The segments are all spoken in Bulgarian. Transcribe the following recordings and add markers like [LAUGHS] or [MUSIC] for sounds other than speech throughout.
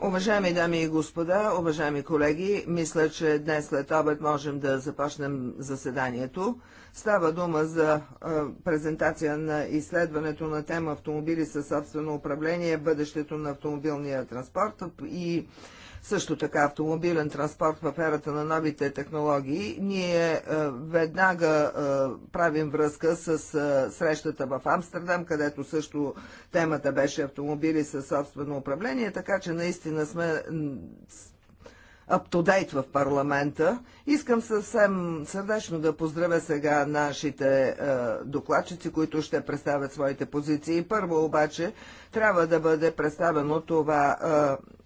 Уважаеми дами и господа, уважаеми колеги, мисля, че днес след обед можем да започнем заседанието. Става дума за е, презентация на изследването на тема автомобили със собствено управление, бъдещето на автомобилния транспорт и също така автомобилен транспорт в ерата на новите технологии. Ние е, веднага е, правим връзка с е, срещата в Амстердам, където също темата беше автомобили със собствено управление, така че наистина сме аптодейт в парламента. Искам съвсем сърдечно да поздравя сега нашите е, докладчици, които ще представят своите позиции. Първо обаче трябва да бъде представено това е,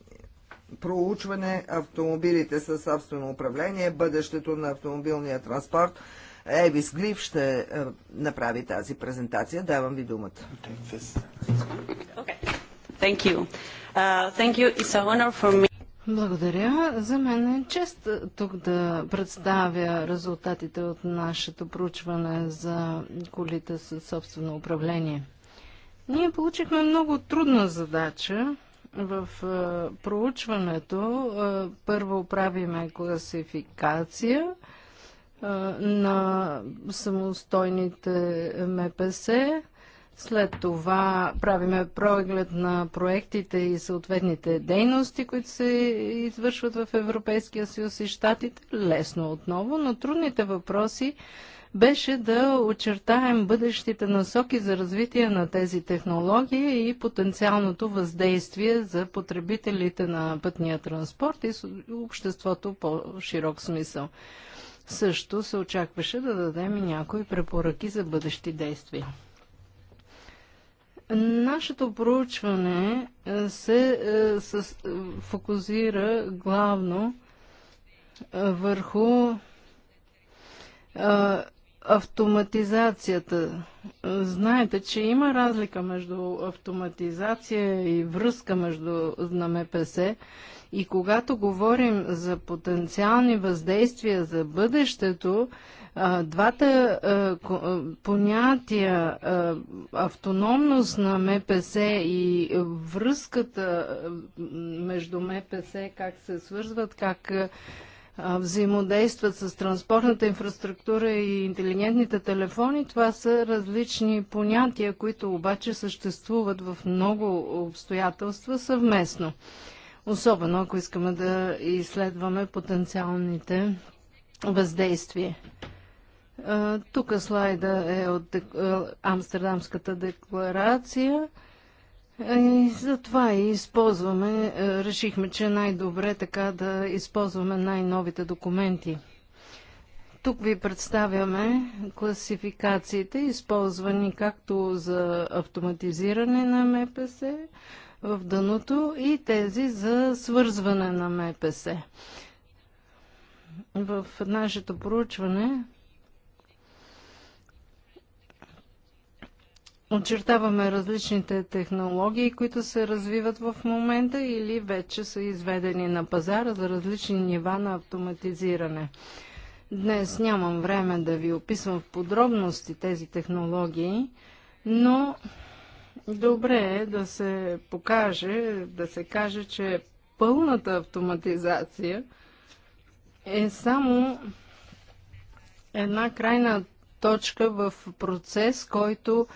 проучване автомобилите със собствено управление, бъдещето на автомобилния транспорт. Евис Глив ще е, направи тази презентация. Давам ви думата. Uh, Благодаря. За мен е чест е, тук да представя резултатите от нашето проучване за колите със собствено управление. Ние получихме много трудна задача в е, проучването е, първо правиме класификация е, на самостойните МПС, след това правиме проглед на проектите и съответните дейности, които се извършват в Европейския съюз и Штатите. Лесно отново, но трудните въпроси беше да очертаем бъдещите насоки за развитие на тези технологии и потенциалното въздействие за потребителите на пътния транспорт и обществото по-широк смисъл. Също се очакваше да дадем и някои препоръки за бъдещи действия. Нашето проучване е, се е, с, фокусира главно е, върху е, автоматизацията. Знаете, че има разлика между автоматизация и връзка между на МПС и когато говорим за потенциални въздействия за бъдещето, двата понятия автономност на МПС и връзката между МПС, как се свързват, как взаимодействат с транспортната инфраструктура и интелигентните телефони, това са различни понятия, които обаче съществуват в много обстоятелства съвместно. Особено ако искаме да изследваме потенциалните въздействия. Тук слайда е от Амстердамската декларация – и е, затова и използваме, е, решихме, че най-добре е така да използваме най-новите документи. Тук ви представяме класификациите, използвани както за автоматизиране на МПС в дъното и тези за свързване на МПС. В нашето проучване очертаваме различните технологии, които се развиват в момента или вече са изведени на пазара за различни нива на автоматизиране. Днес нямам време да ви описвам в подробности тези технологии, но добре е да се покаже, да се каже, че пълната автоматизация е само една крайна точка в процес, който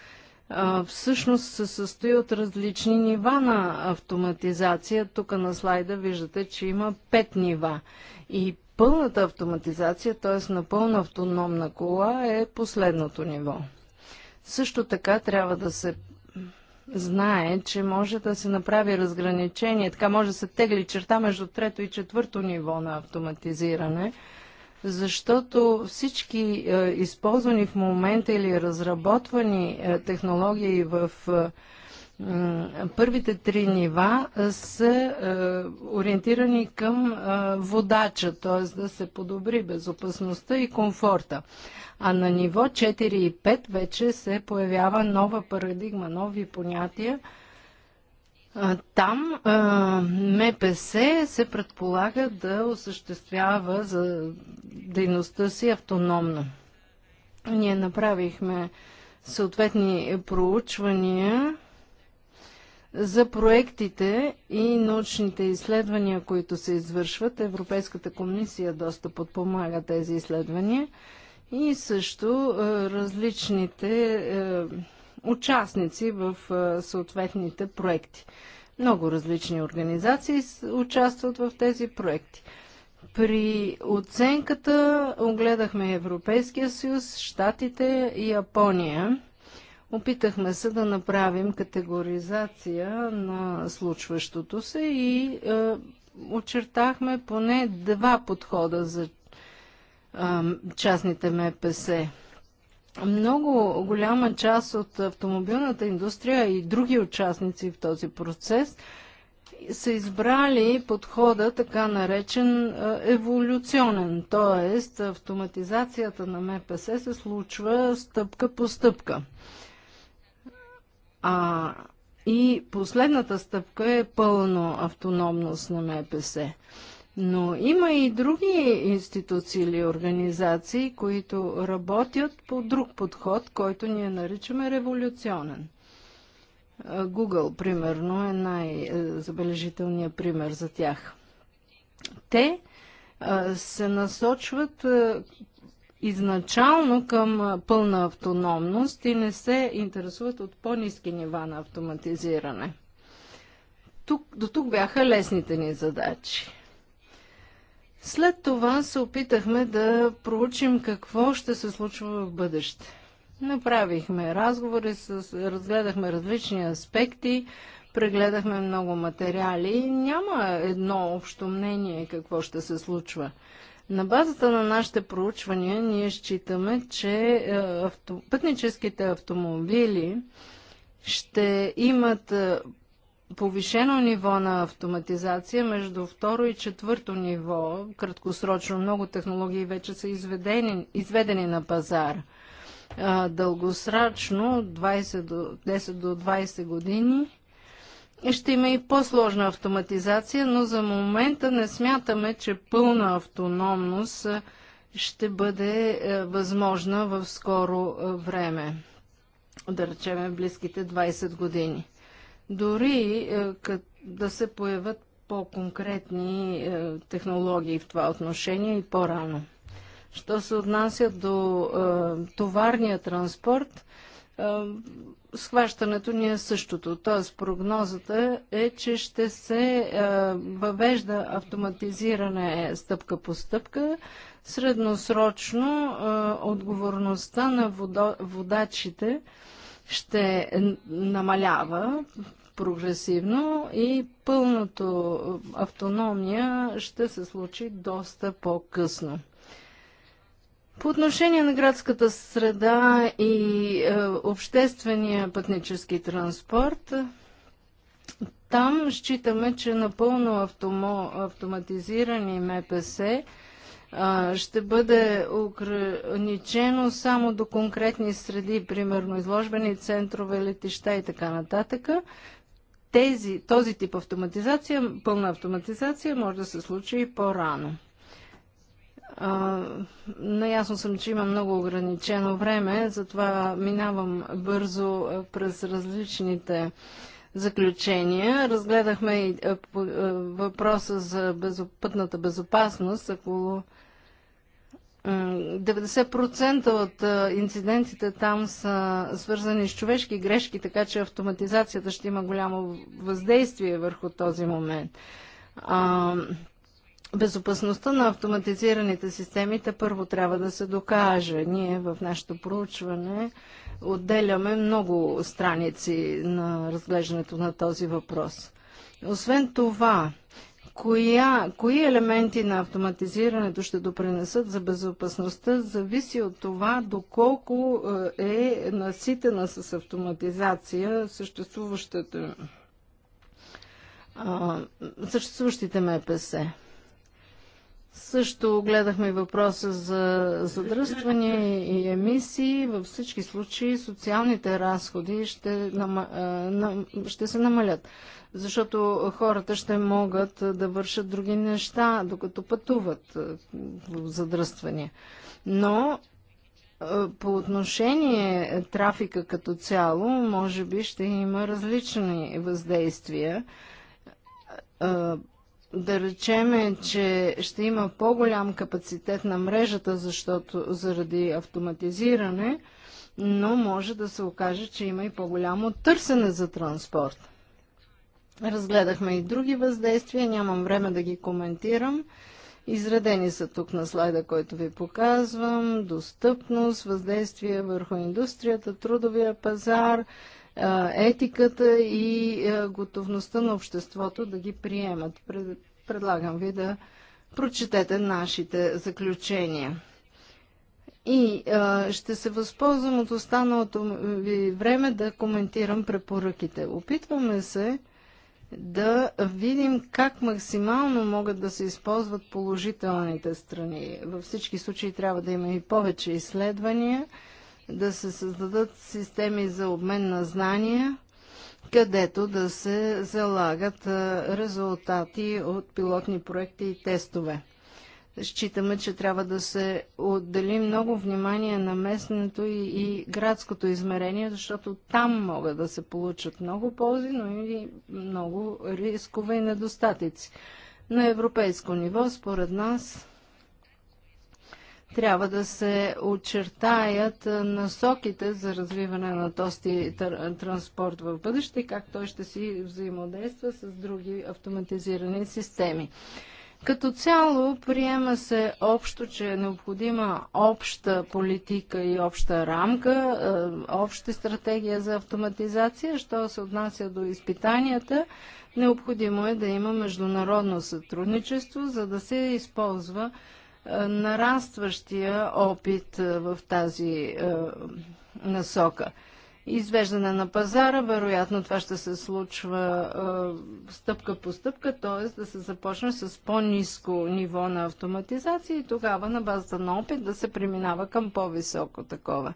всъщност се състои от различни нива на автоматизация. Тук на слайда виждате, че има пет нива. И пълната автоматизация, т.е. напълно автономна кола е последното ниво. Също така трябва да се знае, че може да се направи разграничение, така може да се тегли черта между трето и четвърто ниво на автоматизиране – защото всички е, използвани в момента или разработвани е, технологии в е, първите три нива е, са е, ориентирани към е, водача, т.е. да се подобри безопасността и комфорта. А на ниво 4 и 5 вече се появява нова парадигма, нови понятия – там МПС се предполага да осъществява за дейността си автономно. Ние направихме съответни проучвания за проектите и научните изследвания, които се извършват. Европейската комисия доста подпомага тези изследвания и също различните участници в съответните проекти. Много различни организации участват в тези проекти. При оценката огледахме Европейския съюз, Штатите и Япония. Опитахме се да направим категоризация на случващото се и е, очертахме поне два подхода за е, частните МПС много голяма част от автомобилната индустрия и други участници в този процес са избрали подхода така наречен еволюционен, т.е. автоматизацията на МПС се случва стъпка по стъпка. А, и последната стъпка е пълно автономност на МПС. Но има и други институции или организации, които работят по друг подход, който ние наричаме революционен. Google, примерно, е най-забележителният пример за тях. Те се насочват изначално към пълна автономност и не се интересуват от по-низки нива на автоматизиране. Тук, до тук бяха лесните ни задачи. След това се опитахме да проучим какво ще се случва в бъдеще. Направихме разговори, с, разгледахме различни аспекти, прегледахме много материали. Няма едно общо мнение какво ще се случва. На базата на нашите проучвания ние считаме, че е, авто, пътническите автомобили ще имат е, повишено ниво на автоматизация между второ и четвърто ниво, краткосрочно много технологии вече са изведени, изведени на пазар. Дългосрачно, 20 до, 10 до 20 години, ще има и по-сложна автоматизация, но за момента не смятаме, че пълна автономност ще бъде е, възможна в скоро е, време, да речеме близките 20 години дори е, да се появят по-конкретни е, технологии в това отношение и по-рано. Що се отнася до е, товарния транспорт, схващането ни е същото. Т.е. прогнозата е, че ще се въвежда автоматизиране стъпка по стъпка. Средносрочно отговорността на водачите ще намалява прогресивно и пълното е, автономия ще се случи доста по-късно. По отношение на градската среда и е, обществения пътнически транспорт, там считаме, че напълно автомо, автоматизирани МПС е, ще бъде ограничено само до конкретни среди, примерно изложбени центрове, летища и така нататък тези, този тип автоматизация, пълна автоматизация, може да се случи и по-рано. наясно съм, че има много ограничено време, затова минавам бързо през различните заключения. Разгледахме и въпроса за безопътната безопасност, ако 90% от инцидентите там са свързани с човешки грешки, така че автоматизацията ще има голямо въздействие върху този момент. безопасността на автоматизираните системите първо трябва да се докаже. Ние в нашето проучване отделяме много страници на разглеждането на този въпрос. Освен това, коя, кои елементи на автоматизирането ще допринесат за безопасността, зависи от това доколко е, е наситена с автоматизация съществуващата, съществуващите МПС. Също гледахме въпроса за задръстване и емисии. Във всички случаи социалните разходи ще, нам... Нам... ще се намалят, защото хората ще могат да вършат други неща, докато пътуват в задръстване. Но по отношение трафика като цяло, може би ще има различни въздействия да речеме, че ще има по-голям капацитет на мрежата, защото заради автоматизиране, но може да се окаже, че има и по-голямо търсене за транспорт. Разгледахме и други въздействия, нямам време да ги коментирам. Изредени са тук на слайда, който ви показвам. Достъпност, въздействие върху индустрията, трудовия пазар, етиката и готовността на обществото да ги приемат. Предлагам ви да прочетете нашите заключения. И а, ще се възползвам от останалото ви време да коментирам препоръките. Опитваме се да видим как максимално могат да се използват положителните страни. Във всички случаи трябва да има и повече изследвания, да се създадат системи за обмен на знания, където да се залагат резултати от пилотни проекти и тестове. Считаме, че трябва да се отдели много внимание на местното и, и градското измерение, защото там могат да се получат много ползи, но и много рискове и недостатъци. На европейско ниво, според нас, трябва да се очертаят насоките за развиване на този транспорт в бъдеще и как той ще си взаимодейства с други автоматизирани системи. Като цяло приема се общо, че е необходима обща политика и обща рамка, обща стратегия за автоматизация. Що се отнася до изпитанията, необходимо е да има международно сътрудничество, за да се използва е, нарастващия опит е, в тази е, насока. Извеждане на пазара, вероятно това ще се случва стъпка по стъпка, т.е. да се започне с по-низко ниво на автоматизация и тогава на базата на опит да се преминава към по-високо такова.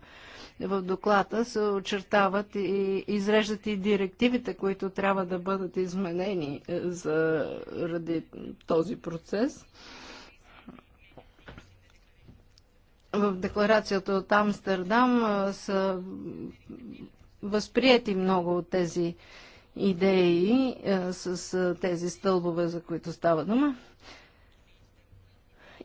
В доклада се очертават и изреждат и директивите, които трябва да бъдат изменени заради този процес. в декларацията от Амстердам са възприяти много от тези идеи с тези стълбове, за които става дума.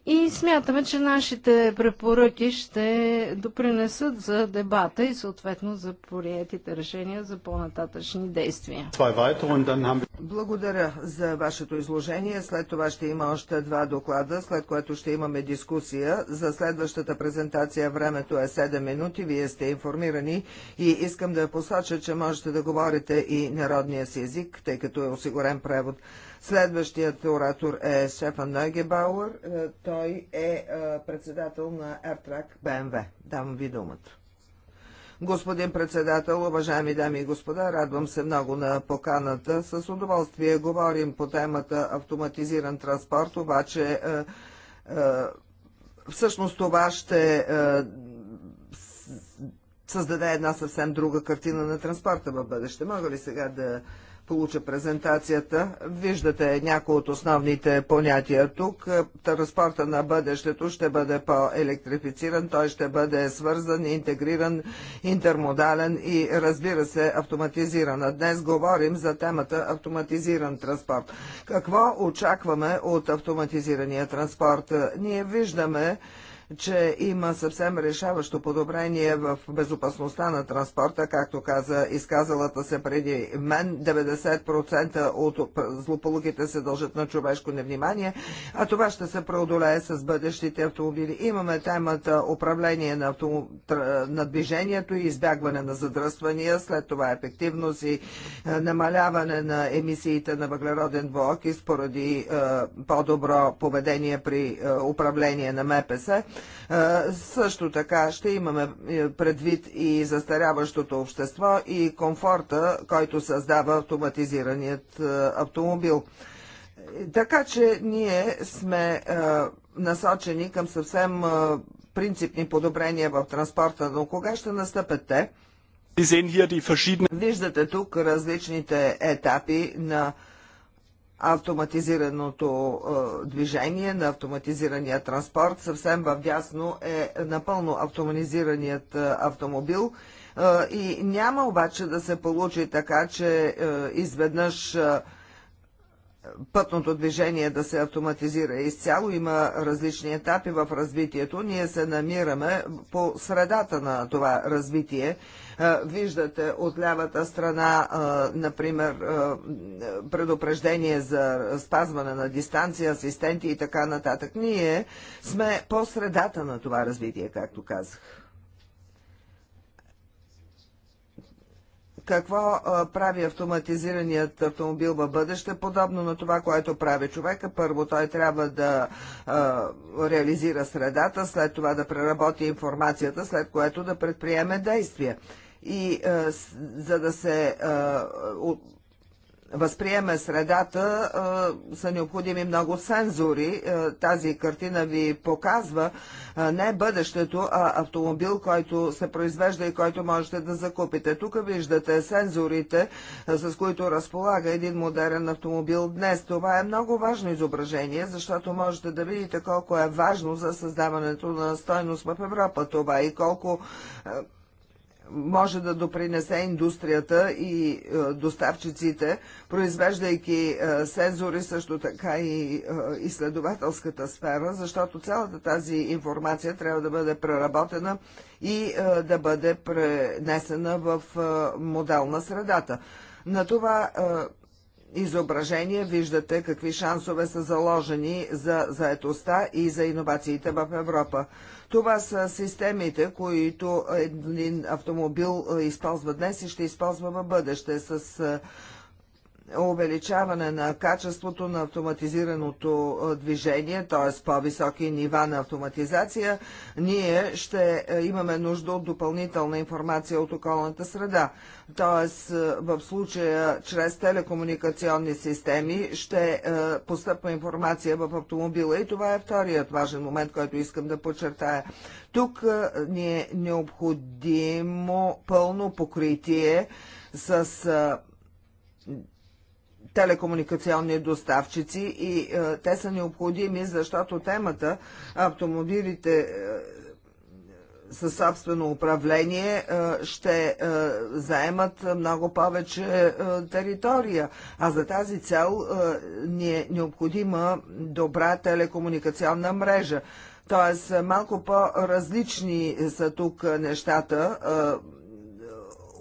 И смятаме, че нашите препоръки ще допринесат за дебата и съответно за приятите решения за по-нататъчни действия. Благодаря за вашето изложение. След това ще има още два доклада, след което ще имаме дискусия. За следващата презентация времето е 7 минути. Вие сте информирани и искам да посоча, че можете да говорите и народния си език, тъй като е осигурен превод. Следващият оратор е Стефан Нойгебауер. Е, той е, е председател на AirTrack БМВ. Давам ви думата. Господин председател, уважаеми дами и господа, радвам се много на поканата. С удоволствие говорим по темата автоматизиран транспорт, обаче е, всъщност това ще създаде една съвсем друга картина на транспорта в бъдеще. Мога ли сега да получа презентацията. Виждате някои от основните понятия тук. Транспорта на бъдещето ще бъде по-електрифициран, той ще бъде свързан, интегриран, интермодален и разбира се автоматизиран. Днес говорим за темата автоматизиран транспорт. Какво очакваме от автоматизирания транспорт? Ние виждаме че има съвсем решаващо подобрение в безопасността на транспорта, както каза изказалата се преди мен. 90% от злополуките се дължат на човешко невнимание, а това ще се преодолее с бъдещите автомобили. Имаме темата управление на, автом... на движението и избягване на задръствания, след това ефективност и е, намаляване на емисиите на въглероден двуокис поради е, по-добро поведение при е, управление на МПС. Също така ще имаме е, предвид и застаряващото общество и комфорта, който създава автоматизираният е, автомобил. Така че ние сме е, насочени към съвсем принципни подобрения в транспорта, но кога ще настъпят те? Виждате тук различните етапи на автоматизираното е, движение, на автоматизирания транспорт. Съвсем дясно е напълно автоматизираният е, автомобил. Е, и няма обаче да се получи така, че изведнъж пътното движение да се автоматизира изцяло. Има различни етапи в развитието. Ние се намираме по средата на това развитие Виждате от лявата страна, например, предупреждение за спазване на дистанция, асистенти и така нататък. Ние сме по средата на това развитие, както казах. какво прави автоматизираният автомобил в бъдеще, подобно на това, което прави човека. Първо той трябва да а, реализира средата, след това да преработи информацията, след което да предприеме действия и е, за да се е, възприеме средата, е, са необходими много сензори. тази картина ви показва не бъдещето, а автомобил, който се произвежда и който можете да закупите. Тук виждате сензорите, с които разполага един модерен автомобил днес. Това е много важно изображение, защото можете да видите колко е важно за създаването на стойност в Европа това и колко може да допринесе индустрията и е, доставчиците, произвеждайки е, сензори, също така и е, изследователската сфера, защото цялата тази информация трябва да бъде преработена и да бъде пренесена в модел на средата. На това изображение виждате какви шансове са заложени за заетостта и за иновациите в Европа. Това са системите, които един автомобил е, използва днес и ще използва в бъдеще. С е, увеличаване на качеството на автоматизираното движение, т.е. по-високи нива на автоматизация, ние ще имаме нужда от допълнителна информация от околната среда. Т.е. в случая чрез телекомуникационни системи ще постъпва информация в автомобила и това е вторият важен момент, който искам да подчертая. Тук ни е необходимо пълно покритие с телекомуникационни доставчици и е, те са необходими, защото темата автомобилите е, със собствено управление е, ще заемат много повече територия. А за тази цел ни е необходима добра телекомуникационна мрежа. Тоест малко по-различни са тук нещата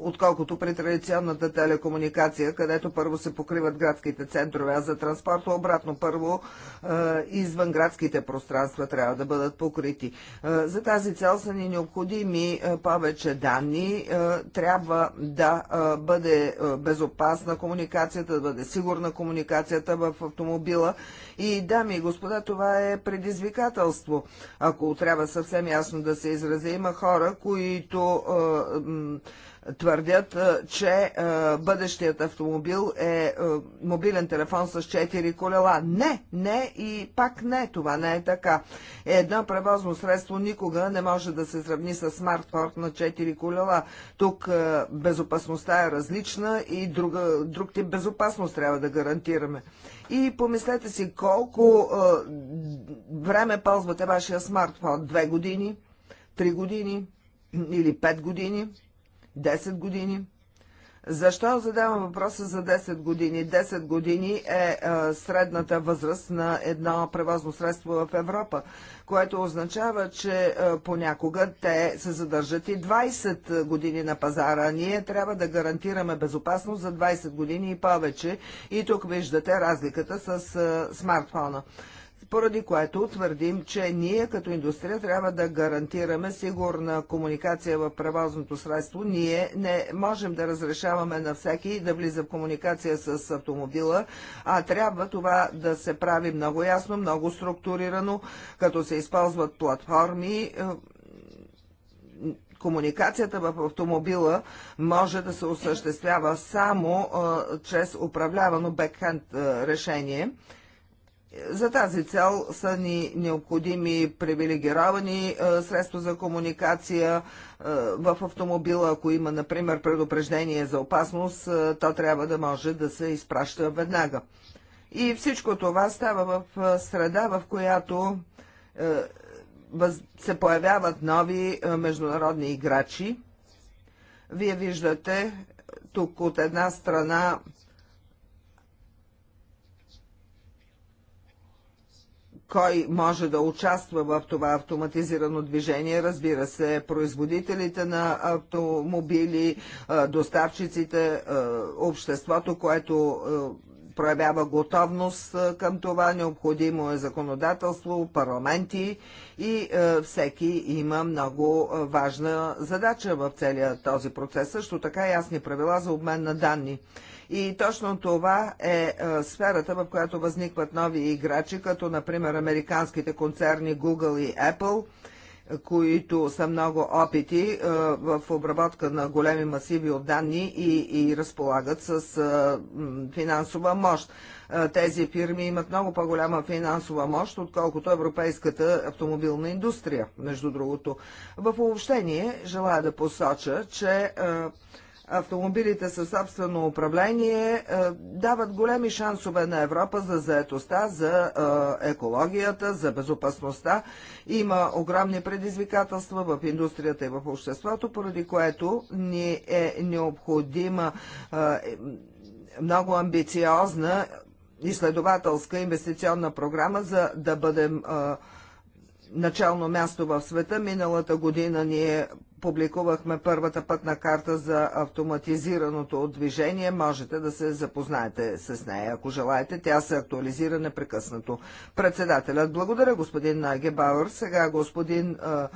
отколкото при традиционната телекомуникация, където първо се покриват градските центрове, а за транспорта обратно първо е, извън градските пространства трябва да бъдат покрити. Е, за тази цел са ни необходими е, повече данни. Трябва да бъде безопасна комуникацията, да бъде сигурна комуникацията в автомобила. И, дами и господа, това е предизвикателство. Ако трябва съвсем ясно да се изразя, има хора, които твърдят, че бъдещият автомобил е мобилен телефон с 4 колела. Не, не и пак не, това не е така. Едно превозно средство никога не може да се сравни с смартфон на 4 колела. Тук безопасността е различна и друга, друг тип безопасност трябва да гарантираме. И помислете си колко време ползвате вашия смартфон. Две години, три години или пет години. 10 години. Защо задавам въпроса за 10 години? 10 години е, е средната възраст на едно превозно средство в Европа, което означава, че е, понякога те се задържат и 20 години на пазара. Ние трябва да гарантираме безопасност за 20 години и повече. И тук виждате разликата с е, смартфона поради което твърдим, че ние като индустрия трябва да гарантираме сигурна комуникация в превозното средство. Ние не можем да разрешаваме на всеки да влиза в комуникация с автомобила, а трябва това да се прави много ясно, много структурирано, като се използват платформи, комуникацията в автомобила може да се осъществява само а, чрез управлявано бекхенд решение. За тази цел са ни необходими привилегировани е, средства за комуникация е, в автомобила. Ако има, например, предупреждение за опасност, е, то трябва да може да се изпраща веднага. И всичко това става в среда, в която се появяват нови международни играчи. Вие виждате тук от една страна кой може да участва в това автоматизирано движение. Разбира се, производителите на автомобили, доставчиците, обществото, което проявява готовност към това. Необходимо е законодателство, парламенти и всеки има много важна задача в целия този процес. Също така ясни правила за обмен на данни. И точно това е, е сферата, в която възникват нови играчи, като например американските концерни Google и Apple, които са много опити е, в обработка на големи масиви от данни и, и разполагат с е, финансова мощ тези фирми имат много по-голяма финансова мощ, отколкото европейската автомобилна индустрия, между другото. В обобщение желая да посоча, че е, автомобилите със собствено управление е, дават големи шансове на Европа за заетостта, за е, екологията, за безопасността. Има огромни предизвикателства в индустрията и в обществото, поради което ни е необходима е, много амбициозна изследователска инвестиционна програма, за да бъдем начално място в света. Миналата година ние публикувахме първата пътна карта за автоматизираното движение. Можете да се запознаете с нея, ако желаете. Тя се актуализира непрекъснато. Председателят, благодаря господин Найге Сега господин а,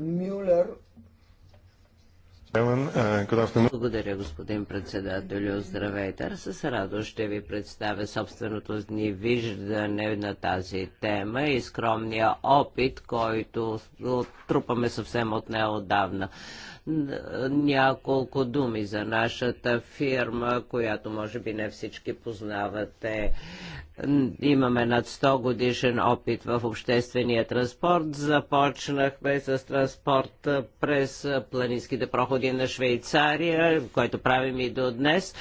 Мюлер Uh, Благодаря, господин председател. Здравейте. Аз с радост ще ви представя собственото ни виждане на тази тема и скромния опит, който трупаме съвсем от неодавна. Няколко думи за нашата фирма, която може би не всички познавате. Имаме над 100 годишен опит в обществения транспорт. Започнахме с транспорт през планинските проходи на Швейцария, който правим и до днес.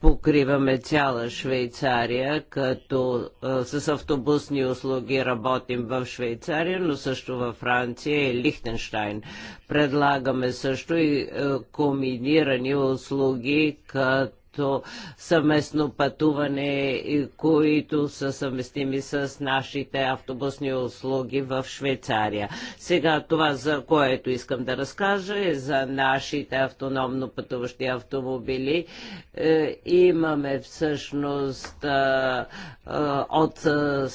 Покриваме цяла Швейцария, като с автобусни услуги работим в Швейцария, но също във Франция и Лихтенштайн. Предлагаме също и комбинирани услуги, като като съвместно пътуване, които са съвместими с нашите автобусни услуги в Швейцария. Сега това, за което искам да разкажа, е за нашите автономно пътуващи автомобили. Е, имаме всъщност е, от е,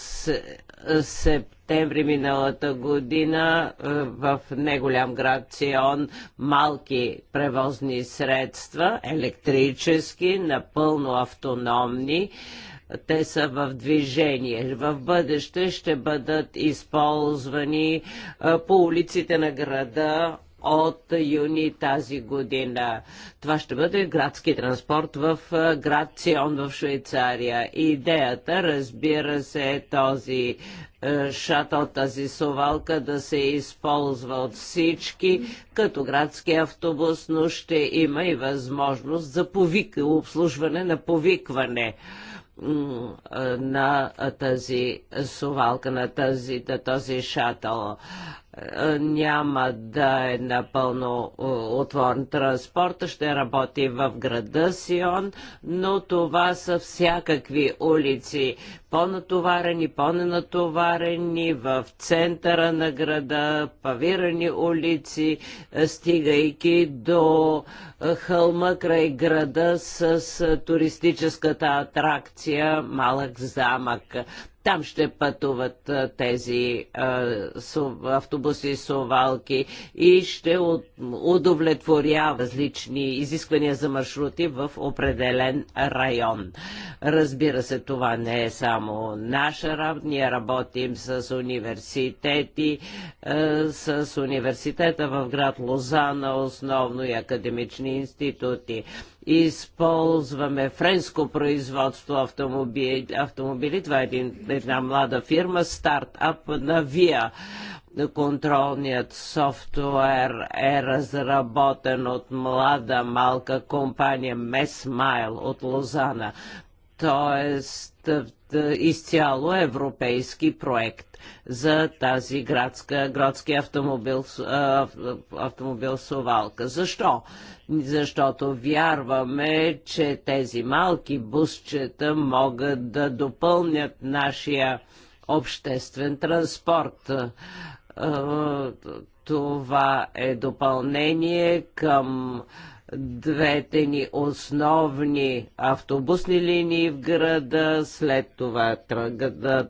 септември септември миналата година е, в неголям град Сион малки превозни средства, електрически, напълно автономни, те са в движение. В бъдеще ще бъдат използвани е, по улиците на града от юни тази година. Това ще бъде градски транспорт в град Цион в Швейцария. Идеята, разбира се, е този е, шатъл, тази совалка да се използва от всички, като градски автобус, но ще има и възможност за повик... обслужване на повикване на тази совалка, на, тази, на този шатъл. Е, няма да е напълно е, отворен транспорта, ще работи в града Сион, но това са всякакви улици, по-натоварени, по-ненатоварени, в центъра на града, павирани улици, е, стигайки до хълма край града с туристическата атракция Малък замък. Там ще пътуват тези автобуси и сувалки и ще удовлетворява различни изисквания за маршрути в определен район. Разбира се, това не е само наша работа. Ние работим с университети, с университета в град Лозана, основно и академични институти използваме френско производство автомобили. автомобили. Това е един, една млада фирма, стартап на ВИА. Контролният софтуер е разработен от млада малка компания Месмайл от Лозана. Тоест, е, е, изцяло европейски проект за тази градска, градски автомобил, е, автомобил совалка. Защо? Защото вярваме, че тези малки бусчета могат да допълнят нашия обществен транспорт. Това е допълнение към двете ни основни автобусни линии в града, след това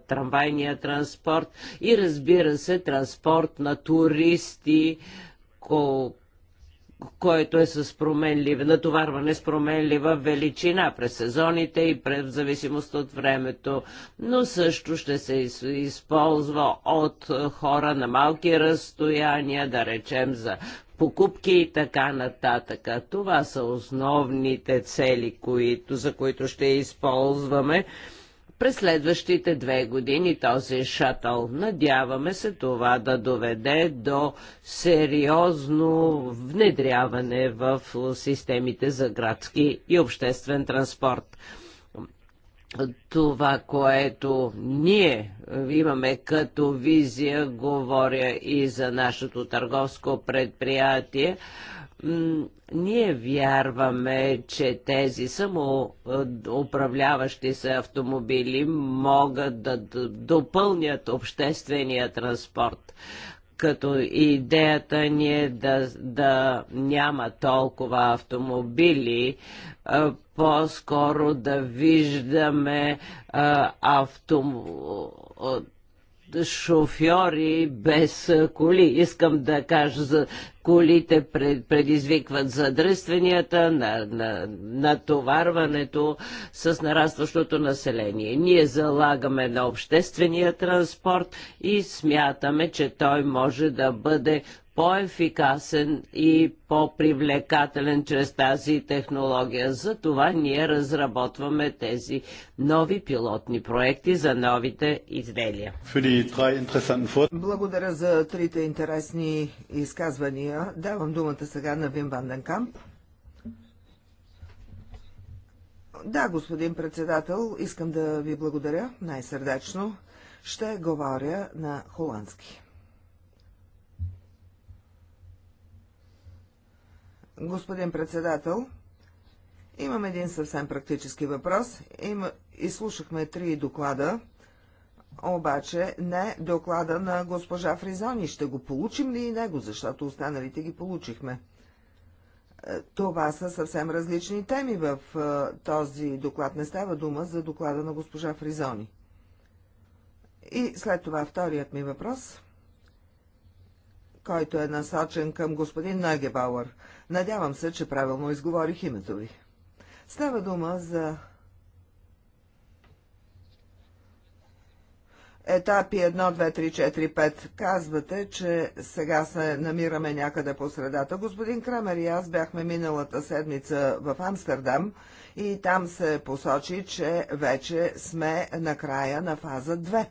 трамвайния транспорт и разбира се транспорт на туристи, ко който е с променлив, натоварване с променлива величина през сезоните и през в зависимост от времето, но също ще се използва от хора на малки разстояния, да речем за покупки и така нататък. Това са основните цели, които, за които ще използваме през следващите две години този шатъл. Надяваме се това да доведе до сериозно внедряване в системите за градски и обществен транспорт това, което ние имаме като визия, говоря и за нашето търговско предприятие, ние вярваме, че тези самоуправляващи се автомобили могат да допълнят обществения транспорт като идеята ни е да, да няма толкова автомобили, по-скоро да виждаме автом... шофьори без коли. Искам да кажа за Колите предизвикват задръстванията на, на натоварването с нарастващото население. Ние залагаме на обществения транспорт и смятаме, че той може да бъде по-ефикасен и по-привлекателен чрез тази технология. За това ние разработваме тези нови пилотни проекти за новите изделия. Благодаря за трите интересни изказвания. Давам думата сега на Вим Ванденкамп. Да, господин председател, искам да ви благодаря най-сърдечно. Ще говоря на холандски. Господин председател, имам един съвсем практически въпрос. Има... Изслушахме три доклада, обаче не доклада на госпожа Фризони. Ще го получим ли и него, защото останалите ги получихме? Е, това са съвсем различни теми в е, този доклад. Не става дума за доклада на госпожа Фризони. И след това вторият ми въпрос – който е насочен към господин Нагебауър. Надявам се, че правилно изговорих името ви. Става дума за етапи 1, 2, 3, 4, 5. Казвате, че сега се намираме някъде по средата. Господин Крамер и аз бяхме миналата седмица в Амстердам и там се посочи, че вече сме на края на фаза 2.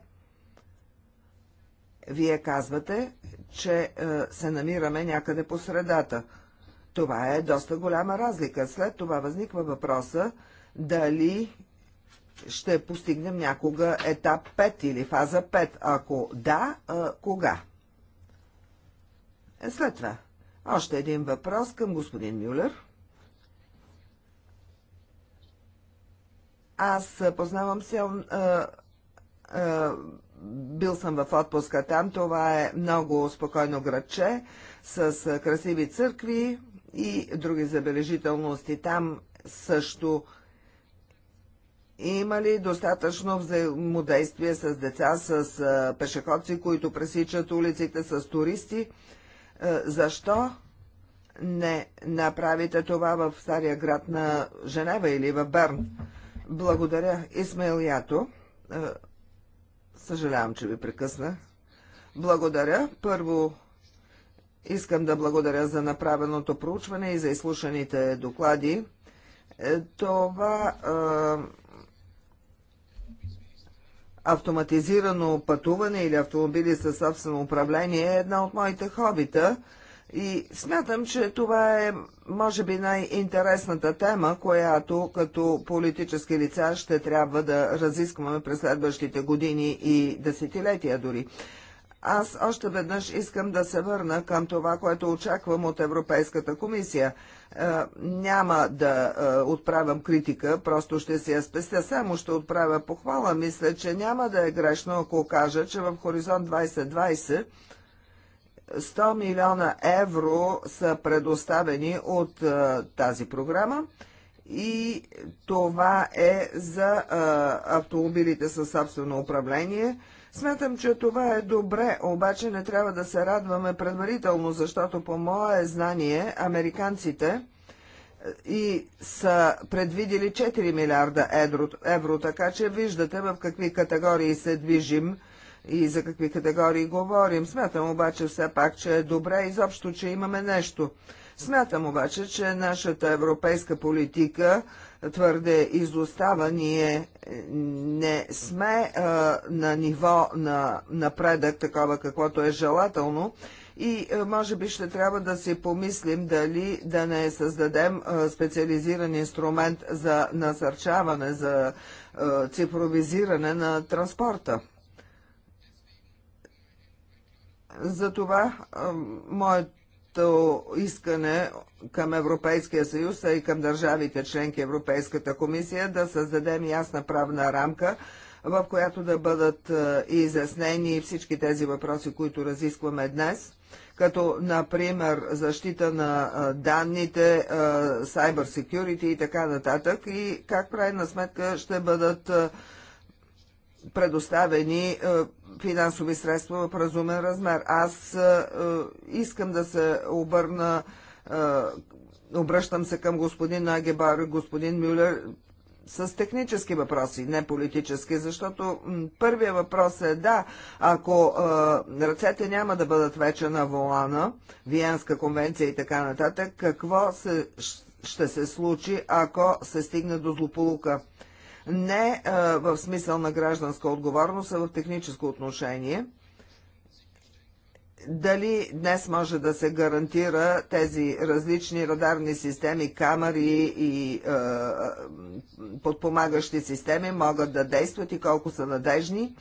Вие казвате, че е, се намираме някъде по средата. Това е доста голяма разлика. След това възниква въпроса дали ще постигнем някога етап 5 или фаза 5. Ако да, е, кога? Е, след това, още един въпрос към господин Мюлер. Аз познавам се Е, е, бил съм в отпуска там. Това е много спокойно градче с красиви църкви и други забележителности. Там също има ли достатъчно взаимодействие с деца, с пешеходци, които пресичат улиците, с туристи? Защо не направите това в стария град на Женева или в Берн? Благодаря, Исмаил Ято. Съжалявам, че ви прекъсна. Благодаря. Първо искам да благодаря за направеното проучване и за изслушаните доклади. Е, това автоматизирано пътуване или автомобили със собствено управление е една от моите хобита. И смятам, че това е, може би, най-интересната тема, която като политически лица ще трябва да разискваме през следващите години и десетилетия дори. Аз още веднъж искам да се върна към това, което очаквам от Европейската комисия. Е, няма да е, отправям критика, просто ще си я спестя, само ще отправя похвала. Мисля, че няма да е грешно, ако кажа, че в Хоризонт 2020 100 милиона евро са предоставени от а, тази програма и това е за а, автомобилите със собствено управление. Смятам, че това е добре, обаче не трябва да се радваме предварително, защото по мое знание американците и са предвидили 4 милиарда евро, евро така че виждате в какви категории се движим – и за какви категории говорим. Смятам обаче все пак, че е добре изобщо, че имаме нещо. Смятам обаче, че нашата европейска политика твърде изостава. Ние не сме а, на ниво на напредък, такова каквото е желателно. И може би ще трябва да си помислим дали да не създадем специализиран инструмент за насърчаване, за цифровизиране на транспорта. Затова моето искане към Европейския съюз, и към държавите членки Европейската комисия да създадем ясна правна рамка, в която да бъдат изяснени всички тези въпроси, които разискваме днес, като, например, защита на данните, cyber security и така нататък, и как правена сметка ще бъдат предоставени финансови средства в разумен размер. Аз е, е, искам да се обърна, е, обръщам се към господин Агебар и господин Мюллер с технически въпроси, не политически, защото първия въпрос е да, ако ръцете няма да бъдат вече на волана, Виенска конвенция и така нататък, какво се, ще се случи, ако се стигне до злополука? не в смисъл на гражданска отговорност, а в техническо отношение дали днес може да се гарантира тези различни радарни системи, камери и подпомагащи системи могат да действат и колко са надежни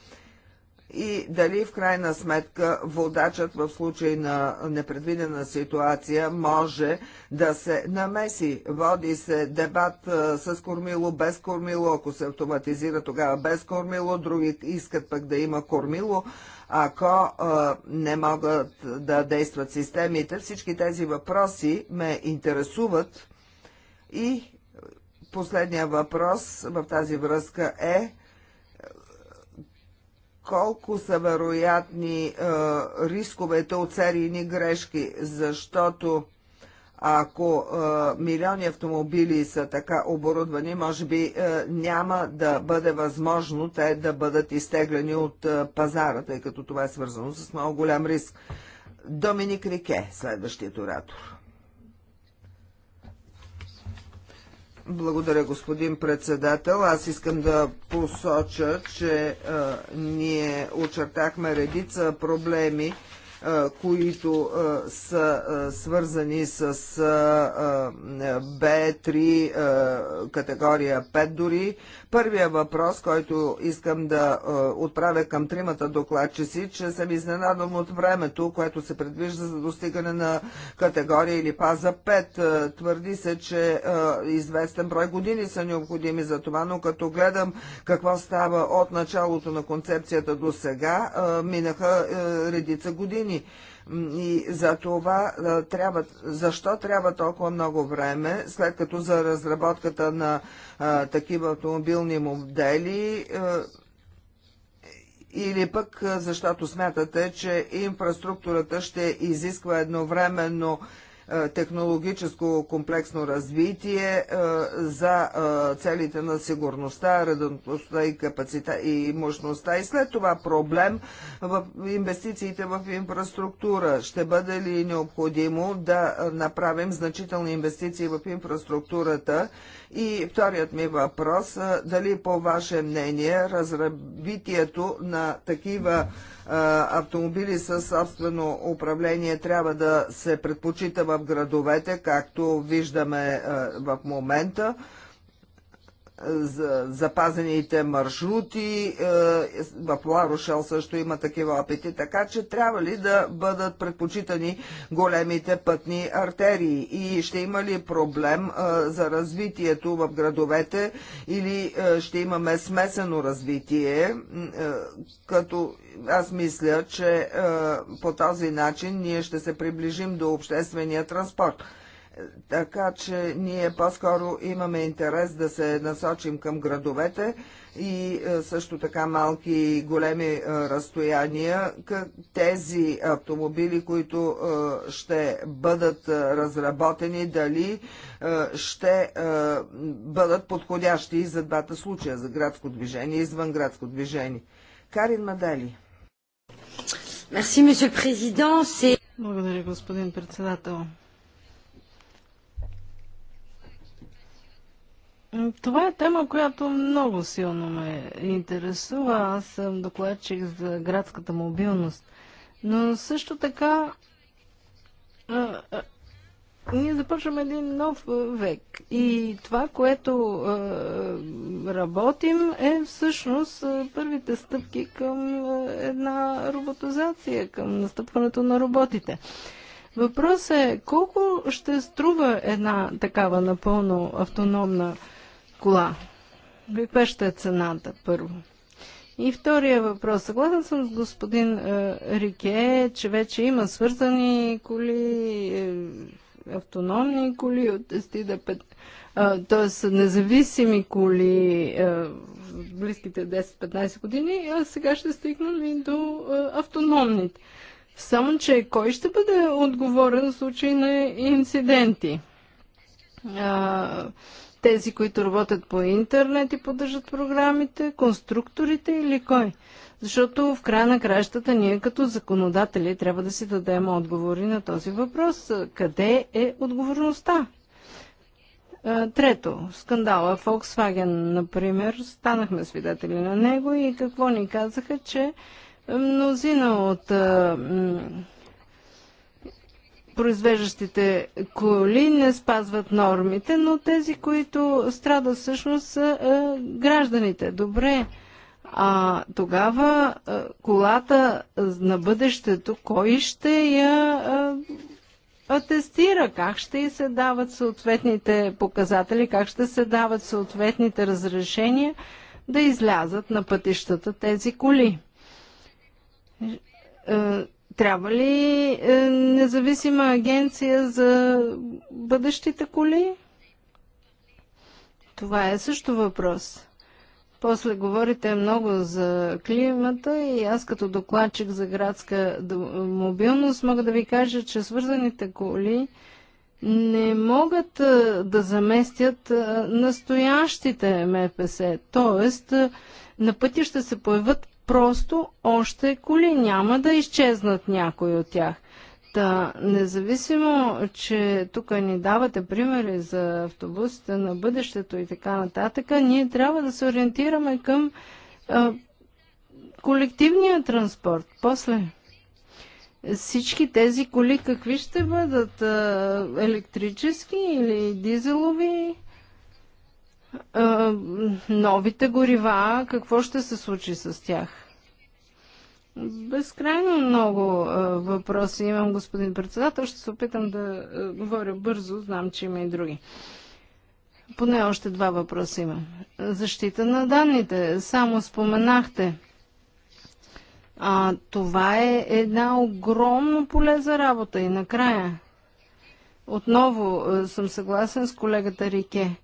и дали в крайна сметка водачът в случай на непредвидена ситуация може да се намеси. Води се дебат с кормило, без кормило, ако се автоматизира тогава без кормило, други искат пък да има кормило. Ако а, не могат да действат системите, всички тези въпроси ме интересуват. И последния въпрос в тази връзка е колко са вероятни е, рисковете от серийни грешки, защото ако е, милиони автомобили са така оборудвани, може би е, няма да бъде възможно те да бъдат изтегляни от е, пазара, тъй като това е свързано с много голям риск. Доминик Рике, следващият оратор. Благодаря, господин председател. Аз искам да посоча, че а, ние очертахме редица проблеми, а, които а, са а, свързани с а, а, B3 а, категория 5 дори. Първия въпрос, който искам да е, отправя към тримата докладчици, че съм изненадан от времето, което се предвижда за достигане на категория или паза 5. Е, твърди се, че е, известен брой години са необходими за това, но като гледам какво става от началото на концепцията до сега, е, минаха е, редица години. И за това трябва, защо трябва толкова много време, след като за разработката на а, такива автомобилни модели а, или пък защото смятате, че инфраструктурата ще изисква едновременно е, технологическо комплексно развитие е, за е, целите на сигурността, редънтността и капацитета и мощността. И след това проблем в инвестициите в инфраструктура. Ще бъде ли необходимо да направим значителни инвестиции в инфраструктурата? И вторият ми въпрос, дали по ваше мнение развитието на такива автомобили със собствено управление трябва да се предпочита в градовете, както виждаме в момента за запазените маршрути. Е, в Ларошел също има такива опити, така че трябва ли да бъдат предпочитани големите пътни артерии и ще има ли проблем е, за развитието в градовете или е, ще имаме смесено развитие, като аз мисля, че по този начин ние ще се приближим до обществения транспорт така че ние по-скоро имаме интерес да се насочим към градовете и е, също така малки и големи е, разстояния. Тези автомобили, които е, ще бъдат разработени, дали ще бъдат подходящи и за двата случая, за градско движение и извън градско движение. Карин Мадали. Благодаря, господин председател. Това е тема, която много силно ме интересува. Аз съм докладчик за градската мобилност. Но също така а, а, ние започваме един нов век. И това, което а, работим, е всъщност първите стъпки към една роботизация, към настъпването на роботите. Въпросът е колко ще струва една такава напълно автономна кола? Каква ще е цената, първо? И втория въпрос. Съгласен съм с господин е, Рике, че вече има свързани коли, е, автономни коли от 10 до 5, е, т.е. независими коли е, в близките 10-15 години, а сега ще стигнем и до е, автономните. Само, че кой ще бъде отговорен в случай на инциденти? е, тези, които работят по интернет и поддържат програмите, конструкторите или кой? Защото в края на кращата ние като законодатели трябва да си дадем отговори на този въпрос. Къде е отговорността? Трето, скандала Volkswagen, например, станахме свидетели на него и какво ни казаха, че мнозина от произвеждащите коли не спазват нормите, но тези, които страдат всъщност са е, гражданите. Добре, а тогава е, колата на бъдещето, кой ще я е, атестира? Как ще й се дават съответните показатели? Как ще се дават съответните разрешения да излязат на пътищата тези коли? Е, трябва ли е, независима агенция за бъдещите коли? Това е също въпрос. После говорите много за климата и аз като докладчик за градска мобилност мога да ви кажа, че свързаните коли не могат е, да заместят е, настоящите МПС. Тоест, е, на пътя ще се появят просто още коли. Няма да изчезнат някои от тях. Та, независимо, че тук ни давате примери за автобусите на бъдещето и така нататък, ние трябва да се ориентираме към а, колективния транспорт. После всички тези коли какви ще бъдат? А, електрически или дизелови? новите горива, какво ще се случи с тях? Безкрайно много въпроси имам, господин председател. Ще се опитам да говоря бързо. Знам, че има и други. Поне още два въпроса имам. Защита на данните. Само споменахте. А, това е една огромно поле за работа. И накрая. Отново съм съгласен с колегата Рике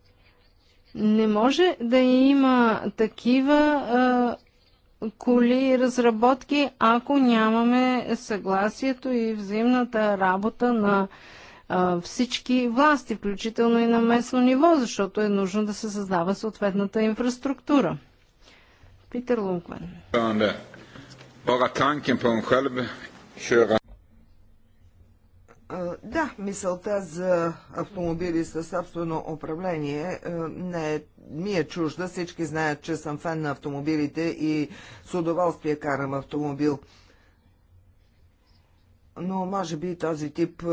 не може да има такива коли разработки, ако нямаме съгласието и взаимната работа на а, всички власти, включително и на местно ниво, защото е нужно да се създава съответната инфраструктура. Питер Лунквен. Да, мисълта за автомобили със собствено управление не е, ми е чужда. Всички знаят, че съм фен на автомобилите и с удоволствие карам автомобил. Но може би този тип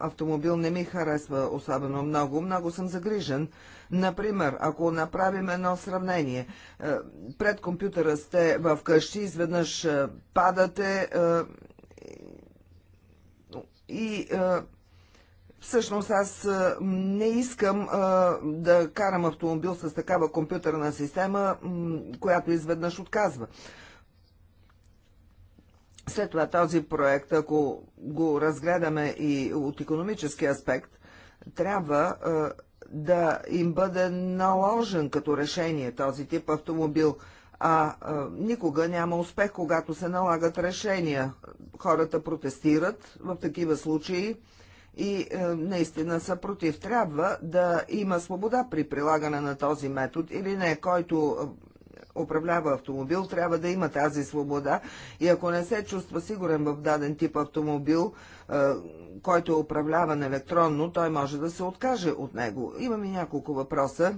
автомобил не ми харесва особено много. Много съм загрижен. Например, ако направим едно сравнение, пред компютъра сте в къщи, изведнъж падате и е, Всъщност аз е, не искам а, е, да карам автомобил с такава компютърна система, която изведнъж отказва. След това този проект, ако го разгледаме и от економически аспект, трябва а, да им бъде наложен като решение този тип автомобил – а, а никога няма успех, когато се налагат решения. Хората протестират в такива случаи и а, е, наистина са против. Трябва да има свобода при прилагане на този метод или не, който е, управлява автомобил, трябва да има тази свобода и ако не се чувства сигурен в даден тип автомобил, е, който е управляван електронно, той може да се откаже от него. Имаме няколко въпроса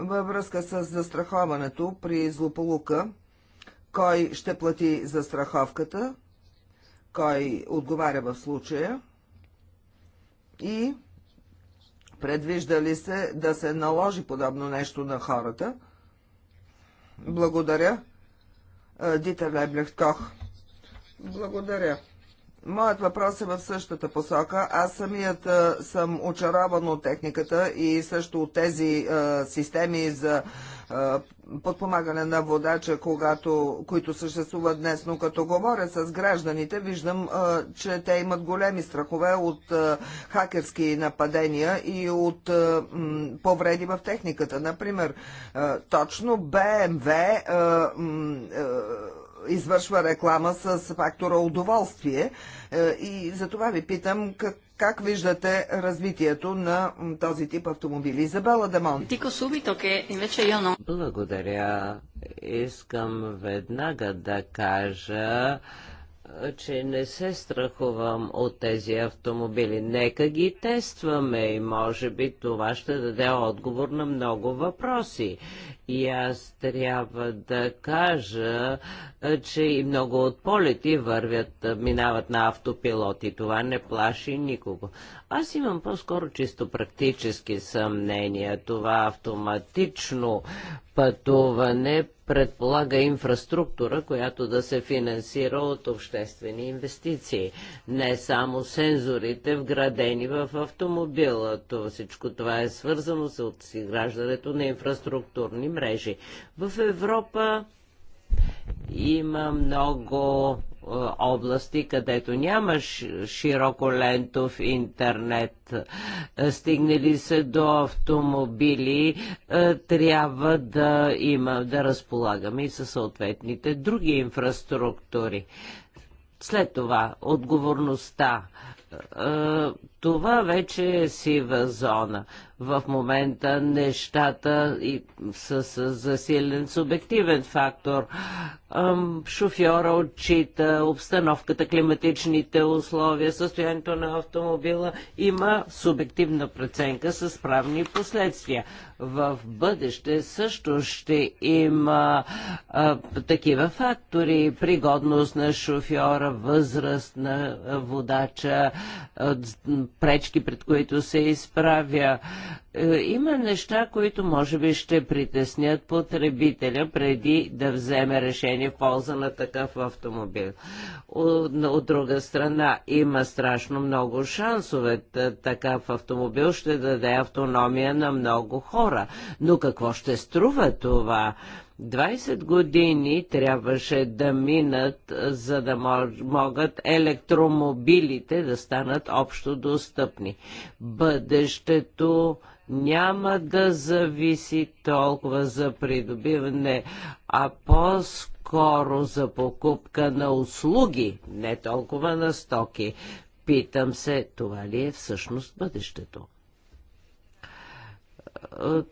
във връзка с застраховането при злополука, кой ще плати застраховката, кой отговаря в случая и предвижда ли се да се наложи подобно нещо на хората. Благодаря. Е, Дитер Леблехткох. Благодаря. Моят въпрос е в същата посока. Аз самият съм очарован от техниката и също от тези а, системи за а, подпомагане на водача, когато, които съществуват днес. Но като говоря с гражданите, виждам, а, че те имат големи страхове от а, хакерски нападения и от м, повреди в техниката. Например, а, точно БМВ извършва реклама с фактора удоволствие. Е, и за това ви питам как, как виждате развитието на този тип автомобили? Изабела Демон. Благодаря. Искам веднага да кажа, че не се страхувам от тези автомобили. Нека ги тестваме и може би това ще даде отговор на много въпроси. И аз трябва да кажа, че и много от полети вървят, минават на автопилот и това не плаши никого. Аз имам по-скоро чисто практически съмнения. Това автоматично пътуване предполага инфраструктура, която да се финансира от обществени инвестиции. Не само сензорите, вградени в автомобила. Това, всичко това е свързано с изграждането на инфраструктурни мрежи мрежи. В Европа има много е, области, където няма широко лентов интернет. Е, стигнали се до автомобили, е, трябва да има, да разполагаме и със съответните други инфраструктури. След това отговорността това вече е сива зона. В момента нещата и с, с засилен субективен фактор. Ам, шофьора отчита обстановката, климатичните условия, състоянието на автомобила. Има субективна преценка с правни последствия. В бъдеще също ще има а, такива фактори. Пригодност на шофьора, възраст на водача, пречки, пред които се изправя. Е, има неща, които може би ще притеснят потребителя преди да вземе решение в полза на такъв автомобил. От, от друга страна, има страшно много шансове. Такъв автомобил ще даде автономия на много хора. Но какво ще струва това? 20 години трябваше да минат, за да могат електромобилите да станат общо достъпни. Бъдещето няма да зависи толкова за придобиване, а по-скоро за покупка на услуги, не толкова на стоки. Питам се, това ли е всъщност бъдещето?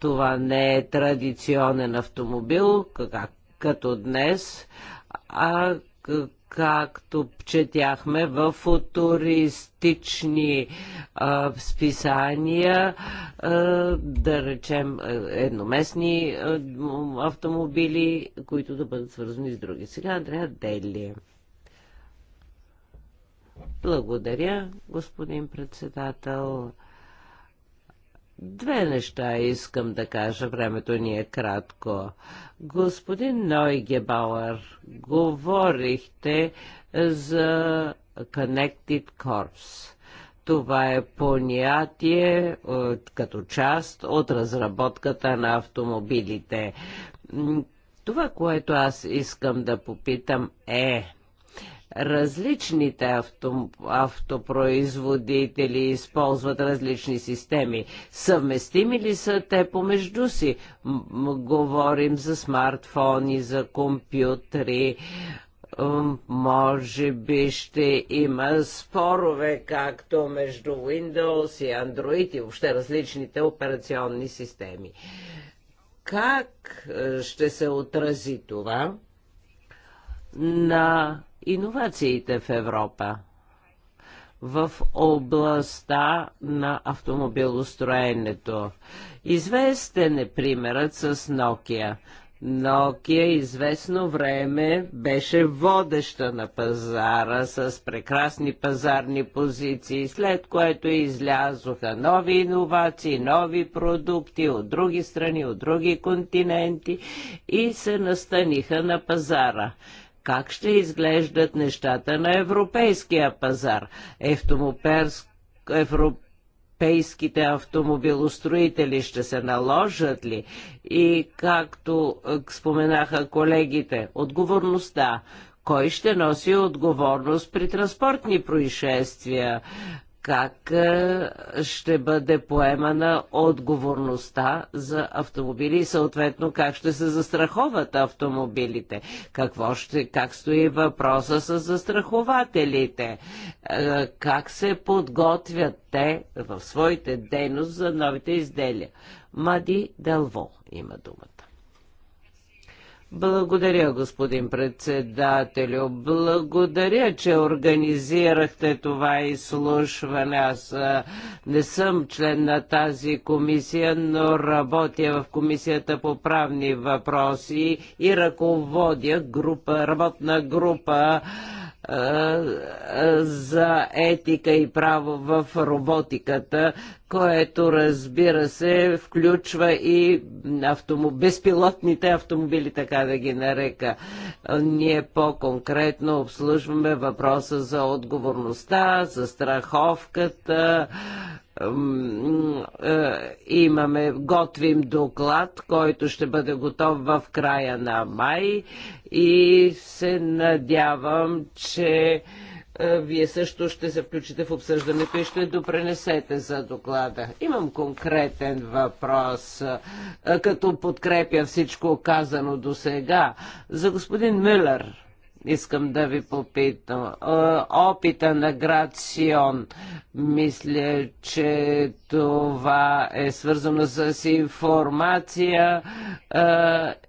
Това не е традиционен автомобил, как, като днес, а както четяхме в футуристични а, списания, а, да речем едноместни автомобили, които да бъдат свързани с други. Сега Андрея Дели. Благодаря, господин председател. Две неща искам да кажа, времето ни е кратко. Господин Нойгебауър, говорихте за Connected Corps. Това е понятие е, като част от разработката на автомобилите. Това, което аз искам да попитам е Различните авто, автопроизводители използват различни системи. Съвместими ли са те помежду си? М говорим за смартфони, за компютри може би ще има спорове, както между Windows и Android и въобще различните операционни системи. Как е, ще се отрази това на иновациите в Европа в областта на автомобилостроенето. Известен е примерът с Nokia. Nokia известно време беше водеща на пазара с прекрасни пазарни позиции, след което излязоха нови иновации, нови продукти от други страни, от други континенти и се настаниха на пазара как ще изглеждат нещата на европейския пазар. Евтомоперск, европейските автомобилостроители ще се наложат ли? И както е, споменаха колегите, отговорността. Кой ще носи отговорност при транспортни происшествия? как е, ще бъде поемана отговорността за автомобили и съответно как ще се застраховат автомобилите. Какво ще, как стои въпроса с застрахователите? Е, как се подготвят те в своите дейност за новите изделия? Мади Делво има думата. Благодаря, господин председателю. Благодаря, че организирахте това изслушване. Аз не съм член на тази комисия, но работя в комисията по правни въпроси и ръководя група, работна група за етика и право в роботиката, което разбира се включва и автомоб... безпилотните автомобили, така да ги нарека. Ние по-конкретно обслужваме въпроса за отговорността, за страховката, е, имаме, готвим доклад, който ще бъде готов в края на май и се надявам, че е, вие също ще се включите в обсъждането и ще допренесете за доклада. Имам конкретен въпрос, е, като подкрепя всичко казано до сега. За господин Мюллер искам да ви попитам. Опита на град Сион. Мисля, че това е свързано с информация,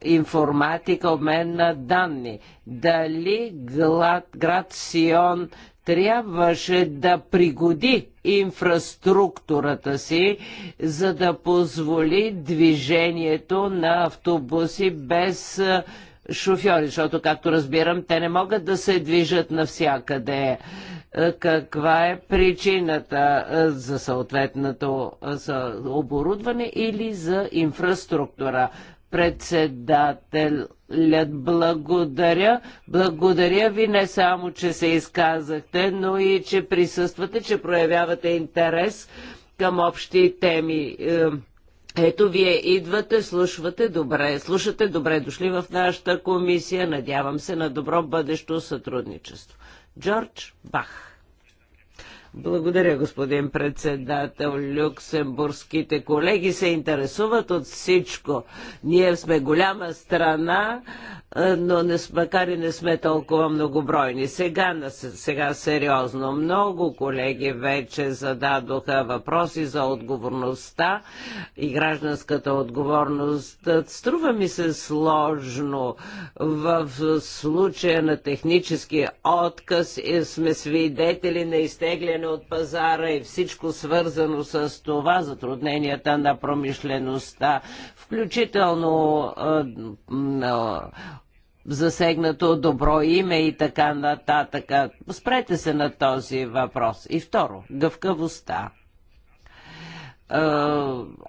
информатика, обмен на данни. Дали град Сион трябваше да пригоди инфраструктурата си, за да позволи движението на автобуси без шофьори, защото, както разбирам, те не могат да се движат навсякъде. Е, каква е причината е, за съответното е, за оборудване или за инфраструктура? председателят. Благодаря. Благодаря ви не само, че се изказахте, но и че присъствате, че проявявате интерес към общи теми. Ето, вие идвате, слушвате добре, слушате добре, дошли в нашата комисия, надявам се на добро бъдещо сътрудничество. Джордж Бах благодаря, господин председател. Люксембургските колеги се интересуват от всичко. Ние сме голяма страна, е, но не, макар и не сме толкова многобройни. Сега, сега сериозно много колеги вече зададоха въпроси за отговорността и гражданската отговорност. Струва ми се сложно в случая на технически отказ сме свидетели на изтегляне от пазара и всичко свързано с това, затрудненията на промишлеността, включително засегнато добро име и така нататък. Спрете се на този въпрос. И второ, гъвкавостта. Е,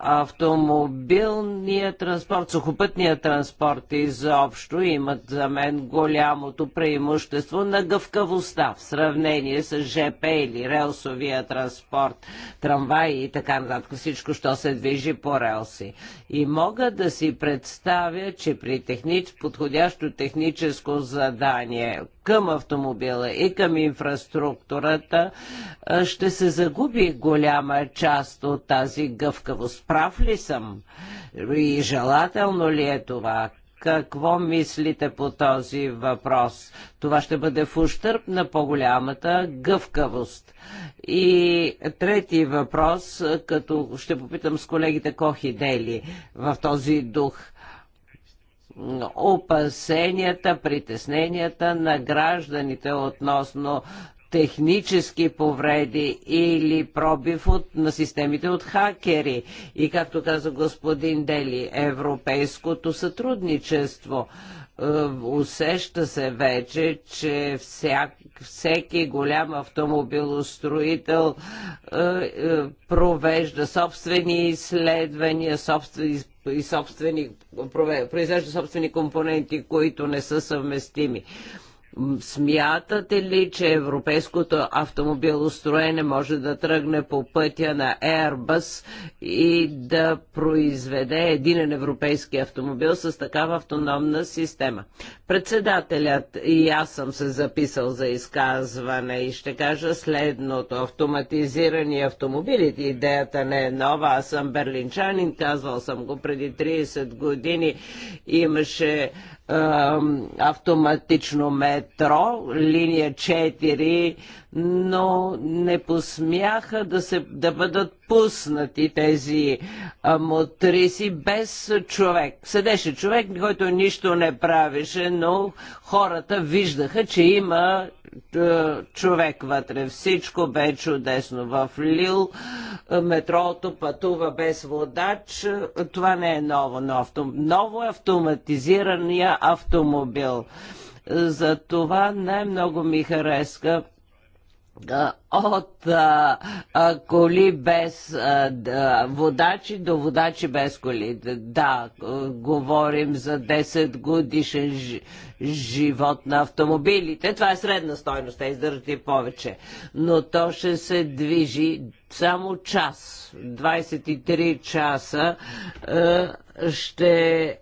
автомобилния транспорт, сухопътния транспорт изобщо имат за мен голямото преимущество на гъвкавостта в сравнение с ЖП или релсовия транспорт, трамваи и така нататък, всичко, що се движи по релси. И мога да си представя, че при технич, подходящо техническо задание, към автомобила и към инфраструктурата, ще се загуби голяма част от тази гъвкавост. Прав ли съм? И желателно ли е това? Какво мислите по този въпрос? Това ще бъде в ущърп на по-голямата гъвкавост. И трети въпрос, като ще попитам с колегите Кохи Дели в този дух – опасенията, притесненията на гражданите относно технически повреди или пробив от, на системите от хакери. И както каза господин Дели, европейското сътрудничество е, усеща се вече, че всяк, всеки голям автомобилостроител е, е, провежда собствени изследвания, собствени и собствени, произвежда собствени компоненти, които не са съвместими. Смятате ли, че европейското автомобилостроене може да тръгне по пътя на Airbus и да произведе един европейски автомобил с такава автономна система? Председателят и аз съм се записал за изказване и ще кажа следното. Автоматизирани автомобилите, идеята не е нова. Аз съм берлинчанин, казвал съм го преди 30 години. Имаше автоматично метро, линия 4, но не посмяха да, се, да бъдат пуснати тези мотриси без човек. Седеше човек, който нищо не правеше, но хората виждаха, че има е, човек вътре. Всичко бе чудесно. В Лил е, метрото пътува без водач. Е, това не е ново, но авто... ново е автоматизирания автомобил. За това най-много ми хареска от а, коли без а, да, водачи до водачи без коли. Да, говорим за 10 годишен ж, живот на автомобилите. Това е средна стойност, те издържат и повече. Но то ще се движи само час, 23 часа. А, ще е,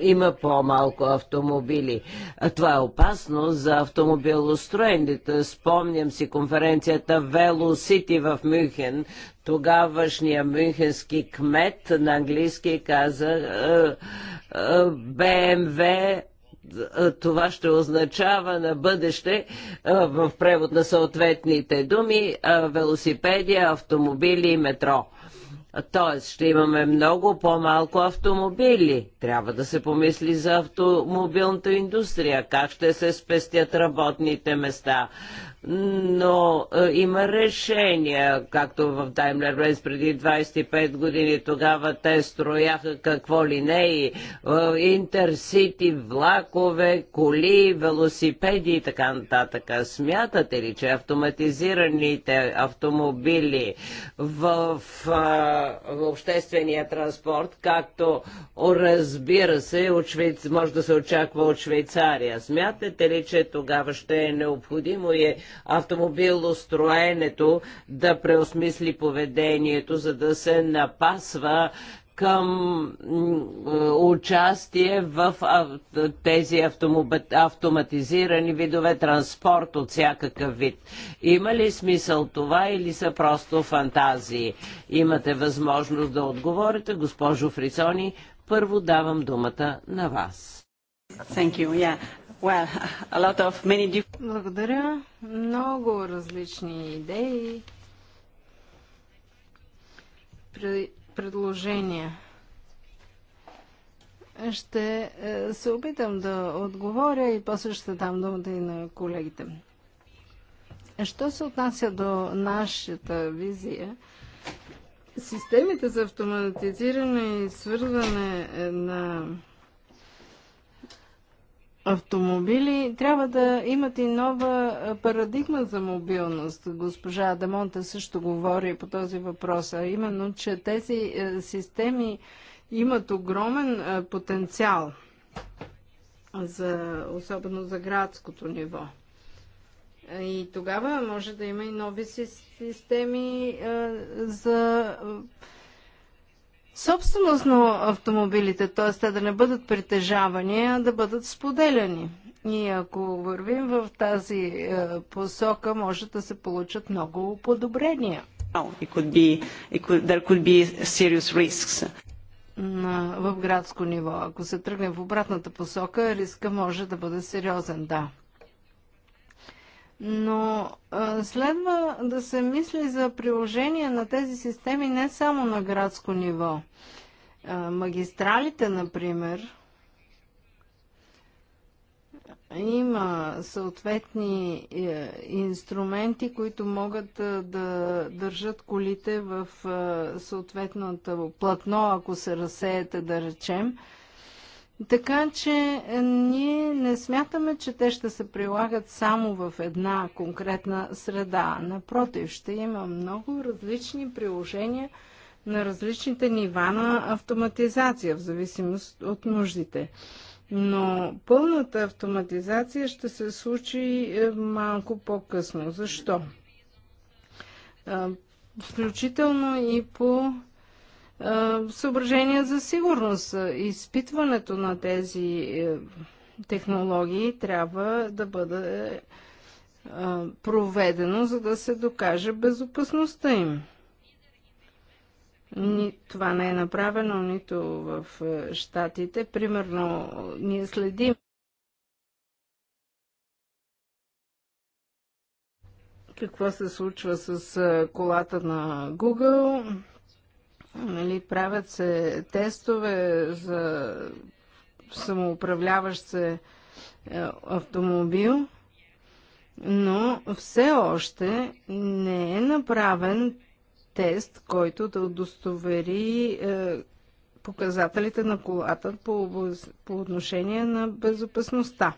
има по-малко автомобили. Това е опасно за автомобилостроените. Спомням си конференцията Велосити в Мюнхен. Тогавашния мюнхенски кмет на английски каза е, е, е това ще означава на бъдеще е, в превод на съответните думи е, велосипедия, автомобили и метро. Тоест, ще имаме много по-малко автомобили. Трябва да се помисли за автомобилната индустрия, как ще се спестят работните места, но е, има решения, както в Даймлер Benz преди 25 години, тогава те строяха какво ли не и е, интерсити, влакове, коли, велосипеди и така нататък. Смятате ли, че автоматизираните автомобили в, в, е, в обществения транспорт, както разбира се, от Швейц... може да се очаква от Швейцария, смятате ли, че тогава ще е необходимо и е автомобилостроенето да преосмисли поведението, за да се напасва към е, участие в тези автоматизирани видове транспорт от всякакъв вид. Има ли смисъл това или са просто фантазии? Имате възможност да отговорите, госпожо Фрисони, Първо давам думата на вас. Thank you. Yeah. Благодаря. Много различни идеи, предложения. Ще е, се опитам да отговоря и после ще дам думата и на колегите. Що се отнася до нашата визия, системите за автоматизиране и свързване на автомобили, трябва да имат и нова парадигма за мобилност. Госпожа Адамонта също говори по този въпрос, а именно, че тези системи имат огромен потенциал, за, особено за градското ниво. И тогава може да има и нови системи за собственост на автомобилите, т.е. те да не бъдат притежавани, а да бъдат споделяни. И ако вървим в тази е, посока, може да се получат много подобрения. Be, could, could в градско ниво. Ако се тръгне в обратната посока, риска може да бъде сериозен, да но а, следва да се мисли за приложение на тези системи не само на градско ниво. А, магистралите, например, има съответни е, инструменти, които могат е, да държат колите в е, съответното платно, ако се разсеете, да речем. Е, така че е, ние не смятаме, че те ще се прилагат само в една конкретна среда. Напротив, ще има много различни приложения на различните нива на автоматизация, в зависимост от нуждите. Но пълната автоматизация ще се случи е, малко по-късно. Защо? Е, включително и по съображения за сигурност. Изпитването на тези е, технологии трябва да бъде е, проведено, за да се докаже безопасността им. Ни, това не е направено нито в е, Штатите. Примерно, ние следим какво се случва с колата на Google Нали, правят се тестове за самоуправляващ се е, автомобил, но все още не е направен тест, който да удостовери е, показателите на колата по, по отношение на безопасността.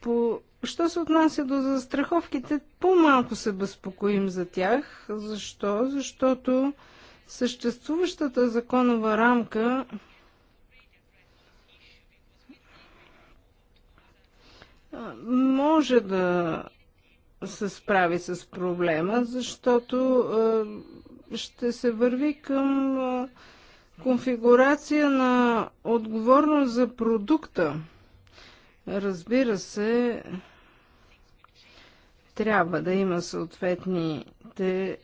По, що се отнася до застраховките, по-малко се безпокоим за тях. Защо? Защото Съществуващата законова рамка може да се справи с проблема, защото е, ще се върви към е, конфигурация на отговорност за продукта. Разбира се, трябва да има съответните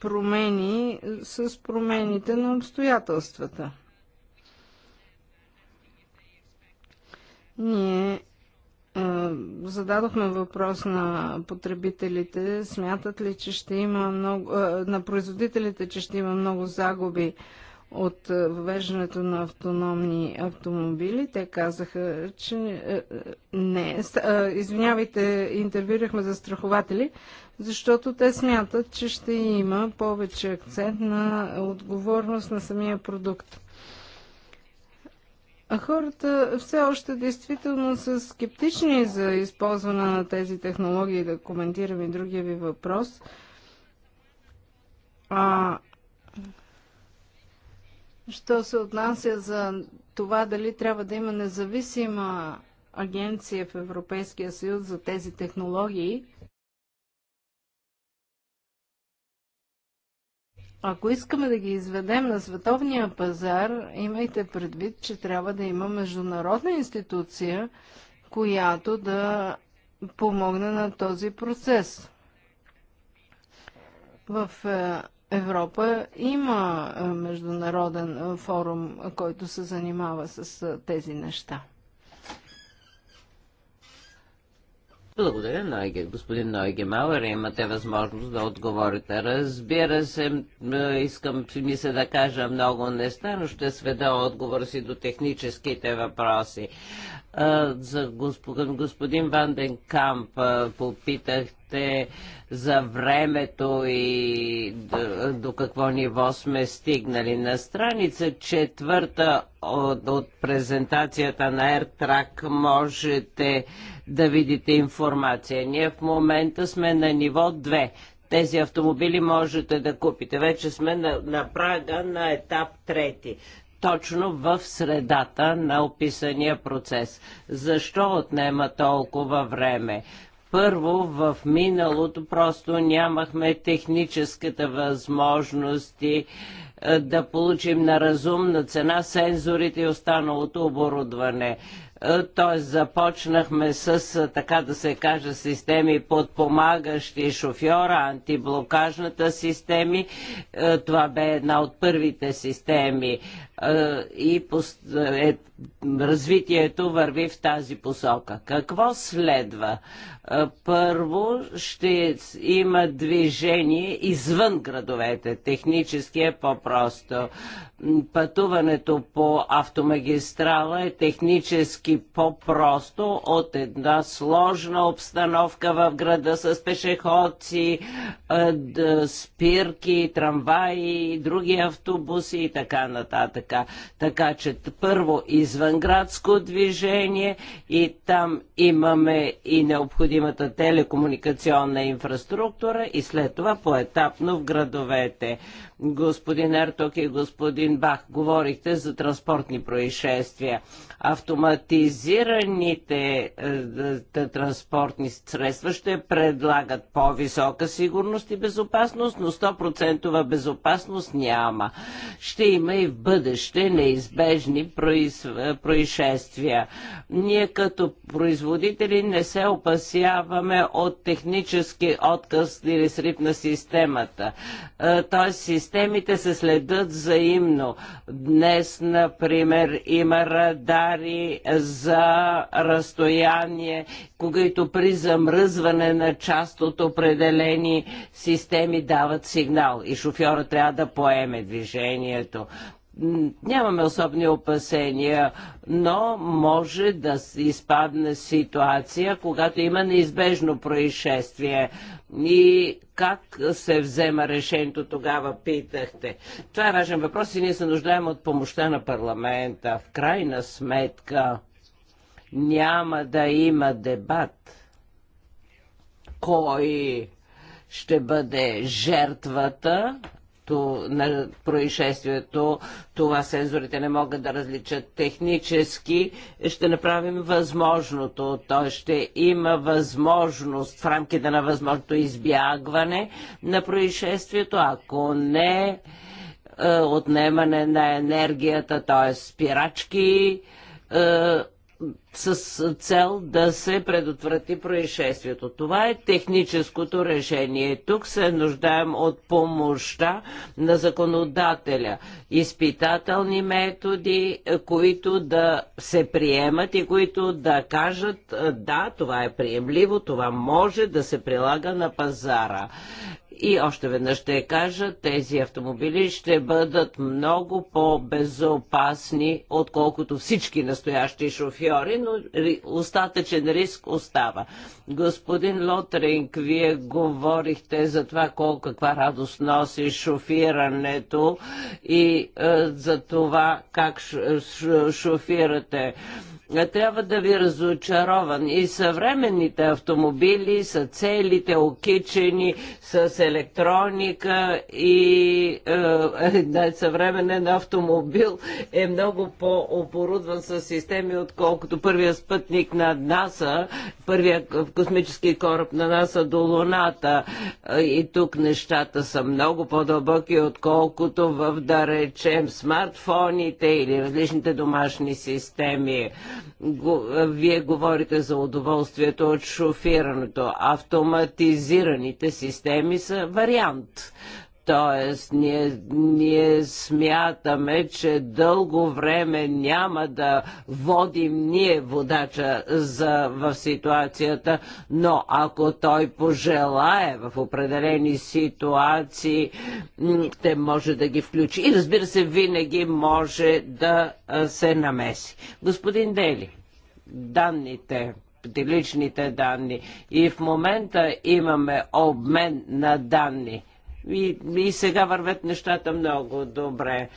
промени с промените на обстоятелствата. Ние е, зададохме въпрос на потребителите, смятат ли, че ще има много, е, на производителите, че ще има много загуби от е, въвеждането на автономни автомобили. Те казаха, че е, е, не. Извинявайте, интервюирахме за страхователи, защото те смятат, че ще има повече акцент на отговорност на самия продукт. А хората все още действително са скептични за използване на тези технологии, да коментирам и другия ви въпрос. А, Що се отнася за това дали трябва да има независима агенция в Европейския съюз за тези технологии, Ако искаме да ги изведем на световния пазар, имайте предвид, че трябва да има международна институция, която да помогне на този процес. В е, Европа има е, международен е, форум, който се занимава с е, тези неща. Благодаря, Найге. Господин Нойге Мауер, имате възможност да отговорите. Разбира се, искам ми се да кажа много неща, но ще сведа отговор си до техническите въпроси. За господин Ванден Камп попитахте още за времето и до, до какво ниво сме стигнали. На страница четвърта от, от презентацията на AirTrack можете да видите информация. Ние в момента сме на ниво 2 тези автомобили можете да купите. Вече сме на, на прага на етап трети. Точно в средата на описания процес. Защо отнема толкова време? Първо, в миналото просто нямахме техническата възможност е, да получим на разумна цена сензорите и останалото оборудване т.е. започнахме с, е, така да се каже, системи подпомагащи шофьора, антиблокажната системи. Е, това бе една от първите системи и е, развитието върви в тази посока. Какво следва? Първо ще има движение извън градовете. Технически е по-просто. Пътуването по автомагистрала е технически по-просто от една сложна обстановка в града с пешеходци, спирки, трамваи, други автобуси и така нататък така. Така че първо извънградско движение и там имаме и необходимата телекомуникационна инфраструктура и след това поетапно в градовете. Господин Ерток и господин Бах, говорихте за транспортни происшествия. Автоматизираните е, е, транспортни средства ще предлагат по-висока сигурност и безопасност, но 100% безопасност няма. Ще има и в бъдеще неизбежни произ... Е, происшествия. Ние като производители не се опасяваме от технически отказ или срив на системата. Тоест системите се следят взаимно. Днес, например, има радар бариери за разстояние, когато при замръзване на част от определени системи дават сигнал и шофьора трябва да поеме движението нямаме особни опасения, но може да изпадне ситуация, когато има неизбежно происшествие. И как се взема решението тогава, питахте. Това е важен въпрос и ние се нуждаем от помощта на парламента. В крайна сметка няма да има дебат кой ще бъде жертвата на происшествието. Това сензорите не могат да различат технически. Ще направим възможното. Той ще има възможност в рамките на възможното избягване на происшествието. Ако не, е, отнемане на енергията, т.е. спирачки, е, с цел да се предотврати происшествието. Това е техническото решение. Тук се нуждаем от помощта на законодателя. Изпитателни методи, е, които да се приемат и които да кажат е, да, това е приемливо, това може да се прилага на пазара. И още веднъж ще кажа, тези автомобили ще бъдат много по-безопасни, отколкото всички настоящи шофьори, но остатъчен риск остава. Господин Лотринг, вие говорихте за това колко каква радост носи шофирането и е, за това как ш, ш, шофирате трябва да ви разочарован. И съвременните автомобили са целите окичени с електроника и е, [LAUGHS] съвременен автомобил е много по-опорудван с системи, отколкото първия спътник на НАСА, първия космически кораб на НАСА до Луната. Е, и тук нещата са много по-дълбоки, отколкото в, да речем, смартфоните или различните домашни системи. Вие говорите за удоволствието от шофирането. Автоматизираните системи са вариант Тоест, ние, ние смятаме, че дълго време няма да водим ние водача за, в ситуацията, но ако той пожелае в определени ситуации, те може да ги включи. И разбира се, винаги може да се намеси. Господин Дели, данните личните данни. И в момента имаме обмен на данни и, и сега вървят нещата много добре.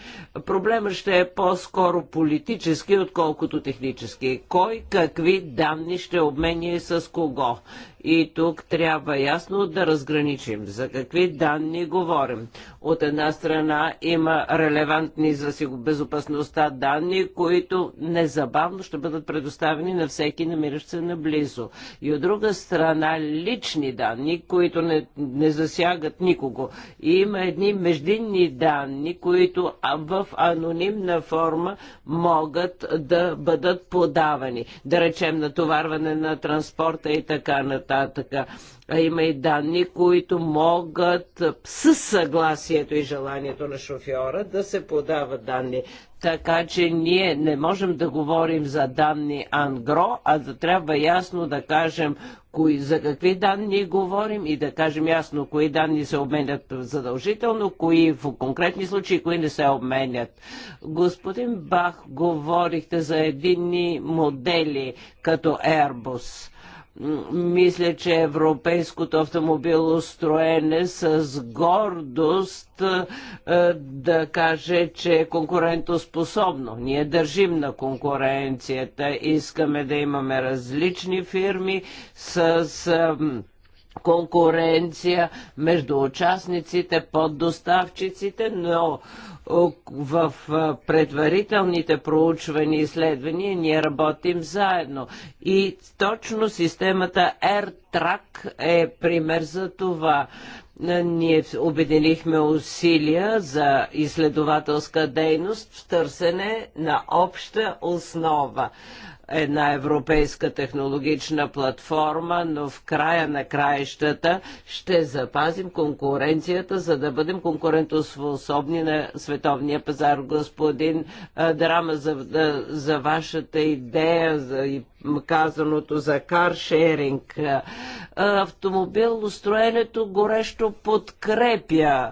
Проблемът ще е по-скоро политически, отколкото технически. Кой какви данни ще обменя и с кого? И тук трябва ясно да разграничим за какви данни говорим. От една страна има релевантни за безопасността данни, които незабавно ще бъдат предоставени на всеки намиращ се наблизо. И от друга страна лични данни, които не, не засягат никого. И има едни междинни данни, които в анонимна форма могат да бъдат подавани. Да речем натоварване на транспорта и така нататък нататък. А има и данни, които могат с съгласието и желанието на шофьора да се подават данни. Така че ние не можем да говорим за данни ангро, а да трябва ясно да кажем кои, за какви данни говорим и да кажем ясно кои данни се обменят задължително, кои в конкретни случаи, кои не се обменят. Господин Бах, говорихте за едини модели като Airbus мисля, че европейското автомобилостроене с гордост е, да каже, че е конкурентоспособно. Ние държим на конкуренцията, искаме да имаме различни фирми с е, конкуренция между участниците, поддоставчиците, но в предварителните проучвания и изследвания ние работим заедно. И точно системата AirTrack е пример за това. Ние обединихме усилия за изследователска дейност в търсене на обща основа една европейска технологична платформа, но в края на краищата ще запазим конкуренцията, за да бъдем конкурентоспособни на световния пазар. Господин Драма, за, за вашата идея за и казаното за каршеринг, устроенето горещо подкрепя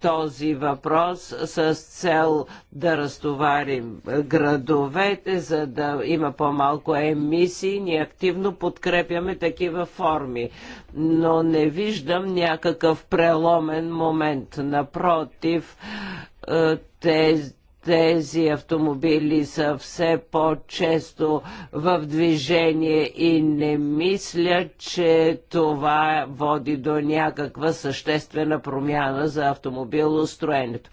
този въпрос с цел да разтоварим градовете, за да има по-малко емисии. Ние активно подкрепяме такива форми, но не виждам някакъв преломен момент. Напротив, тези тези автомобили са все по-често в движение и не мисля, че това води до някаква съществена промяна за автомобилостроенето.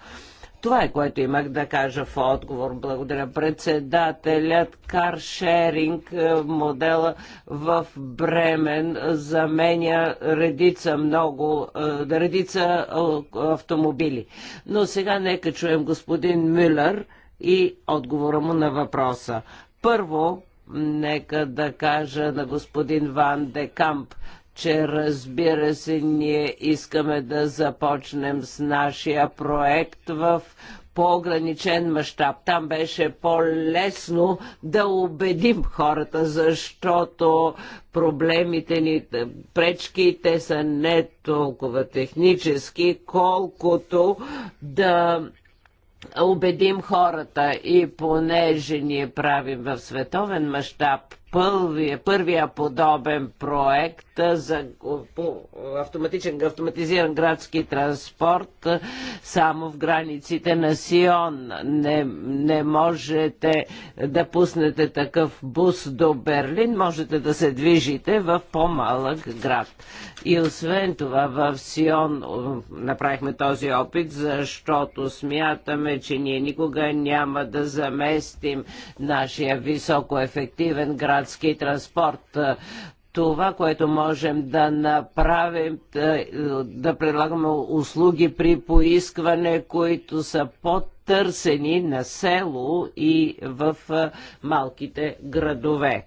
Това е което имах да кажа в отговор. Благодаря. Председателят каршеринг модела в Бремен заменя редица много, е, редица е, автомобили. Но сега нека чуем господин Мюллер и отговора му на въпроса. Първо, нека да кажа на господин Ван Декамп че разбира се ние искаме да започнем с нашия проект в по-ограничен мащаб. Там беше по-лесно да убедим хората, защото проблемите ни, пречките са не толкова технически, колкото да убедим хората и понеже ние правим в световен мащаб първия, първия подобен проект за автоматичен, автоматизиран градски транспорт само в границите на Сион. Не, не можете да пуснете такъв бус до Берлин, можете да се движите в по-малък град. И освен това в Сион направихме този опит, защото смятаме, че ние никога няма да заместим нашия високоефективен град градски транспорт това, което можем да направим, да, е, да предлагаме услуги при поискване, които са по-търсени на село и в е, малките градове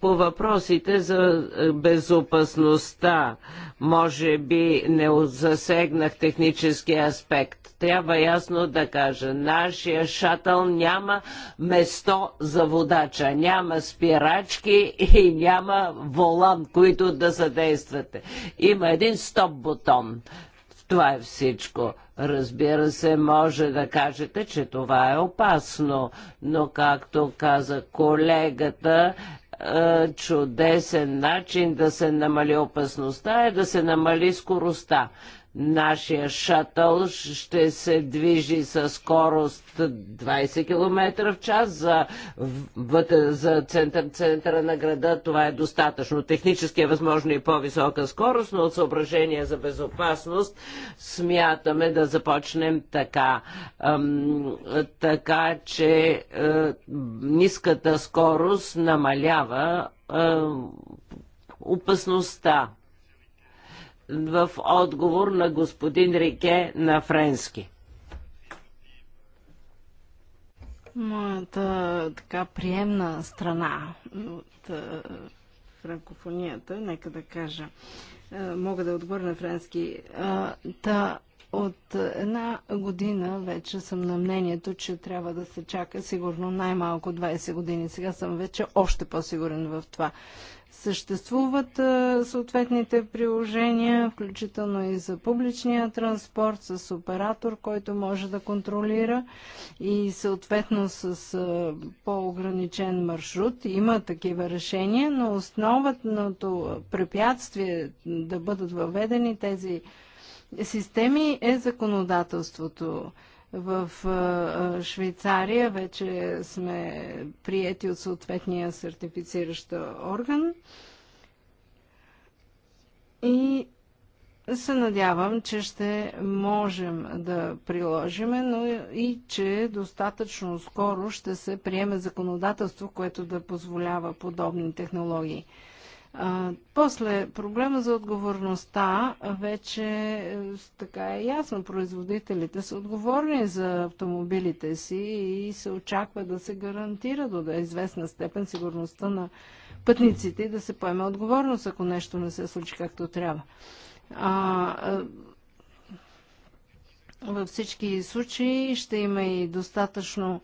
по въпросите за е, безопасността. Може би не засегнах технически аспект. Трябва ясно да кажа, нашия шатъл няма место за водача, няма спирачки и няма волан, които да задействате. Има един стоп бутон. Това е всичко. Разбира се, може да кажете, че това е опасно, но както каза колегата, чудесен начин да се намали опасността е да се намали скоростта. Нашия шатъл ще се движи със скорост 20 км в час за, за център, центъра на града. Това е достатъчно. Технически е възможно и по-висока скорост, но от съображение за безопасност смятаме да започнем така. Ам, така, че а, е, ниската скорост намалява а, е, опасността в отговор на господин Рике на френски. Моята така приемна страна от е, франкофонията, нека да кажа, е, мога да отговоря на френски. Е, та от една година вече съм на мнението, че трябва да се чака сигурно най-малко 20 години. Сега съм вече още по-сигурен в това. Съществуват съответните приложения, включително и за публичния транспорт, с оператор, който може да контролира и съответно с по-ограничен маршрут. Има такива решения, но основното препятствие да бъдат въведени тези системи е законодателството. В Швейцария вече сме приети от съответния сертифициращ орган и се надявам, че ще можем да приложиме, но и че достатъчно скоро ще се приеме законодателство, което да позволява подобни технологии. А, после проблема за отговорността вече е, така е ясно. Производителите са отговорни за автомобилите си и се очаква да се гарантира до да е известна степен сигурността на пътниците и да се поеме отговорност, ако нещо не се случи както трябва. А, във всички случаи ще има и достатъчно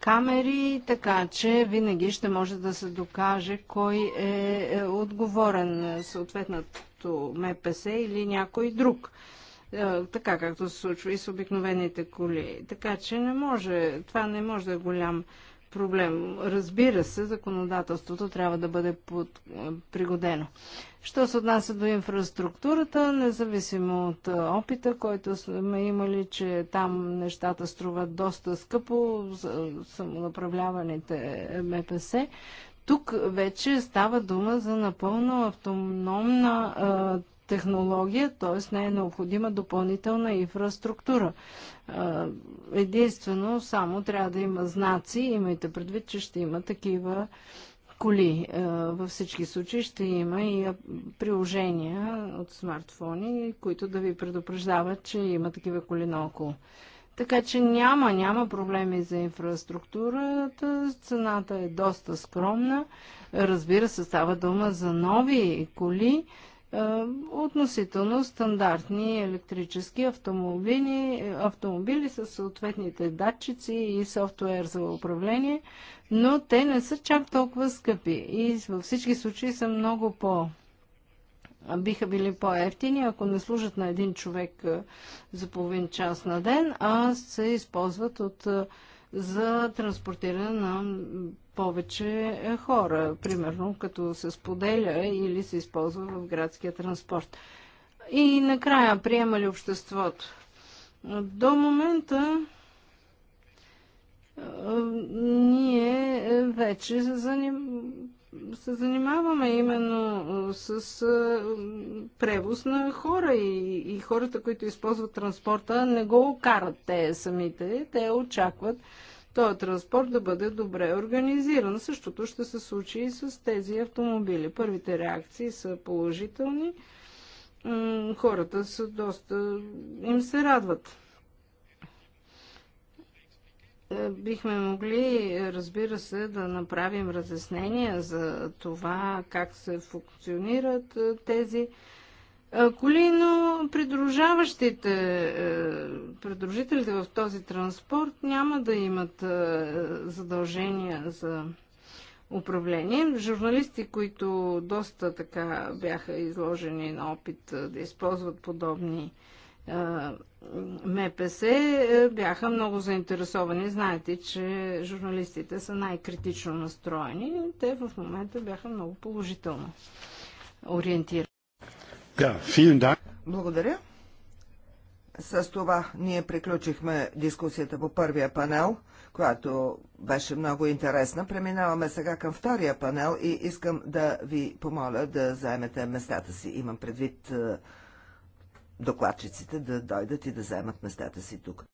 камери, така че винаги ще може да се докаже кой е, е отговорен е, съответното МПС или някой друг. Така както се случва и с обикновените коли. Така че не може, това не може да е голям проблем. Разбира се, законодателството трябва да бъде под, е, пригодено. Що се отнася до инфраструктурата, независимо от е, опита, който сме имали, че там нещата струват доста скъпо, самонаправляваните МПС, тук вече става дума за напълно автономна е, технология, т.е. не е необходима допълнителна инфраструктура. Единствено, само трябва да има знаци, имайте предвид, че ще има такива коли. Във всички случаи ще има и приложения от смартфони, които да ви предупреждават, че има такива коли наоколо. Така че няма, няма проблеми за инфраструктурата, цената е доста скромна. Разбира се, става дума за нови коли, е, относително стандартни електрически автомобили, автомобили с съответните датчици и софтуер за управление, но те не са чак толкова скъпи и във всички случаи са много по- биха били по-ефтини, ако не служат на един човек е, за половин час на ден, а се използват от е, за транспортиране на повече хора, примерно като се споделя или се използва в градския транспорт. И накрая, приема ли обществото? До момента ние вече се занимаваме именно с превоз на хора и, и хората, които използват транспорта, не го карат те самите. Те очакват този транспорт да бъде добре организиран. Същото ще се случи и с тези автомобили. Първите реакции са положителни. Хората са доста... им се радват. Е, бихме могли, е, разбира се, да направим разяснения за това как се функционират е, тези коли, но придружаващите, придружителите в този транспорт няма да имат задължения за управление. Журналисти, които доста така бяха изложени на опит да използват подобни МПС бяха много заинтересовани. Знаете, че журналистите са най-критично настроени. Те в момента бяха много положително ориентирани. да. Благодаря. С това ние приключихме дискусията по първия панел, която беше много интересна. Преминаваме сега към втория панел и искам да ви помоля да заемете местата си. Имам предвид докладчиците да дойдат и да вземат местата си тук.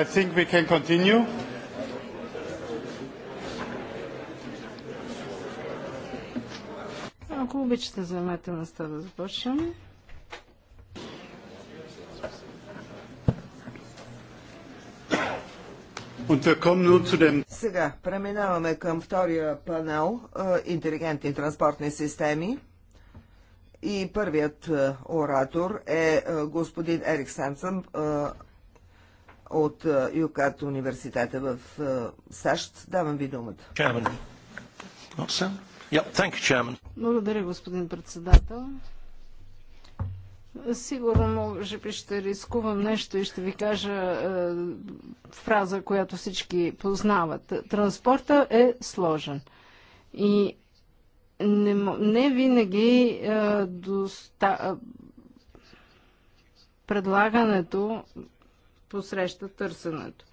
I think we can continue. Ако обичате, вземете места да започнем. Сега преминаваме към втория панел э, интелигентни транспортни системи. И първият э, оратор е э, господин Ерик Сенсън, от е, ЮКАТ университета в е, САЩ. Давам ви думата. Благодаря, господин председател. Сигурно, може би ще рискувам нещо и ще ви кажа е, фраза, която всички познават. Транспорта е сложен. И не, не винаги е, доста, предлагането посреща търсенето.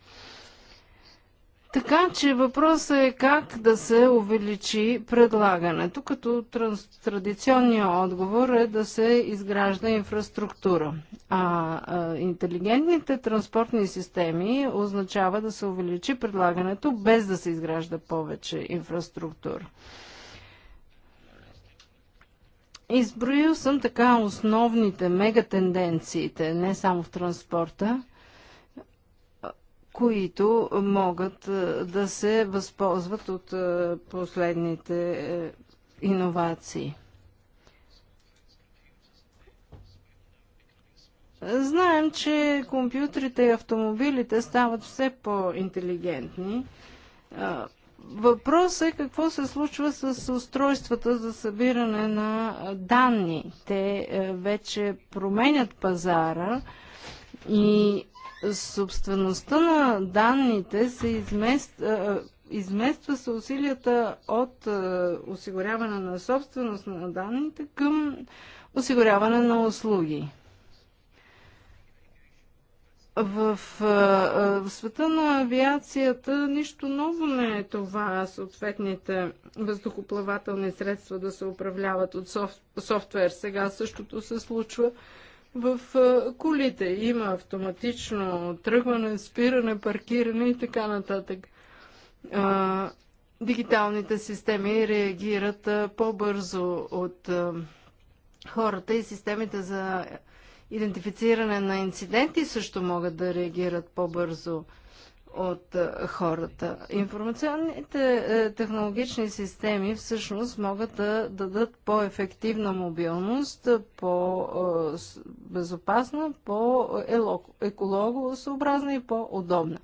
Така че въпросът е как да се увеличи предлагането, като традиционният отговор е да се изгражда инфраструктура. А, а интелигентните транспортни системи означава да се увеличи предлагането без да се изгражда повече инфраструктура. Изброил съм така основните мегатенденциите, не само в транспорта, които могат е, да се възползват от е, последните е, иновации. Знаем, че компютрите и автомобилите стават все по-интелигентни. Въпрос е какво се случва с устройствата за събиране на данни. Те вече променят пазара и собствеността на данните се измества, измества се усилията от осигуряване на собственост на данните към осигуряване на услуги. В, в света на авиацията нищо ново не е това съответните въздухоплавателни средства да се управляват от софт, софтуер. Сега същото се случва в колите. Има автоматично тръгване, спиране, паркиране и така нататък. дигиталните системи реагират по-бързо от хората и системите за идентифициране на инциденти също могат да реагират по-бързо от е, хората. Информационните е, технологични системи всъщност могат да дадат по-ефективна мобилност, по-безопасна, е, по-екологосъобразна и по-удобна.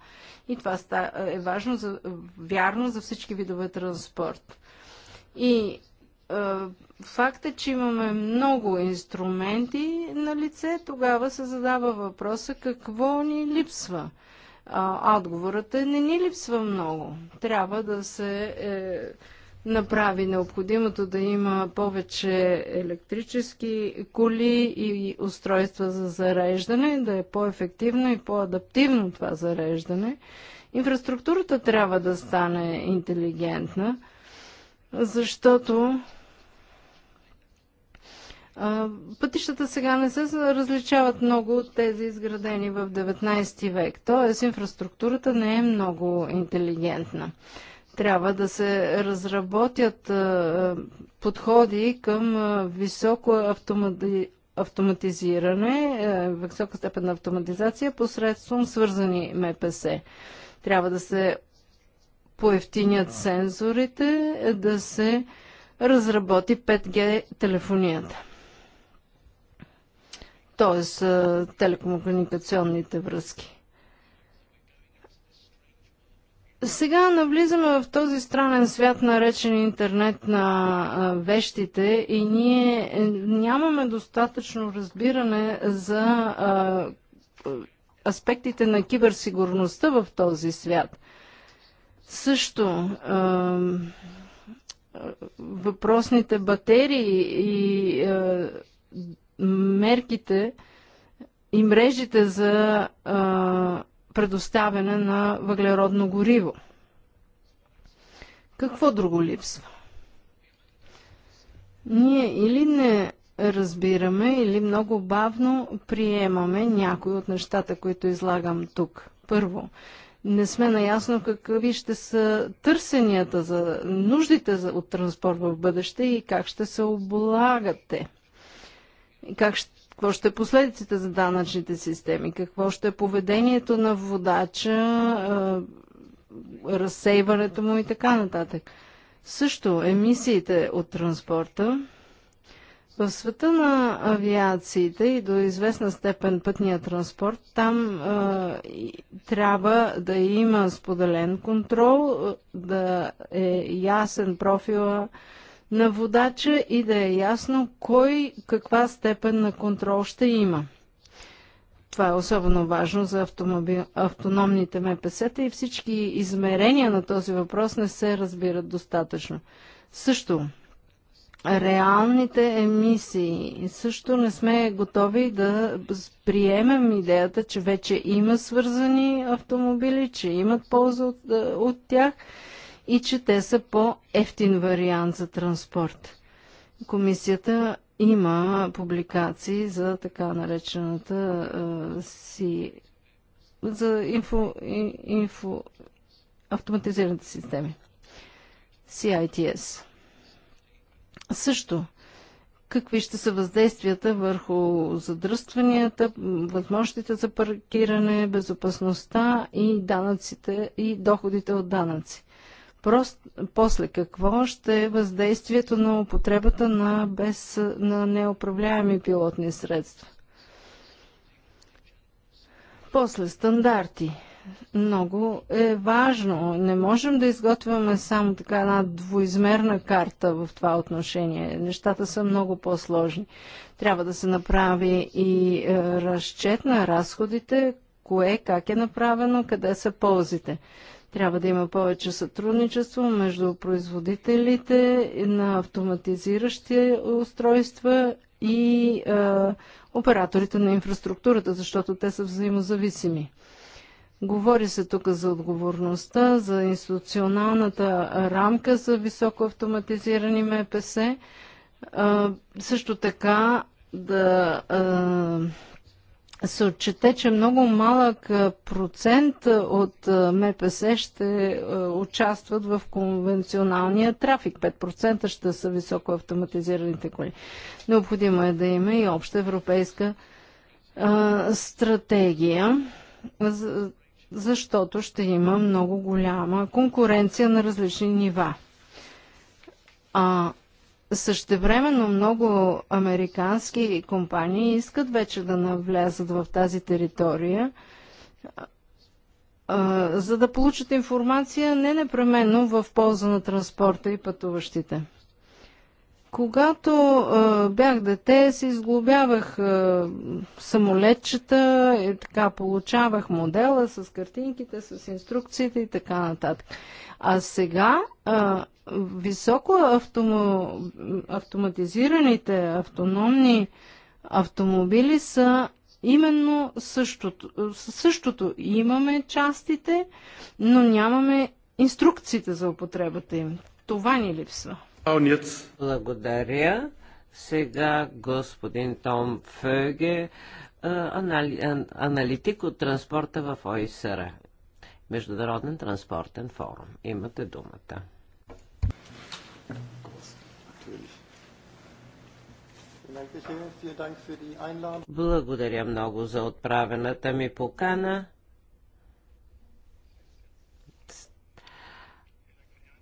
И това е важно, за, вярно за всички видове транспорт. И факт е, че имаме много инструменти на лице, тогава се задава въпроса какво ни липсва – а, отговорът е не ни липсва много. Трябва да се е, направи необходимото да има повече електрически коли и устройства за зареждане, да е по-ефективно и по-адаптивно това зареждане. Инфраструктурата трябва да стане интелигентна, защото Пътищата сега не се различават много от тези изградени в 19 век, т.е. инфраструктурата не е много интелигентна. Трябва да се разработят подходи към високо автоматизиране, висока степен на автоматизация посредством свързани МПС. Трябва да се поевтинят сензорите, да се разработи 5G телефонията т.е. телекомуникационните връзки. Сега навлизаме в този странен свят, наречен интернет на вещите и ние е, нямаме достатъчно разбиране за аспектите на киберсигурността в този свят. Също въпросните батерии и мерките и мрежите за а, предоставяне на въглеродно гориво. Какво друго липсва? Ние или не разбираме, или много бавно приемаме някои от нещата, които излагам тук. Първо, не сме наясно какви ще са търсенията за нуждите от транспорт в бъдеще и как ще се облагат те. Как ще какво ще е последиците за данъчните системи? Какво ще е поведението на водача, разсейването му и така нататък? Също емисиите от транспорта. В света на авиациите и до известна степен пътния транспорт, там а, трябва да има споделен контрол, да е ясен профила, на водача и да е ясно кой каква степен на контрол ще има. Това е особено важно за автомобил, автономните МПС-та и всички измерения на този въпрос не се разбират достатъчно. Също, реалните емисии. Също не сме готови да приемем идеята, че вече има свързани автомобили, че имат полза от, от тях и че те са по-ефтин вариант за транспорт. Комисията има публикации за така наречената а, си за инфо, инфо, автоматизираните системи. CITS. Също, какви ще са въздействията върху задръстванията, възможностите за паркиране, безопасността и данъците и доходите от данъци. Прост, после какво ще е въздействието на употребата на, без, на неуправляеми пилотни средства? После стандарти. Много е важно. Не можем да изготвяме само така една двоизмерна карта в това отношение. Нещата са много по-сложни. Трябва да се направи и е, разчет на разходите, кое как е направено, къде са ползите. Трябва да има повече сътрудничество между производителите на автоматизиращи устройства и а, операторите на инфраструктурата, защото те са взаимозависими. Говори се тук за отговорността, за институционалната рамка за високо автоматизирани МПС. А, също така да се отчете, че много малък процент от МПС ще участват в конвенционалния трафик. 5% ще са високо автоматизираните коли. Необходимо е да има и обща европейска а, стратегия, защото ще има много голяма конкуренция на различни нива. А Същевременно много американски компании искат вече да навлязат в тази територия, за да получат информация не непременно в полза на транспорта и пътуващите. Когато бях дете, се изглобявах самолетчета и така получавах модела с картинките, с инструкциите и така нататък. А сега а, високо автомо, автоматизираните автономни автомобили са именно същото. същото. Имаме частите, но нямаме инструкциите за употребата им. Това ни липсва. Благодаря. Сега господин Том Фъге, анали... аналитик от транспорта в ОИСР. Международен транспортен форум. Имате думата. Благодаря много за отправената ми покана.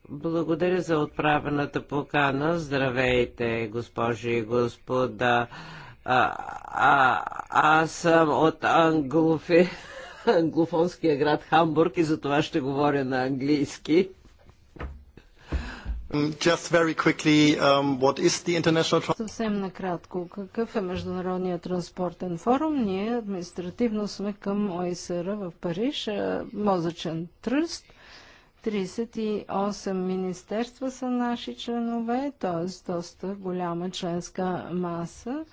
Благодаря за отправената покана. Здравейте, госпожи и господа. А, а, аз съм от англофи англофонския град Хамбург и за това ще говоря на английски. Just very quickly, um, what is the international... Съвсем накратко, какъв е Международният транспортен форум? Ние административно сме към ОИСР в Париж, мозъчен тръст. 38 министерства са наши членове, т.е. доста голяма членска маса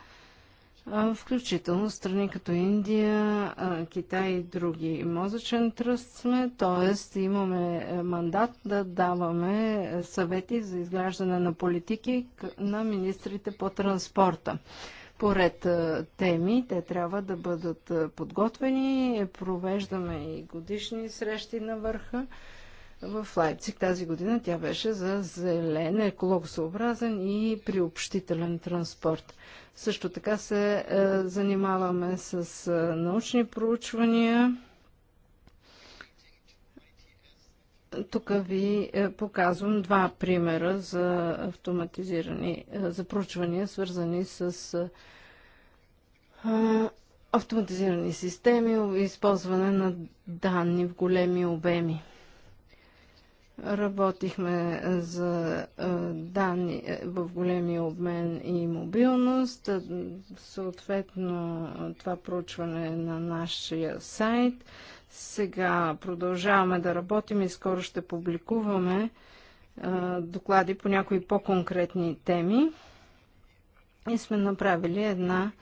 включително страни като Индия, Китай и други. Мозъчен тръст сме, т.е. имаме е, мандат да даваме е, съвети за изграждане на политики на министрите по транспорта. Поред е, теми, те трябва да бъдат подготвени. Провеждаме и годишни срещи на върха в Лайпциг тази година тя беше за зелен, екологосъобразен и приобщителен транспорт. Също така се е, занимаваме с е, научни проучвания. Тук ви е, показвам два примера за автоматизирани, е, за проучвания, свързани с е, е автоматизирани системи, използване на данни в големи обеми. Работихме за данни е, в големия обмен и мобилност. Е, съответно, това проучване е на нашия сайт. Сега продължаваме да работим и скоро ще публикуваме е, доклади по някои по-конкретни теми. И сме направили една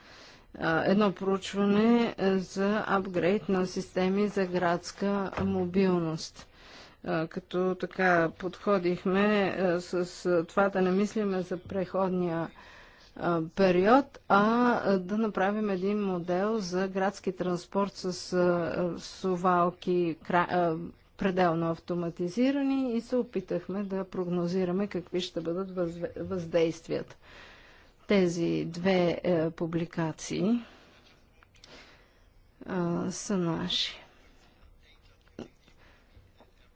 едно проучване за апгрейд на системи за градска мобилност като така подходихме с това да не мислиме за преходния период, а да направим един модел за градски транспорт с сувалки пределно автоматизирани и се опитахме да прогнозираме какви ще бъдат въздействията. Тези две е, публикации са наши.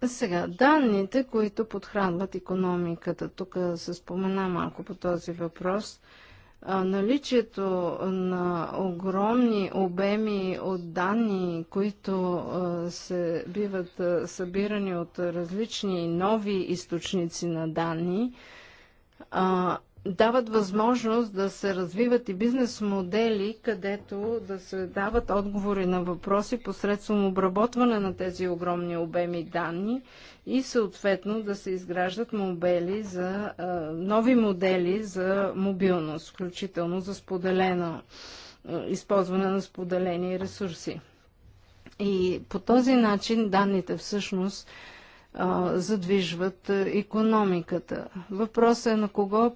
Сега, данните, които подхранват економиката. Тук се спомена малко по този въпрос. Наличието на огромни обеми от данни, които се биват събирани от различни нови източници на данни, дават възможност да се развиват и бизнес модели, където да се дават отговори на въпроси посредством обработване на тези огромни обеми данни и съответно да се изграждат модели за, нови модели за мобилност, включително за споделено използване на споделени ресурси. И по този начин данните всъщност задвижват економиката. Въпросът е на кого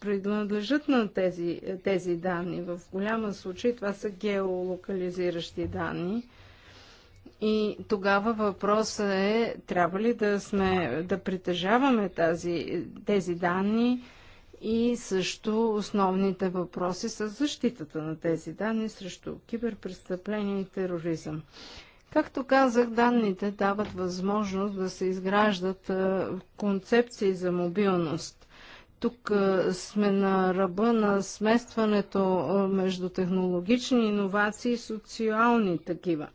принадлежат на тези, тези данни. В голяма случай това са геолокализиращи данни. И тогава въпросът е, трябва ли да, сме, да притежаваме тази, тези данни и също основните въпроси са защитата на тези данни срещу киберпрестъпления и тероризъм. Както казах, данните дават възможност да се изграждат концепции за мобилност. Тук сме на ръба на сместването между технологични иновации и социални такива.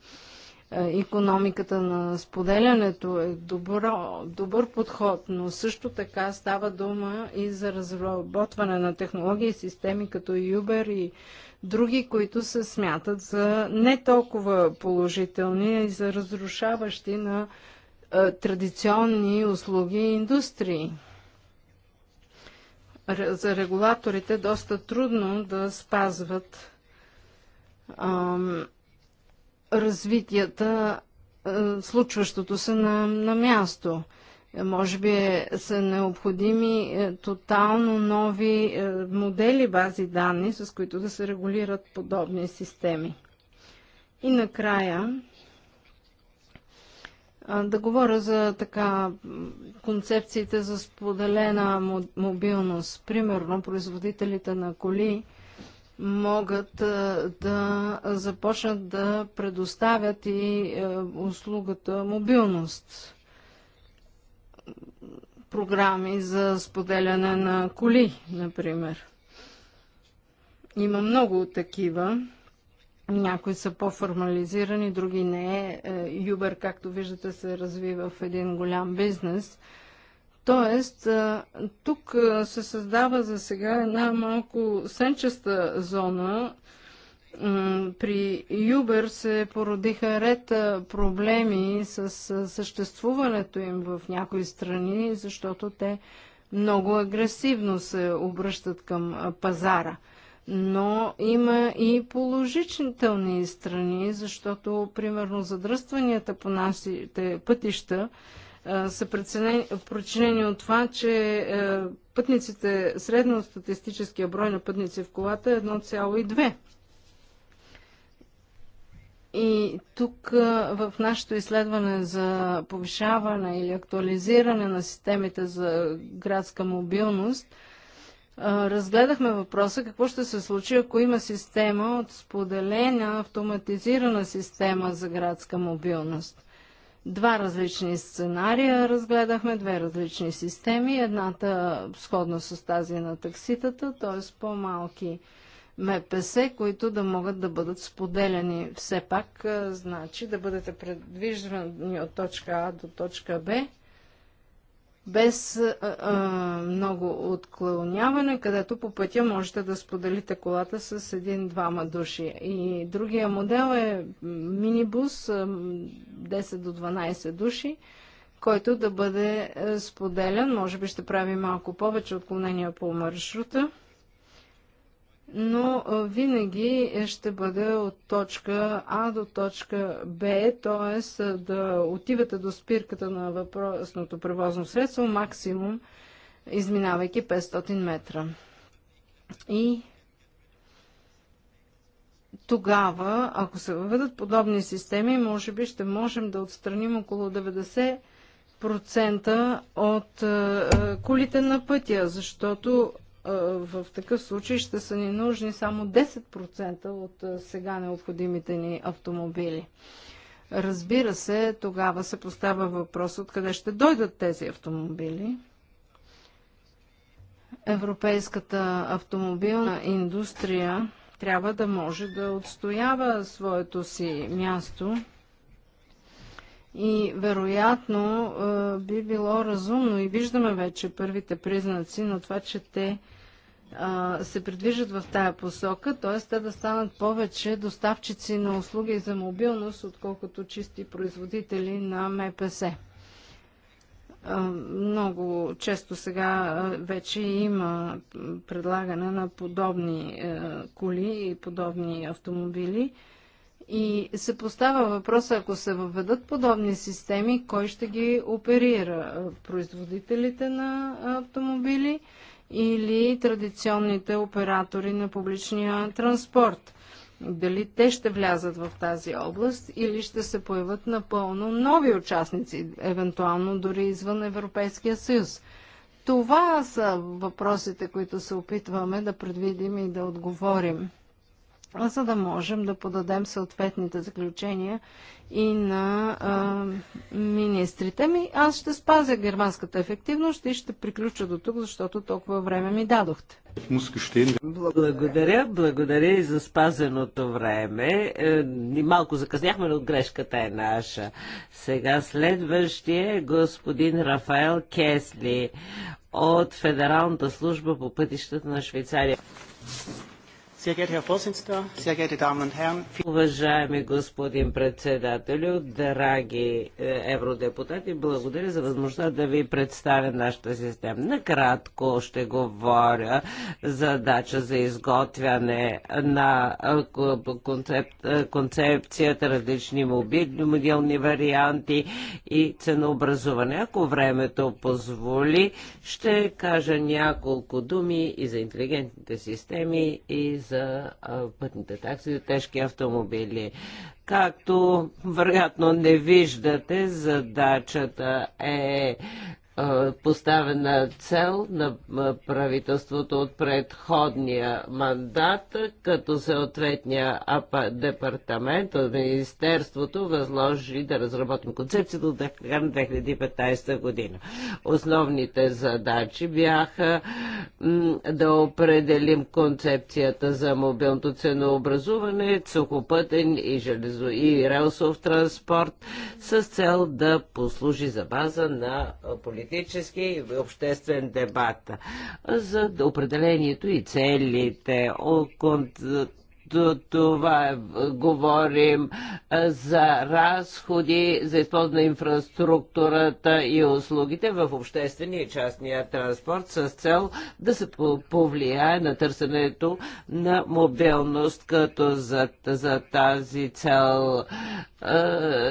Економиката на споделянето е добро, добър подход, но също така става дума и за разработване на технологии и системи като Uber и други, които се смятат за не толкова положителни и за разрушаващи на а, е, традиционни услуги и индустрии. Р- за регулаторите доста трудно да спазват ам, развитията, а, е, случващото се на, на място. Може би са необходими е, тотално нови е, модели бази данни, с които да се регулират подобни системи. И накрая да говоря за така концепциите за споделена мобилност. Примерно, производителите на коли могат е, да започнат да предоставят и услугата мобилност програми за споделяне на коли, например. Има много такива. Някои са по-формализирани, други не. Юбер, както виждате, се развива в един голям бизнес. Тоест, тук се създава за сега една малко сенчеста зона, при ЮБЕР се породиха ред проблеми с съществуването им в някои страни, защото те много агресивно се обръщат към пазара. Но има и положителни страни, защото, примерно, задръстванията по нашите пътища са причинени от това, че пътниците, средностатистическия брой на пътници в колата е 1,2. И тук в нашето изследване за повишаване или актуализиране на системите за градска мобилност, разгледахме въпроса какво ще се случи, ако има система от споделена автоматизирана система за градска мобилност. Два различни сценария разгледахме, две различни системи. Едната сходна с тази на такситата, т.е. по-малки МПС, които да могат да бъдат споделени. Все пак, значи, да бъдете предвиждани от точка А до точка Б, без а, много отклоняване, където по пътя можете да споделите колата с един-двама души. И другия модел е минибус 10 до 12 души, който да бъде споделен. Може би ще прави малко повече отклонения по маршрута но винаги ще бъде от точка А до точка Б, т.е. да отивате до спирката на въпросното превозно средство максимум, изминавайки 500 метра. И тогава, ако се въведат подобни системи, може би ще можем да отстраним около 90% от колите на пътя, защото в такъв случай ще са ни нужни само 10% от сега необходимите ни автомобили. Разбира се, тогава се поставя въпрос откъде ще дойдат тези автомобили. Европейската автомобилна индустрия трябва да може да отстоява своето си място и вероятно би било разумно и виждаме вече първите признаци на това, че те се придвижат в тая посока, т.е. те да станат повече доставчици на услуги за мобилност, отколкото чисти производители на МПС. Много често сега вече има предлагане на подобни коли и подобни автомобили. И се поставя въпроса, ако се въведат подобни системи, кой ще ги оперира? Производителите на автомобили – или традиционните оператори на публичния транспорт. Дали те ще влязат в тази област или ще се появят напълно нови участници, евентуално дори извън Европейския съюз. Това са въпросите, които се опитваме да предвидим и да отговорим за да можем да подадем съответните заключения и на а, министрите ми. Аз ще спазя германската ефективност и ще приключа до тук, защото толкова време ми дадохте. Благодаря, благодаря и за спазеното време. Е, ни малко закъсняхме, но грешката е наша. Сега следващия е господин Рафаел Кесли от Федералната служба по пътищата на Швейцария. Уважаеми господин председателю, драги е, евродепутати, благодаря за възможността да ви представя нашата система. Накратко ще говоря задача за изготвяне на е, е, концепцията, различни мобилни моделни варианти и ценообразуване. Ако времето позволи, ще кажа няколко думи и за интелигентните системи и за за пътните такси за тежки автомобили. Както вероятно не виждате, задачата е поставена цел на правителството от предходния мандат, като съответния департамент от Министерството възложи да разработим концепция до 2015 година. Основните задачи бяха да определим концепцията за мобилното ценообразуване, сухопътен и, железо, и релсов транспорт с цел да послужи за база на политиката политически и обществен дебат за определението и целите това е, говорим за разходи за използване на инфраструктурата и услугите в обществения и частния транспорт с цел да се повлияе на търсенето на мобилност, като за, за тази цел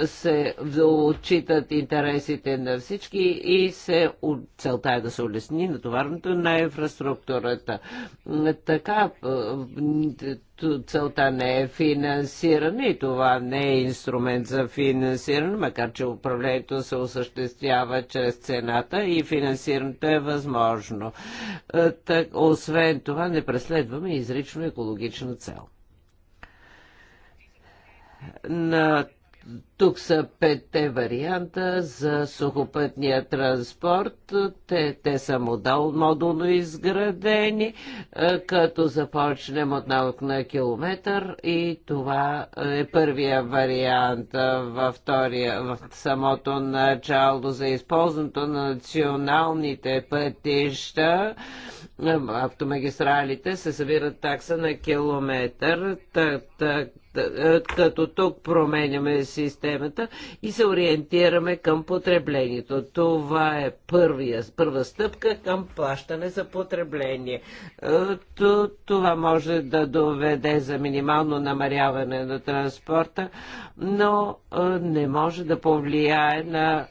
се отчитат интересите на всички и се, целта е да се улесни натоварното на инфраструктурата. Така, целта не е финансиране и това не е инструмент за финансиране, макар че управлението се осъществява чрез цената и финансирането е възможно. Е, так, освен това не преследваме изрично екологична цел. На тук са петте варианта за сухопътния транспорт. Те, те са модул, модулно изградени, е, като започнем от навък на километър и това е първия вариант във втория, в самото начало за използването на националните пътища. Е, автомагистралите се събират такса на километър, так, так, е, като тук променяме системата и се ориентираме към потреблението. Това е първия, първа стъпка към плащане за потребление. Е, това може да доведе за минимално намаряване на транспорта, но е, не може да повлияе на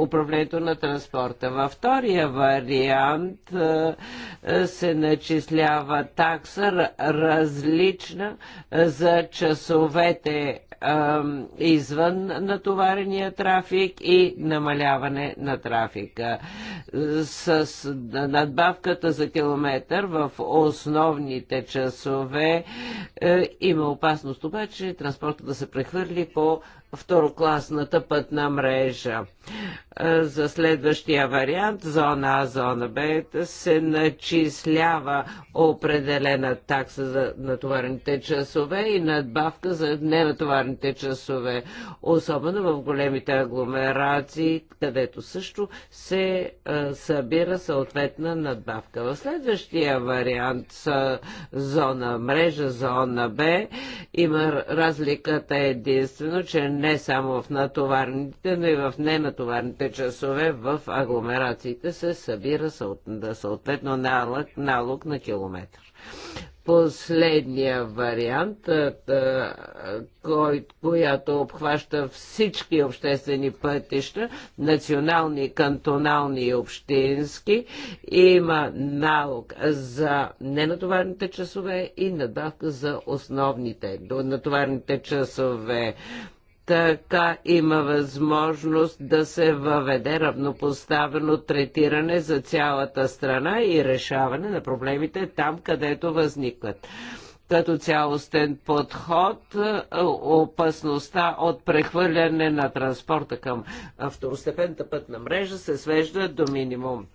управлението на транспорта. Във втория вариант се начислява такса различна за час часовете извън натоварения трафик и намаляване на трафика. С надбавката за километър в основните часове е, има опасност обаче транспорта да се прехвърли по второкласната пътна мрежа. Е, за следващия вариант, зона А, зона Б, се начислява определена такса за натоварените часове и надбавка за ненатоварените часове, особено в големите агломерации, където също се е, събира съответна надбавка. В следващия вариант са зона мрежа, зона Б, има разликата единствено, че не само в натоварните, но и в ненатоварните часове в агломерациите се събира съответно налог, налог на километр последния вариант, кой, която обхваща всички обществени пътища, национални, кантонални и общински, има налог за ненатоварните часове и надавка за основните, натоварните часове така има възможност да се въведе равнопоставено третиране за цялата страна и решаване на проблемите там, където възникват като цялостен подход, е, опасността от прехвърляне на транспорта към второстепенната пътна мрежа се свежда до минимум.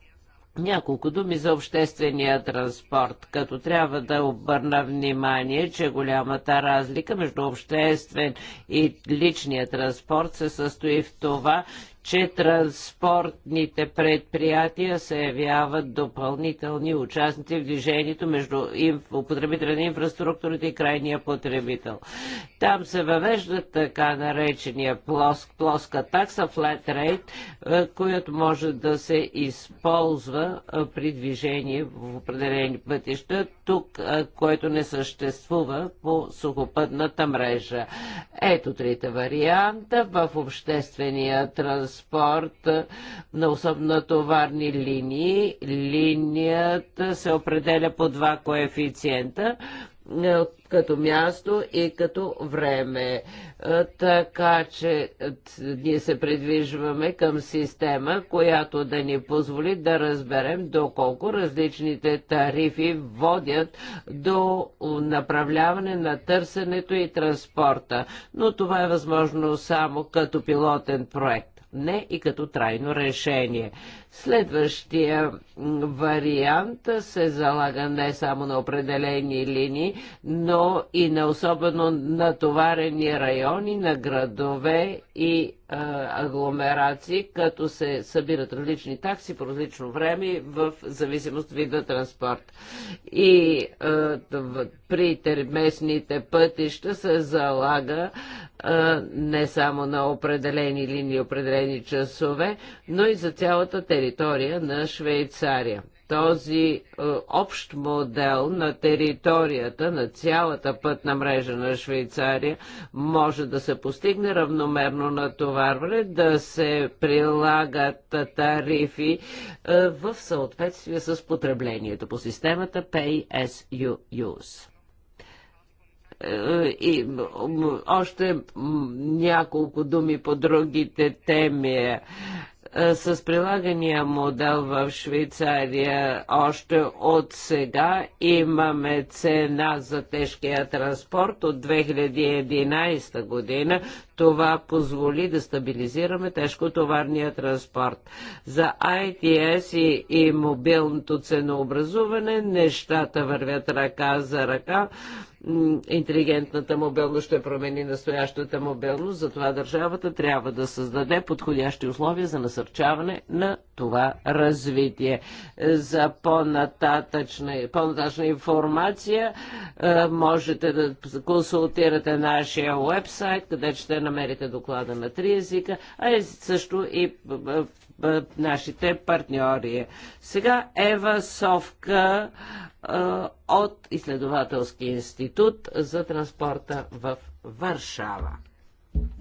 Няколко думи за обществения транспорт, като трябва да обърна внимание, че голямата разлика между обществен и личния транспорт се състои в това, че транспортните предприятия се явяват допълнителни участници в движението между употребителя на инфраструктурата и крайния потребител. Там се въвежда така наречения плоск, плоска такса, flat rate, е, която може да се използва е, при движение в определени пътища тук, което не съществува по сухопътната мрежа. Ето трите варианта в обществения транспорт на особено товарни линии. Линията се определя по два коефициента е, като място и като време. Е, така че е, ние се придвижваме към система, която да ни позволи да разберем доколко различните тарифи водят до направляване на търсенето и транспорта. Но това е възможно само като пилотен проект, не и като трайно решение. Следващия вариант се залага не само на определени линии, но и на особено натоварени райони, на градове и а, агломерации, като се събират различни такси по различно време в зависимост от вида транспорт. И а, при местните пътища се залага а, не само на определени линии, определени часове, но и за цялата територия територия на Швейцария. Този е, общ модел на територията на цялата пътна мрежа на Швейцария може да се постигне равномерно натоварване, да се прилагат тарифи е, в съответствие с потреблението по системата Pay as you use е, и още няколко думи по другите теми. Е, с прилагания модел в Швейцария още от сега имаме цена за тежкия транспорт от 2011 година. Това позволи да стабилизираме тежкотоварния транспорт. За ITS и, и мобилното ценообразуване нещата вървят ръка за ръка интелигентната мобилност ще промени настоящата мобилност, затова държавата трябва да създаде подходящи условия за насърчаване на това развитие. За по-нататъчна, по-нататъчна информация е, можете да консултирате нашия вебсайт, къде ще намерите доклада на три езика, а е също и е, е, е, нашите партньори. Сега Ева Совка от Изследователски институт за транспорта в Варшава.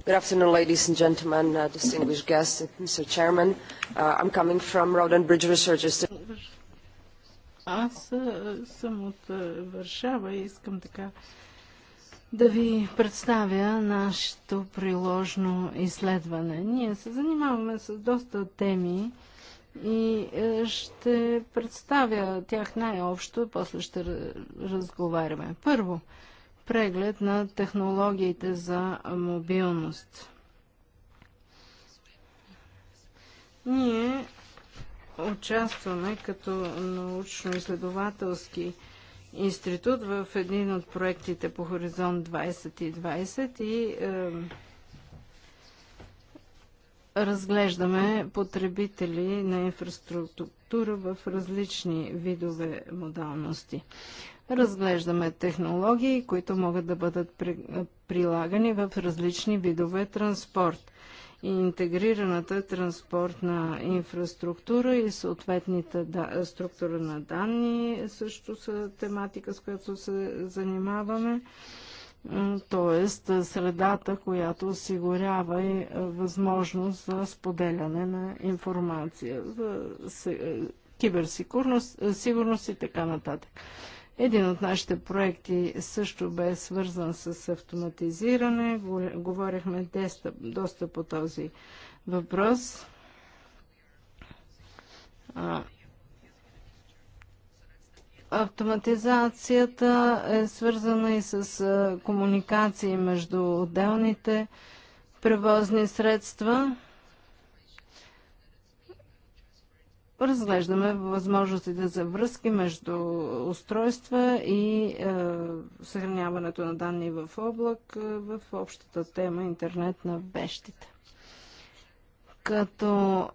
Good afternoon, ladies and gentlemen, uh, distinguished guests, Mr. Chairman. Uh, I'm coming from Road and Bridge Researchers. Аз съм от Варшава и искам така да ви представя нашето приложно изследване. Ние се занимаваме с доста теми и е, ще представя тях най-общо, после ще разговаряме. Първо, преглед на технологиите за мобилност. Ние участваме като научно-изследователски институт в един от проектите по Хоризонт 2020 и е, разглеждаме потребители на инфраструктура в различни видове модалности. Разглеждаме технологии, които могат да бъдат прилагани в различни видове транспорт интегрираната транспортна инфраструктура и съответната да, структура на данни също са тематика, с която се занимаваме. Тоест средата, която осигурява и възможност за споделяне на информация за киберсигурност сигурност и така нататък. Един от нашите проекти също бе свързан с автоматизиране. Говорихме доста, доста по този въпрос. Автоматизацията е свързана и с комуникации между отделните превозни средства. разглеждаме възможностите за връзки между устройства и е, съхраняването на данни в облак е, в общата тема интернет на вещите. Като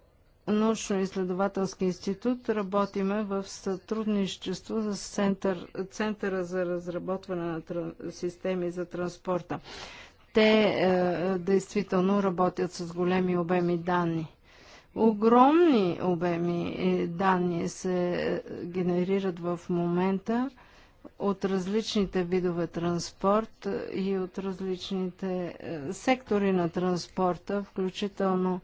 научно-изследователски институт работиме в сътрудничество с център, Центъра за разработване на тран, системи за транспорта. Те е, е, действително работят с големи обеми данни. Огромни обеми е, данни се е, генерират в момента от различните видове транспорт е, и от различните сектори на транспорта, включително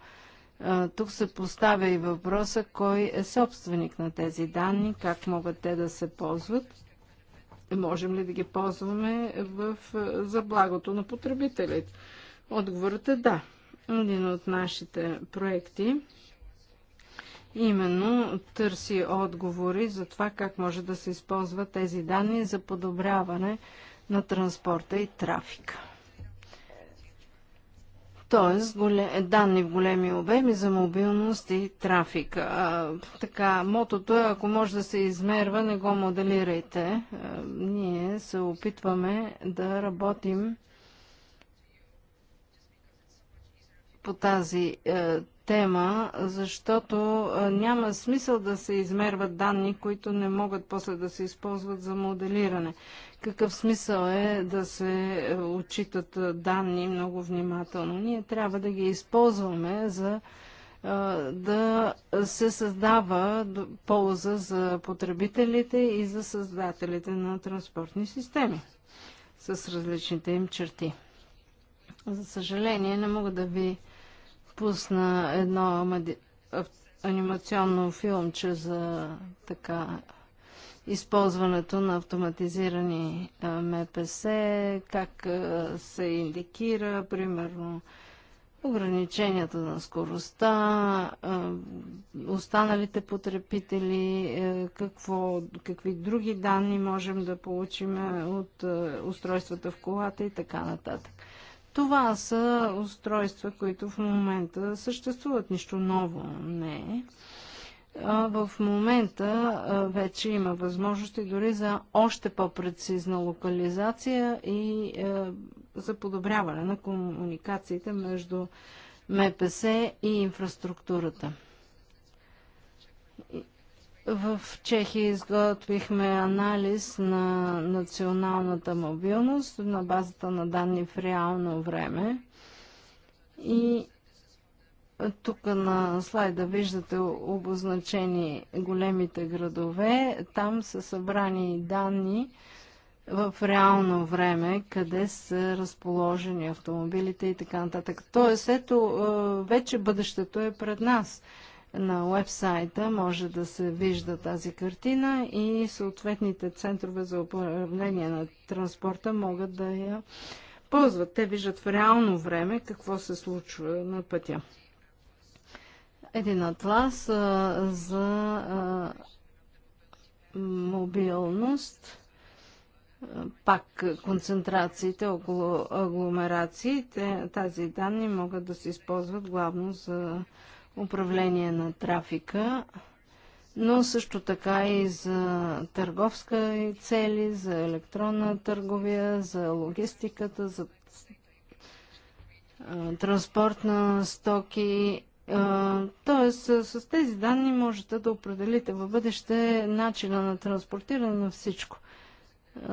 тук се поставя и въпроса кой е собственик на тези данни, как могат те да се ползват, можем ли да ги ползваме в, за благото на потребителите. Отговорът е да. Един от нашите проекти именно търси отговори за това как може да се използват тези данни за подобряване на транспорта и трафика. Тоест, данни в големи обеми за мобилност и трафик. така, мотото е, ако може да се измерва, не го моделирайте. ние се опитваме да работим по тази е, тема, защото няма смисъл да се измерват данни, които не могат после да се използват за моделиране. Какъв смисъл е да се отчитат данни много внимателно? Ние трябва да ги използваме за да се създава полза за потребителите и за създателите на транспортни системи с различните им черти. За съжаление, не мога да ви пусна едно анимационно филмче за така използването на автоматизирани МПС, как се индикира, примерно, ограниченията на скоростта, останалите потребители, е, какво, какви други данни можем да получим от устройствата в колата и така нататък. Това са устройства, които в момента съществуват. Нищо ново не е. В момента вече има възможности дори за още по-прецизна локализация и за подобряване на комуникациите между МПС и инфраструктурата. В Чехия изготвихме анализ на националната мобилност на базата на данни в реално време. И тук на слайда виждате обозначени големите градове. Там са събрани данни в реално време, къде са разположени автомобилите и така нататък. Тоест, ето, е, вече бъдещето е пред нас на уебсайта може да се вижда тази картина и съответните центрове за управление на транспорта могат да я ползват. Те виждат в реално време какво се случва на пътя. Един атлас а, за а, мобилност, пак концентрациите около агломерациите. Тази данни могат да се използват главно за управление на трафика, но също така и за търговска цели, за електронна търговия, за логистиката, за транспорт на стоки. Тоест, с тези данни можете да определите във бъдеще начина на транспортиране на всичко.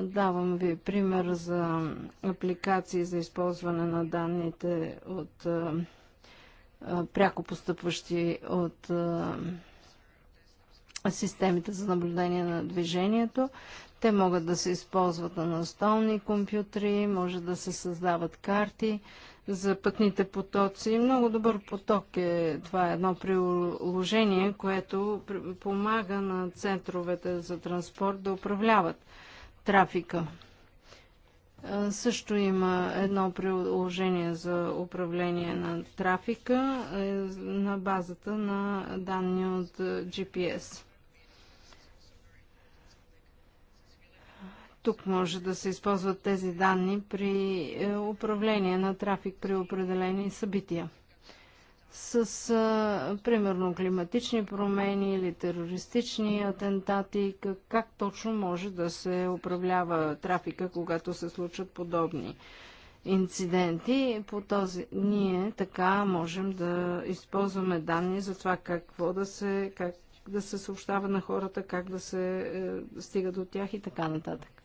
Давам ви пример за апликации за използване на данните от пряко постъпващи от системите за наблюдение на движението. Те могат да се използват на настолни компютри, може да се създават карти за пътните потоци. Много добър поток е. Това е едно приложение, което помага на центровете за транспорт да управляват трафика. Също има едно приложение за управление на трафика е, на базата на данни от GPS. Тук може да се използват тези данни при е, управление на трафик при определени събития с, а, примерно, климатични промени или терористични атентати, как, как точно може да се управлява трафика, когато се случат подобни инциденти. По този ние така можем да използваме данни за това какво да се, как да се съобщава на хората, как да се е, стига до тях и така нататък.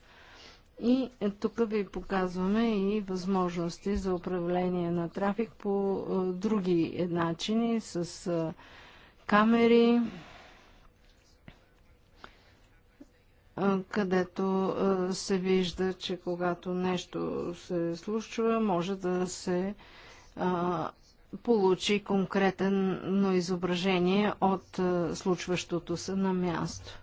И е, тук ви показваме и възможности за управление на трафик по е, други начини, с е, камери, където се вижда, че когато нещо се случва, може да се получи конкретно изображение от случващото се на място.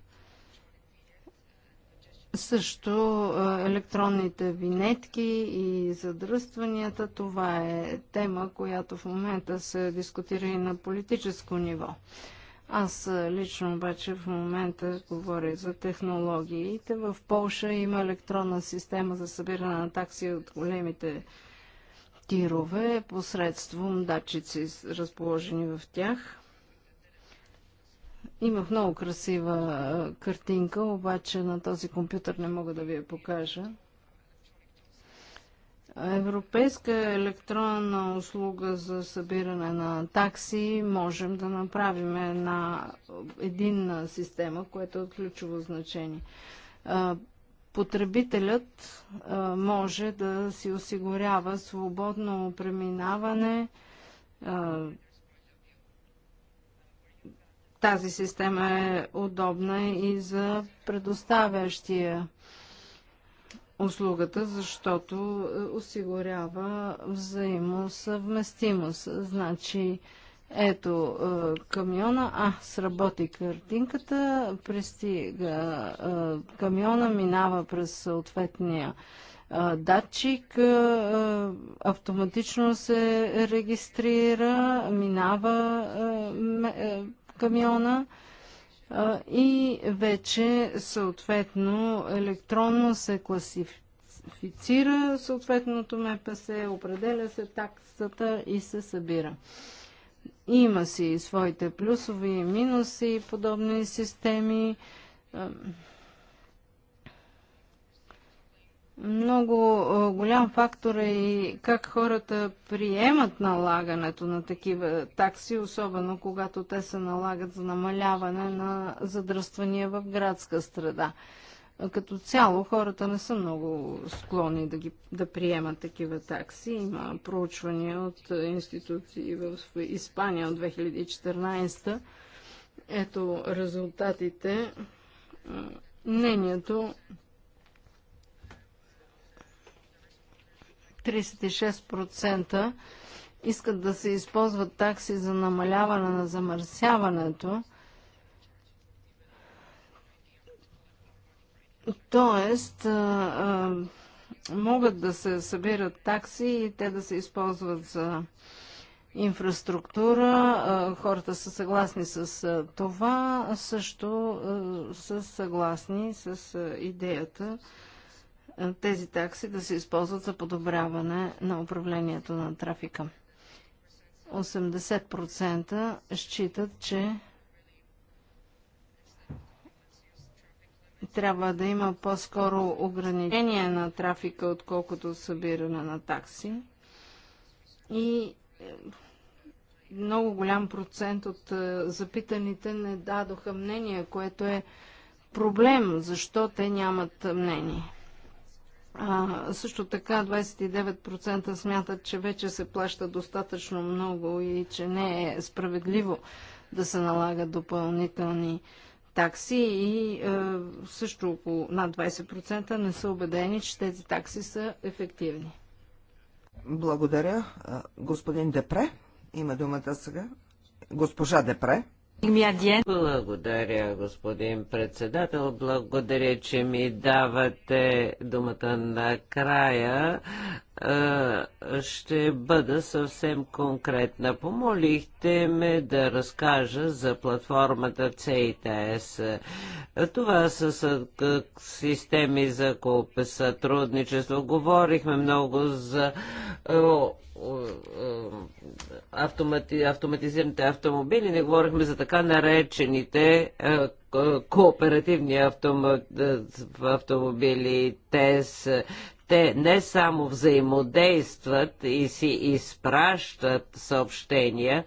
Също е, електронните винетки и задръстванията, това е тема, която в момента се дискутира и на политическо ниво. Аз е, лично обаче в момента говоря за технологиите. В Полша има електронна система за събиране на такси от големите тирове посредством датчици, разположени в тях. Имах много красива картинка, обаче на този компютър не мога да ви я покажа. Европейска електронна услуга за събиране на такси можем да направим на единна система, което е от ключово значение. Потребителят може да си осигурява свободно преминаване, тази система е удобна и за предоставящия услугата, защото е, осигурява взаимосъвместимост. Значи, ето е, камиона, а, сработи картинката, пристига е, камиона, минава през съответния датчик, автоматично се регистрира, минава камиона и вече съответно електронно се класифицира съответното МПС, определя се таксата и се събира. Има си своите плюсови и минуси подобни системи. Много голям фактор е и как хората приемат налагането на такива такси, особено когато те се налагат за намаляване на задръствания в градска среда. Като цяло хората не са много склонни да, ги, да приемат такива такси. Има проучвания от институции в Испания от 2014. Ето резултатите. Мнението 36% искат да се използват такси за намаляване на замърсяването. Тоест, могат да се събират такси и те да се използват за инфраструктура. Хората са съгласни с това, също са съгласни с идеята е, тези такси да се използват за подобряване на управлението на трафика. 80% считат, че трябва да има по-скоро ограничение на трафика, отколкото събиране на такси. И е, много голям процент от е, запитаните не дадоха мнение, което е проблем, защо те нямат мнение. А, също така 29% смятат, че вече се плаща достатъчно много и че не е справедливо да се налагат допълнителни такси и е, също около над 20% не са убедени, че тези такси са ефективни. Благодаря. Господин Депре има думата сега. Госпожа Депре. Благодаря, господин председател. Благодаря, че ми давате думата на края ще бъда съвсем конкретна. Помолихте ме да разкажа за платформата CITS. Това са системи за сътрудничество. Говорихме много за автоматизираните автомобили, не говорихме за така наречените кооперативни автомобили. Те са те не само взаимодействат и си изпращат съобщения,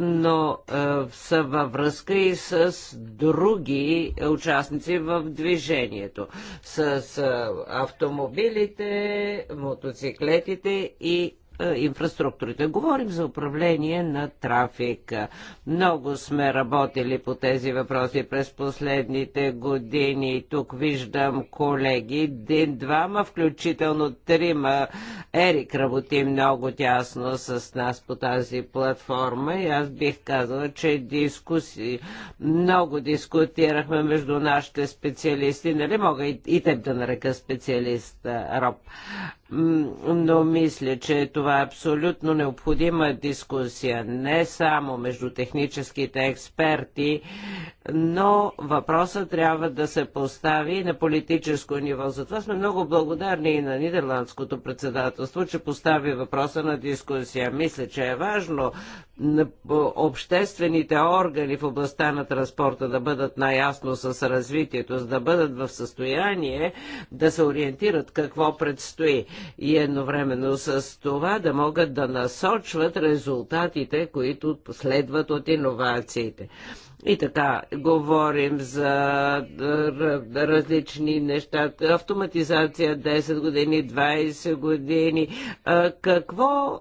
но е, са във връзка и с други участници в движението, с е, автомобилите, мотоциклетите и е, инфраструктурите. Говорим за управление на трафика. Много сме работили по тези въпроси през последните години. Тук виждам колеги, един двама, включително трима. Ерик работи много тясно с нас по тази платформа и аз бих казала, че дискуси, много дискутирахме между нашите специалисти, нали мога и, и теб да нарека специалист, Роб но мисля, че това е абсолютно необходима дискусия не само между техническите експерти, но въпросът трябва да се постави на политическо ниво. Затова сме много благодарни и на Нидерландското председателство, че постави въпроса на дискусия. Мисля, че е важно обществените органи в областта на транспорта да бъдат наясно с развитието, за да бъдат в състояние да се ориентират какво предстои и едновременно с това да могат да насочват резултатите, които следват от иновациите. И така, говорим за различни неща, автоматизация 10 години, 20 години. Какво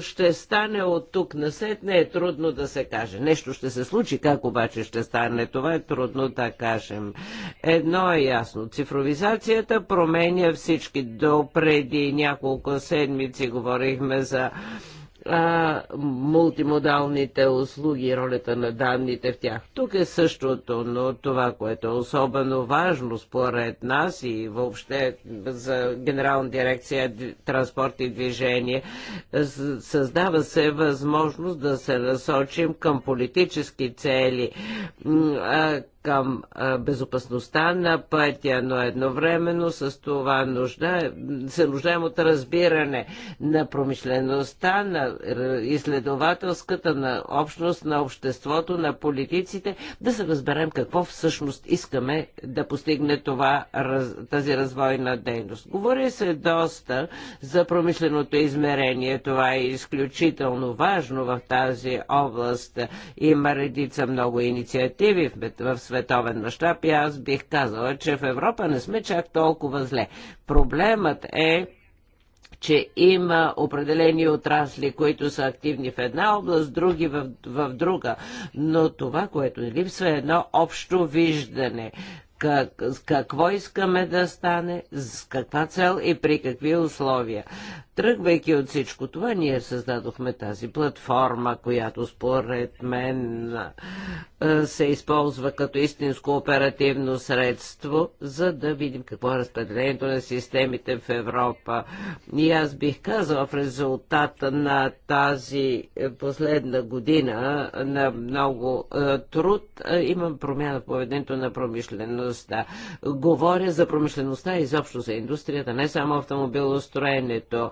ще стане от тук на след, не е трудно да се каже. Нещо ще се случи, как обаче ще стане, това е трудно да кажем. Едно е ясно, цифровизацията променя всички. До преди няколко седмици говорихме за а, мултимодалните услуги и ролята на данните в тях. Тук е същото, но това, което е особено важно според нас и въобще за Генерална дирекция транспорт и движение, създава се възможност да се насочим към политически цели, към безопасността на пътя, но едновременно с това нужда, се нуждаем от разбиране на промишлеността, на изследователската на общност, на обществото, на политиците, да се разберем какво всъщност искаме да постигне това, тази развойна дейност. Говори се доста за промишленото измерение. Това е изключително важно в тази област. Има редица много инициативи в световен мащаб и аз бих казала, че в Европа не сме чак толкова зле. Проблемът е, че има определени отрасли, които са активни в една област, други в, в друга. Но това, което липсва е едно общо виждане как, какво искаме да стане, с каква цел и при какви условия. Тръгвайки от всичко това, ние създадохме тази платформа, която според мен се използва като истинско оперативно средство, за да видим какво е разпределението на системите в Европа. И аз бих казал, в резултата на тази е, последна година на много е, труд е, имам промяна в поведението на промишлеността. Говоря за промишлеността и изобщо за индустрията, не само автомобилостроенето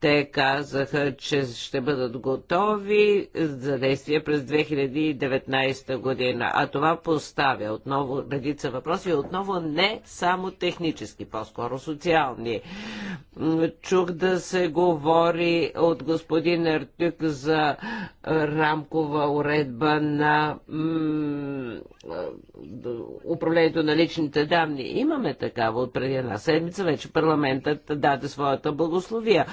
Те казаха, че ще бъдат готови за действие през 2019 година. А това поставя отново редица въпроси, отново не само технически, по-скоро социални. Чух да се говори от господин Артюк за рамкова уредба на управлението на личните данни. Имаме такава от преди една седмица. Вече парламентът даде своята благословия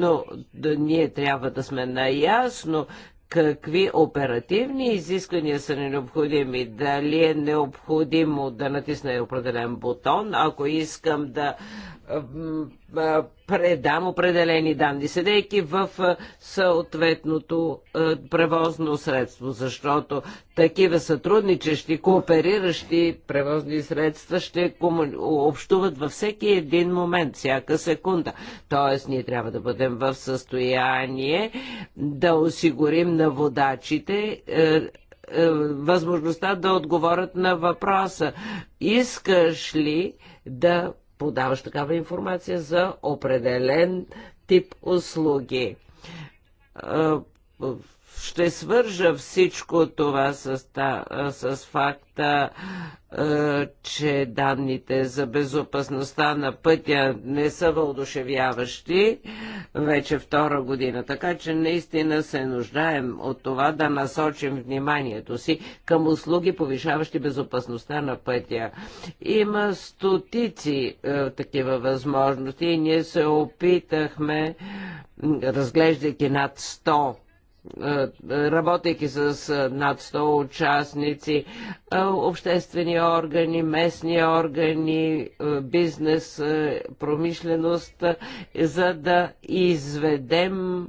но да, ние трябва да сме наясно какви оперативни изисквания са ни необходими, дали е необходимо да натисна определен бутон, ако искам да предам определени данни, седейки в съответното превозно средство, защото такива сътрудничещи, коопериращи превозни средства ще общуват във всеки един момент, всяка секунда. Тоест, ние трябва да бъдем в състояние да осигурим на водачите е, е, възможността да отговорят на въпроса. Искаш ли да подаваш такава информация за определен тип услуги ще свържа всичко това с, та, с факта, че данните за безопасността на пътя не са вълдушевяващи вече втора година. Така че наистина се нуждаем от това да насочим вниманието си към услуги, повишаващи безопасността на пътя. Има стотици такива възможности и ние се опитахме, разглеждайки над 100 работейки с над 100 участници, обществени органи, местни органи, бизнес, промишленост, за да изведем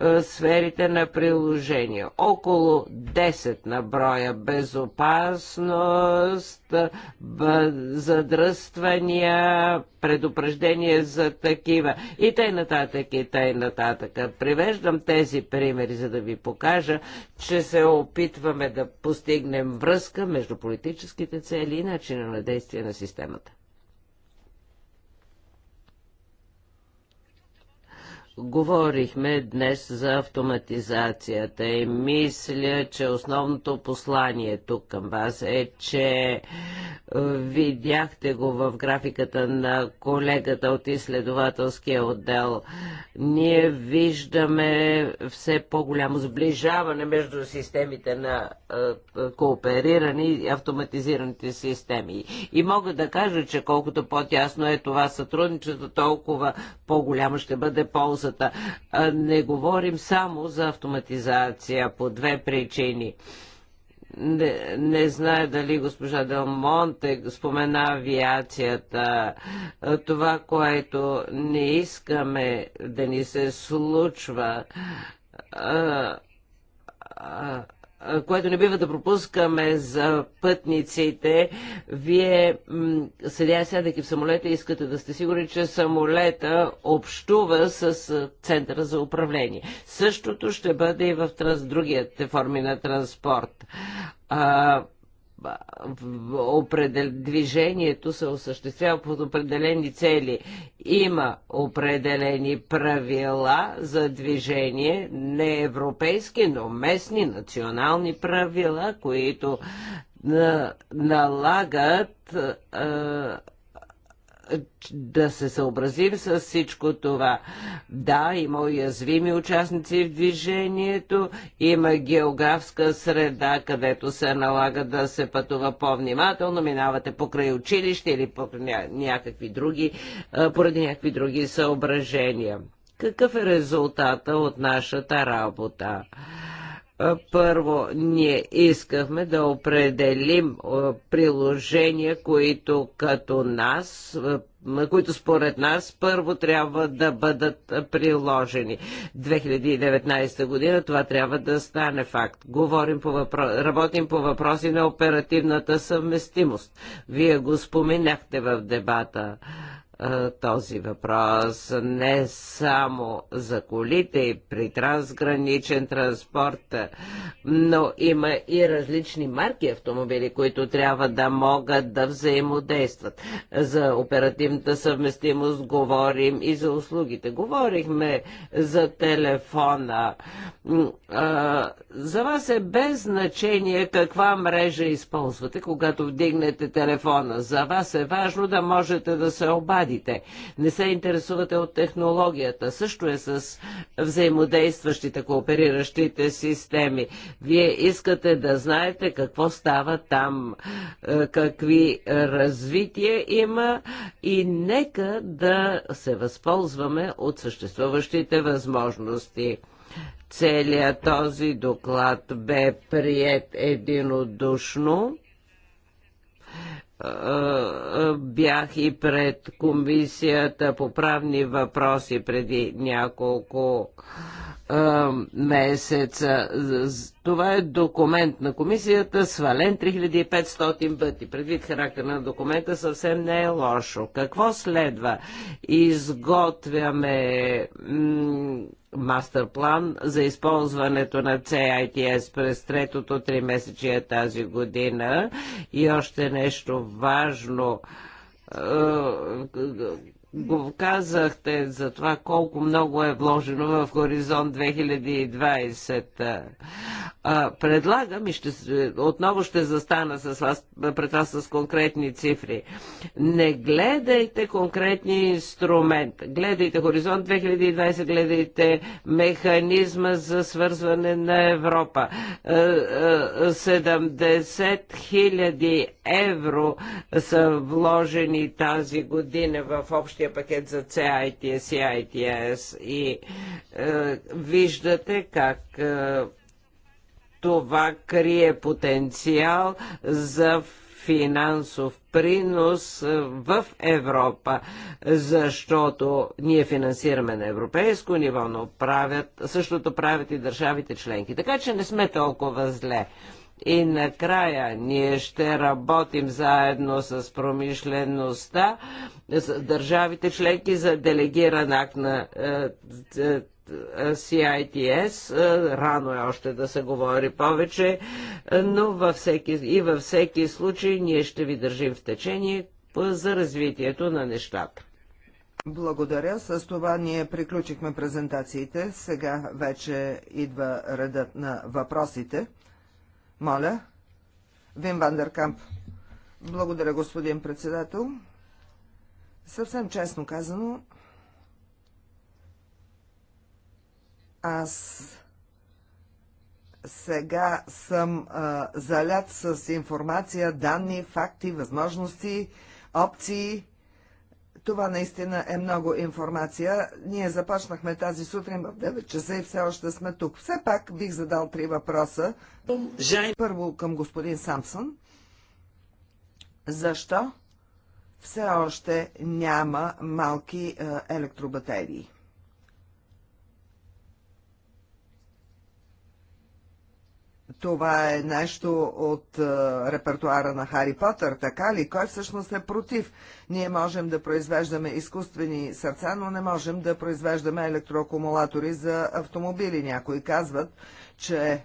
е, сферите на приложение. Около 10 на броя безопасност, е, задръствания, предупреждения за такива и тъй нататък и тъй нататък. Привеждам тези примери, за да ви покажа, че се опитваме да постигнем връзка между политическите цели и начина на действие на системата. Говорихме днес за автоматизацията и мисля, че основното послание тук към вас е, че е, видяхте го в графиката на колегата от изследователския отдел. Ние виждаме все по-голямо сближаване между системите на е, е, кооперирани и автоматизираните системи. И мога да кажа, че колкото по-тясно е това сътрудничество, толкова по-голяма ще бъде полза борсата. Не говорим само за автоматизация по две причини. Не, не знае дали госпожа Делмонте спомена авиацията. Това, което не искаме да ни се случва, а, а, което не бива да пропускаме за пътниците. Вие, седя седяки в самолета, искате да сте сигурни, че самолета общува с центъра за управление. Същото ще бъде и в транс, другите форми на транспорт. А, определ... движението се осъществява под определени цели. Има определени правила за движение, не европейски, но местни, национални правила, които на... налагат да се съобразим с всичко това. Да, има уязвими участници в движението, има географска среда, където се налага да се пътува по-внимателно, минавате покрай училище или покрай някакви други, поради някакви други съображения. Какъв е резултата от нашата работа? Първо, ние искахме да определим приложения, които като нас, които според нас първо трябва да бъдат приложени. 2019 година това трябва да стане факт. Говорим по въпро... Работим по въпроси на оперативната съвместимост. Вие го споменахте в дебата този въпрос не само за колите и при трансграничен транспорт, но има и различни марки автомобили, които трябва да могат да взаимодействат. За оперативната съвместимост говорим и за услугите. Говорихме за телефона. За вас е без значение каква мрежа използвате, когато вдигнете телефона. За вас е важно да можете да се обадите младите. Не се интересувате от технологията. Също е с взаимодействащите, коопериращите системи. Вие искате да знаете какво става там, е, какви развития има и нека да се възползваме от съществуващите възможности. Целият този доклад бе прият единодушно е, е, бях и пред комисията по правни въпроси преди няколко месеца. Това е документ на комисията, свален 3500 пъти. Предвид характера на документа съвсем не е лошо. Какво следва? Изготвяме мастер-план за използването на CITS през третото три месечия тази година. И още нещо важно го казахте за това колко много е вложено в Хоризонт 2020. предлагам и ще, отново ще застана с вас, пред вас с конкретни цифри. Не гледайте конкретни инструмент. Гледайте Хоризонт 2020, гледайте механизма за свързване на Европа. 70 хиляди евро са вложени тази година в общ общия пакет за CITS и ITS и е, виждате как е, това крие потенциал за финансов принос е, в Европа, защото ние финансираме на европейско ниво, но правят, същото правят и държавите членки. Така че не сме толкова зле. И накрая ние ще работим заедно с промишлеността, с държавите членки за делегиран акт на е, е, CITS. Е, рано е още да се говори повече, но във всеки, и във всеки случай ние ще ви държим в течение за развитието на нещата. Благодаря. С това ние приключихме презентациите. Сега вече идва редът на въпросите. Моля. Вим Вандеркамп. Благодаря, господин председател. Съвсем честно казано, аз сега съм а, залят с информация, данни, факти, възможности, опции. Това наистина е много информация. Ние започнахме тази сутрин в 9 часа и все още сме тук. Все пак бих задал три въпроса. Първо към господин Самсон. Защо все още няма малки е, електробатерии? това е нещо от е, репертуара на Хари Потър, така ли? Кой всъщност е против? Ние можем да произвеждаме изкуствени сърца, но не можем да произвеждаме електроакумулатори за автомобили. Някои казват, че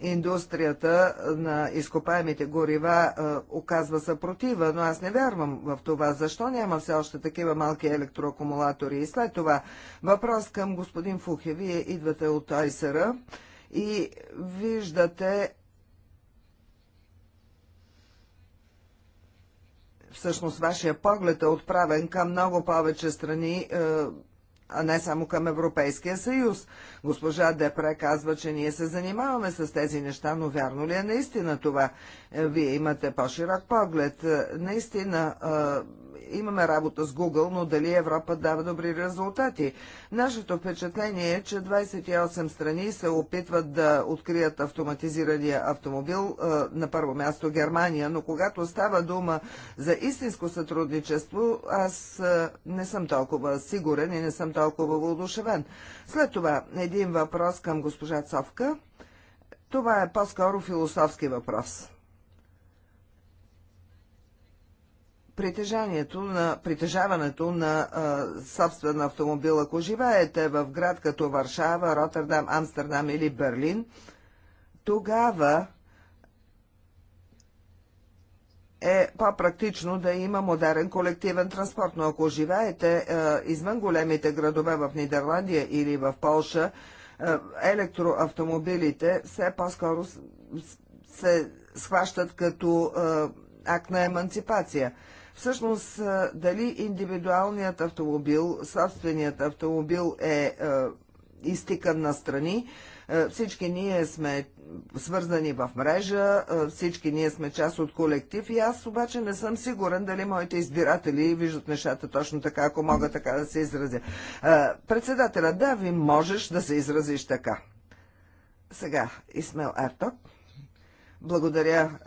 индустрията на изкопаемите горива е, оказва съпротива, но аз не вярвам в това. Защо няма все още такива малки електроакумулатори? И след това въпрос към господин Фухе. Вие идвате от Айсера и виждате всъщност вашия поглед е отправен към много повече страни, е, а не само към Европейския съюз. Госпожа Депре казва, че ние се занимаваме с тези неща, но вярно ли е наистина това? Е, вие имате по-широк поглед. Е, наистина, имаме работа с Google, но дали Европа дава добри резултати? Нашето впечатление е, че 28 страни се опитват да открият автоматизирания автомобил, на първо място Германия, но когато става дума за истинско сътрудничество, аз не съм толкова сигурен и не съм толкова воодушевен. След това един въпрос към госпожа Цовка. Това е по-скоро философски въпрос. притежанието на, притежаването на а, собствен автомобил. Ако живеете в град като Варшава, Роттердам, Амстердам или Берлин, тогава е по-практично да има модерен колективен транспорт. Но ако живеете а, извън големите градове в Нидерландия или в Полша, електроавтомобилите все по-скоро се схващат като а, акт на еманципация. Всъщност, дали индивидуалният автомобил, собственият автомобил е изтикан на страни, всички ние сме свързани в мрежа, всички ние сме част от колектив и аз обаче не съм сигурен дали моите избиратели виждат нещата точно така, ако мога така да се изразя. Председателя, да, ви можеш да се изразиш така. Сега, Исмел Арток. Благодаря,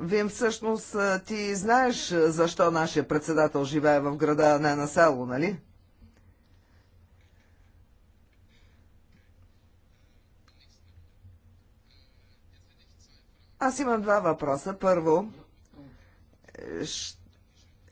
Вим, всъщност ти знаеш защо нашия председател живее в града, а не на село, нали? Аз имам два въпроса. Първо, ще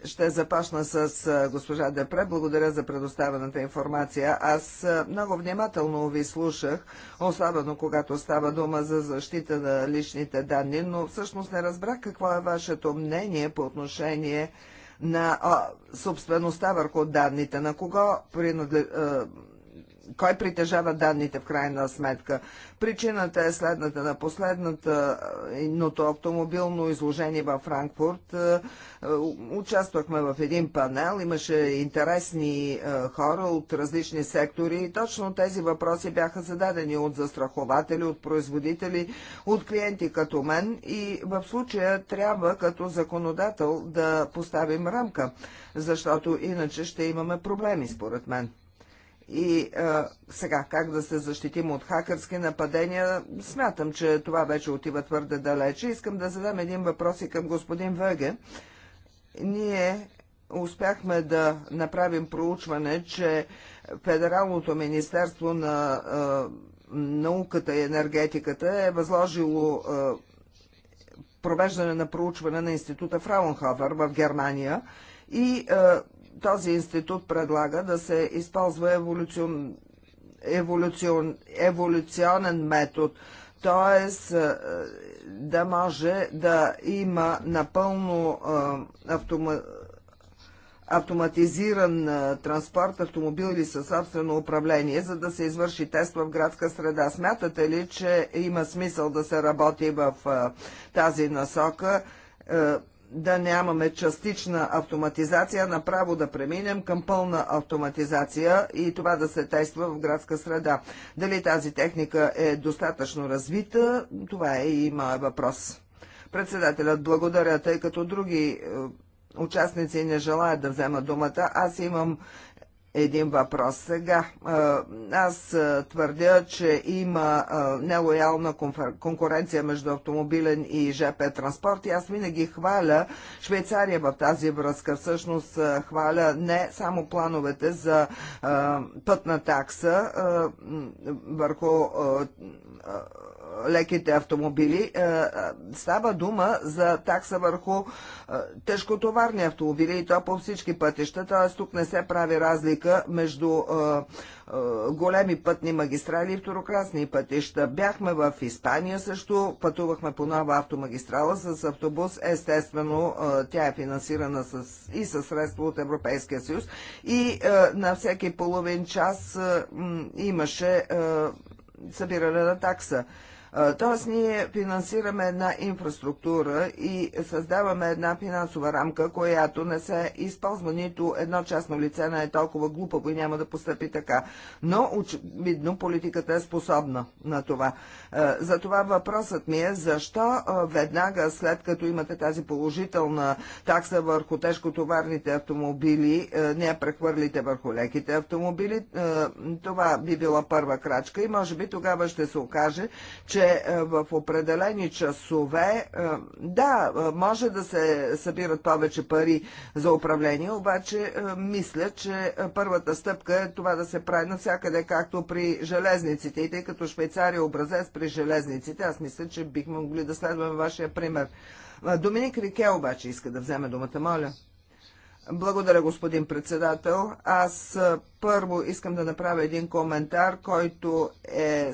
ще започна с госпожа Депре. Благодаря за предоставената информация. Аз много внимателно ви слушах, особено когато става дума за защита на личните данни, но всъщност не разбрах какво е вашето мнение по отношение на собствеността върху данните, на кого принадлежат кой притежава данните в крайна сметка. Причината е следната. На последното е, автомобилно изложение във Франкфурт е, е, участвахме в един панел, имаше интересни хора от различни сектори и точно тези въпроси бяха зададени от застрахователи, от производители, от клиенти като мен и в случая трябва като законодател да поставим рамка, защото иначе ще имаме проблеми според мен. И а, сега, как да се защитим от хакърски нападения, смятам, че това вече отива твърде далече. Искам да задам един въпрос и към господин Въге. Ние успяхме да направим проучване, че Федералното министерство на а, науката и енергетиката е възложило а, провеждане на проучване на института Фраунховер в Германия и а, този институт предлага да се използва еволюцион, еволюцион, еволюционен метод, т.е. да може да има напълно е, автома, автоматизиран е, транспорт, автомобили със собствено управление, за да се извърши тест в градска среда. Смятате ли, че има смисъл да се работи в е, тази насока? да нямаме частична автоматизация, направо да преминем към пълна автоматизация и това да се тества в градска среда. Дали тази техника е достатъчно развита, това е и моят въпрос. Председателят благодаря, тъй като други е, участници не желаят да вземат думата. Аз имам един въпрос. Сега, аз твърдя, че има нелоялна конкуренция между автомобилен и ЖП транспорт и аз винаги хваля Швейцария в тази връзка. Всъщност хваля не само плановете за пътна такса върху леките автомобили. Е, е, става дума за такса върху е, тежкотоварни автомобили и то по всички пътища, т.е. тук не се прави разлика между големи пътни магистрали и второкрасни пътища. Бяхме в Испания също, пътувахме по нова автомагистрала с автобус. Естествено, тя е финансирана с, и със средства от Европейския съюз. И на всеки половин час имаше събиране на такса. Тоест ние финансираме една инфраструктура и създаваме една финансова рамка, която не се използва нито едно частно лице не е толкова глупаво и няма да постъпи така. Но очевидно политиката е способна на това. Затова въпросът ми е защо веднага след като имате тази положителна такса върху тежкотоварните автомобили, не я прехвърлите върху леките автомобили. Това би била първа крачка и може би тогава ще се окаже, че че е, в определени часове, е, да, е, може да се събират повече пари за управление, обаче мисля, че първата стъпка е това да се прави навсякъде, както при железниците. И тъй като Швейцария образец при железниците, аз мисля, че бихме могли да следваме вашия пример. Доминик Рике обаче иска да вземе думата, моля. Благодаря, господин председател. Аз първо искам да направя един коментар, който е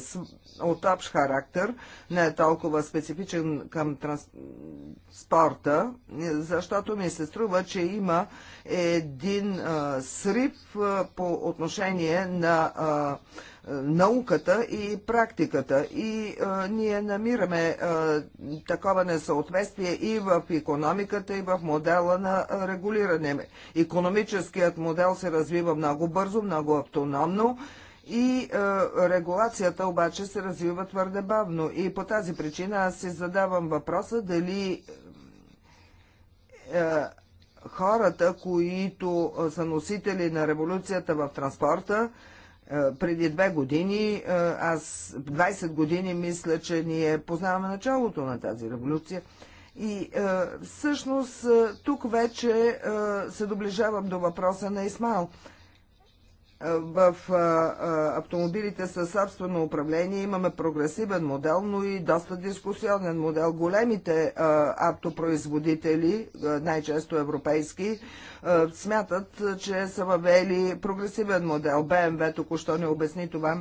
от общ характер, не е толкова специфичен към транспорта, защото ми се струва, че има един а, срив а, по отношение на а, е, науката и практиката. И а, е, ние намираме а, е, такова несъответствие и в економиката, и в модела на регулиране. Економическият модел се развива много бързо, много автономно и е, регулацията обаче се развива твърде бавно. И по тази причина аз си задавам въпроса дали е, хората, които са носители на революцията в транспорта, е, преди две години, е, аз 20 години мисля, че ние познаваме началото на тази революция. И е, всъщност тук вече се доближавам до въпроса на Исмал в автомобилите със собствено управление имаме прогресивен модел, но и доста дискусионен модел. Големите автопроизводители, най-често европейски, смятат, че са въвели прогресивен модел. БМВ току-що не обясни това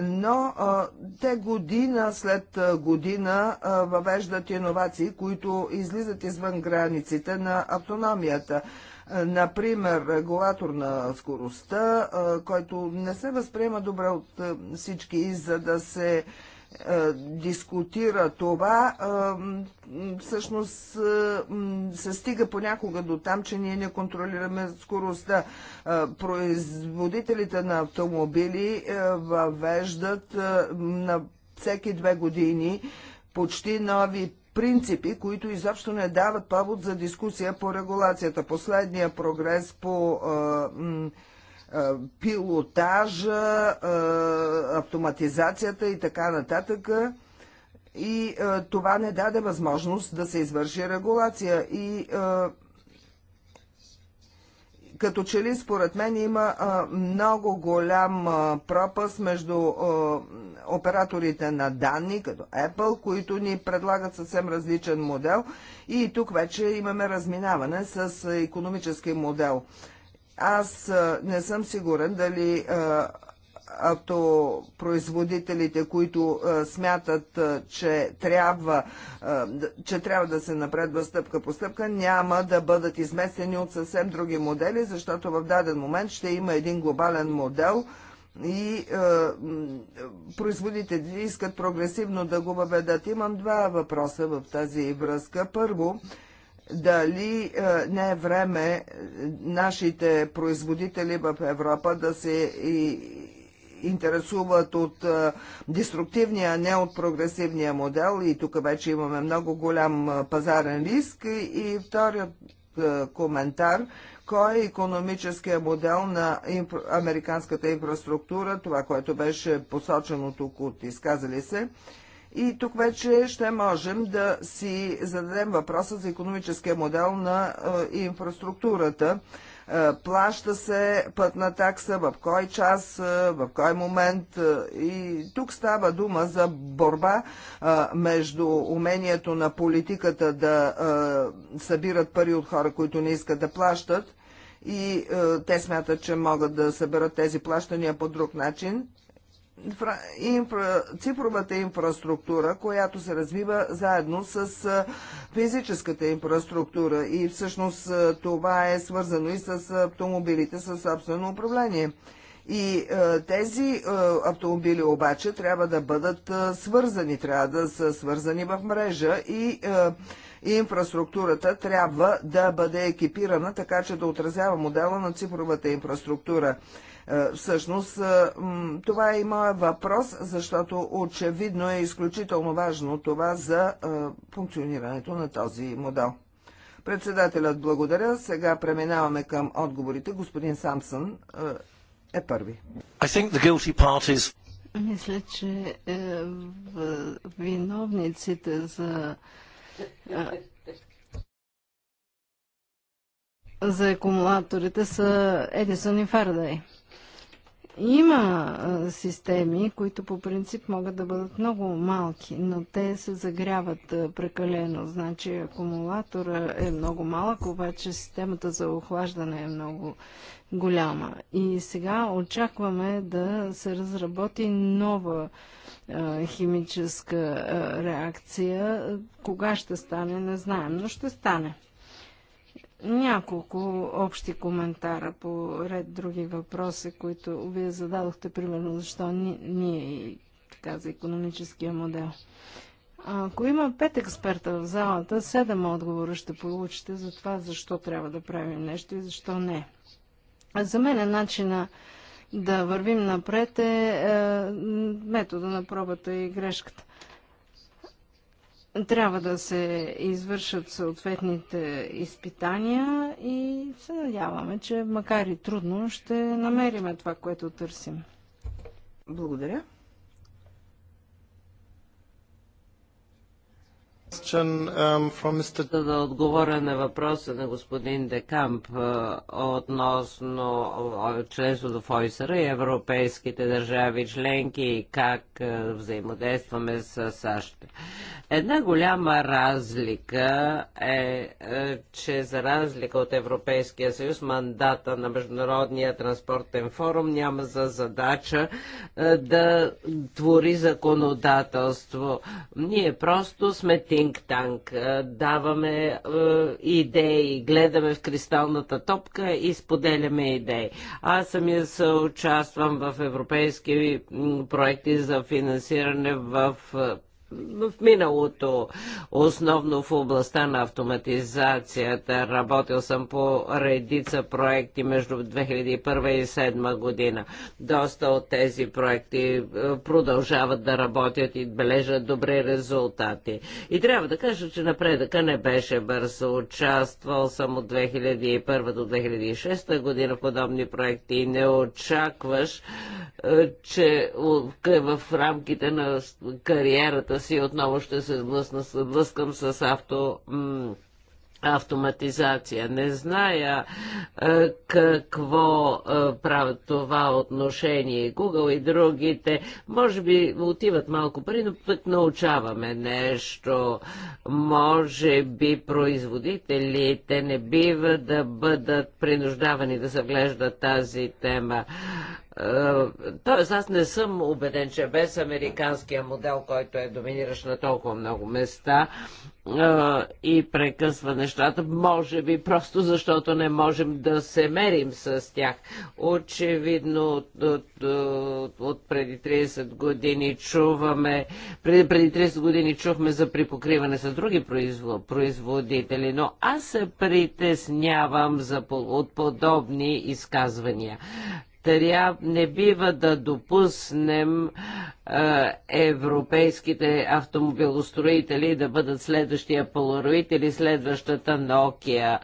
но а, те година след година а, въвеждат иновации, които излизат извън границите на автономията. Например, регулатор на скоростта, който не се възприема добре от всички, и за да се дискутира това, всъщност се стига понякога до там, че ние не контролираме скоростта. Производителите на автомобили въвеждат на всеки две години почти нови принципи, които изобщо не дават повод за дискусия по регулацията. Последния прогрес по пилотажа, автоматизацията и така нататък. И това не даде възможност да се извърши регулация. И като че ли според мен има а, много голям а, между а, операторите на данни, като Apple, които ни предлагат съвсем различен модел и тук вече имаме разминаване с економически модел. Аз не съм сигурен дали автопроизводителите, които е, смятат, е, че трябва, е, че трябва да се напредва стъпка по стъпка, няма да бъдат изместени от съвсем други модели, защото в даден момент ще има един глобален модел, и производителите искат прогресивно да го въведат. Имам два въпроса в тази връзка. Първо, дали е, не е време нашите производители в Европа да се и, интересуват от деструктивния, а не от прогресивния модел и тук вече имаме много голям пазарен риск. И вторият коментар, кой е економическия модел на американската инфраструктура, това, което беше посочено тук от изказали се. И тук вече ще можем да си зададем въпроса за економическия модел на инфраструктурата. Е, плаща се пътна такса, в кой час, е, в кой момент. Е, и тук става дума за борба между умението на политиката да събират пари от хора, които не искат да плащат, и те смятат, че могат да съберат тези плащания по друг начин инфра, инфра, цифровата инфраструктура, която се развива заедно с физическата инфраструктура и всъщност това е свързано и с автомобилите със собствено управление. И тези автомобили обаче трябва да бъдат свързани, трябва да са свързани в мрежа и и инфраструктурата трябва да бъде екипирана, така че да отразява модела на цифровата инфраструктура. Е, всъщност, е, това е и моят въпрос, защото очевидно е изключително важно това за е, функционирането на този модел. Председателят благодаря. Сега преминаваме към отговорите. Господин Самсън е първи. Мисля, че е, виновниците за е, за акумулаторите са Едисон и Фарадай. Има системи, които по принцип могат да бъдат много малки, но те се загряват прекалено. Значи акумулатора е много малък, обаче системата за охлаждане е много голяма. И сега очакваме да се разработи нова химическа реакция. Кога ще стане, не знаем, но ще стане. Няколко общи коментара по ред други въпроси, които вие зададохте, примерно защо ние и така за економическия модел. Ако има пет експерта в залата, седем отговора ще получите за това защо трябва да правим нещо и защо не. за мен е начина да вървим напред е, е метода на пробата и грешката. Трябва да се извършат съответните изпитания и се надяваме, че макар и трудно ще намериме това, което търсим. Благодаря. За um, да отговоря на въпроса на господин Декамп относно членството в ОИСР и европейските държави членки и как взаимодействаме с САЩ. Една голяма разлика е, е, че за разлика от Европейския съюз, мандата на Международния транспортен форум няма за задача е, да твори законодателство. Ние просто сме тим Think Tank. Е, даваме е, идеи, гледаме в кристалната топка и споделяме идеи. Аз самия се участвам в европейски проекти за финансиране в е, в миналото, основно в областта на автоматизацията. Работил съм по редица проекти между 2001 и 2007 година. Доста от тези проекти е, продължават да работят и бележат добри резултати. И трябва да кажа, че напредъка не беше бързо. Участвал съм от 2001 до 2006 година в подобни проекти и не очакваш, е, че в рамките на кариерата си отново ще се блъсна, блъскам с авто автоматизация. Не зная е, какво е, правят това отношение Google и другите. Може би отиват малко пари, но пък научаваме нещо. Може би производителите не бива да бъдат принуждавани да заглеждат тази тема. Тоест, аз не съм убеден, че без американския модел, който е доминиращ на толкова много места и прекъсва нещата, може би просто защото не можем да се мерим с тях. Очевидно, от, от, от преди 30 години чуваме, преди, преди 30 години чухме за припокриване с други производители, но аз се притеснявам за, от подобни изказвания. Трябва не бива да допуснем а, европейските автомобилостроители да бъдат следващия полароид или следващата Nokia.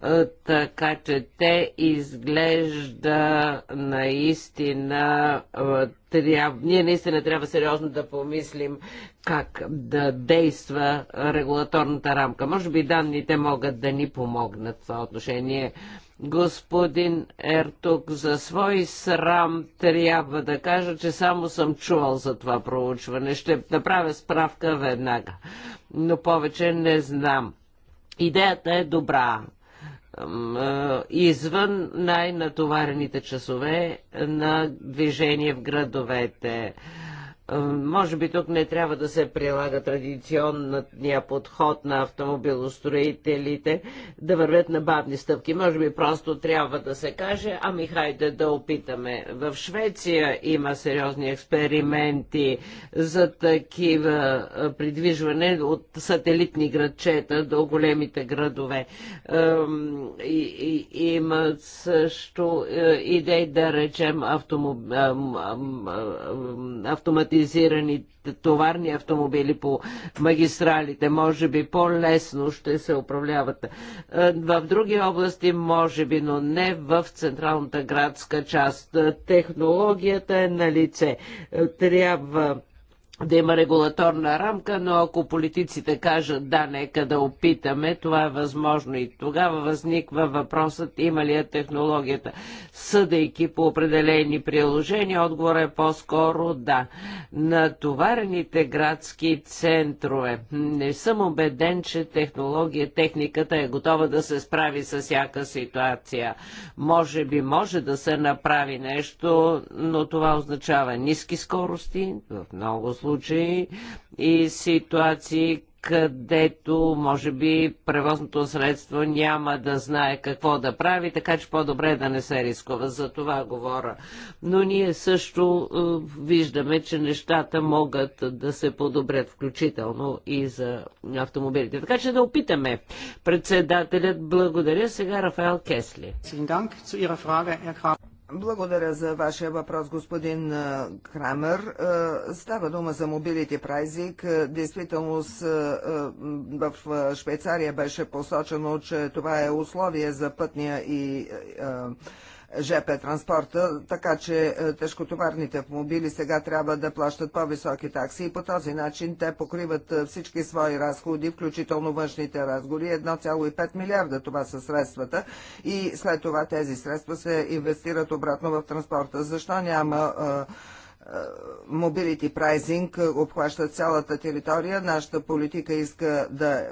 А, така че те изглежда наистина а, трябва, ние наистина трябва сериозно да помислим как да действа регулаторната рамка. Може би данните могат да ни помогнат в това отношение господин Ертук. За свой срам трябва да кажа, че само съм чувал за това проучване. Ще направя справка веднага, но повече не знам. Идеята е добра. Извън най-натоварените часове на движение в градовете. Може би тук не трябва да се прилага традиционния подход на автомобилостроителите да вървят на бавни стъпки. Може би просто трябва да се каже, ами хайде да опитаме. В Швеция има сериозни експерименти за такива придвижване от сателитни градчета до големите градове. има също идеи да речем автомоб... автоматизация роботизирани товарни автомобили по магистралите. Може би по-лесно ще се управляват. Е, в други области може би, но не в централната градска част. Технологията е на лице. Е, трябва да има регулаторна рамка, но ако политиците кажат да, нека да опитаме, това е възможно и тогава възниква въпросът има ли е технологията. Съдейки по определени приложения, Отговор е по-скоро да. Натоварените градски центрове. Не съм убеден, че технология, техниката е готова да се справи с всяка ситуация. Може би може да се направи нещо, но това означава ниски скорости в много случаи случаи и ситуации, където може би превозното средство няма да знае какво да прави, така че по-добре да не се рискува. За това говоря. Но ние също е, виждаме, че нещата могат да се подобрят, включително и за автомобилите. Така че да опитаме. Председателят благодаря. Сега Рафаел Кесли. Благодаря за вашия въпрос, господин Крамер. Става дума за мобилите прайзик. Действително в Швейцария беше посочено, че това е условие за пътния и ЖП транспорта, така че е, тежкотоварните автомобили сега трябва да плащат по-високи такси и по този начин те покриват е, всички свои разходи, включително външните разходи. 1,5 милиарда това са средствата и след това тези средства се инвестират обратно в транспорта. Защо няма е, мобилити прайзинг обхваща цялата територия. Нашата политика иска да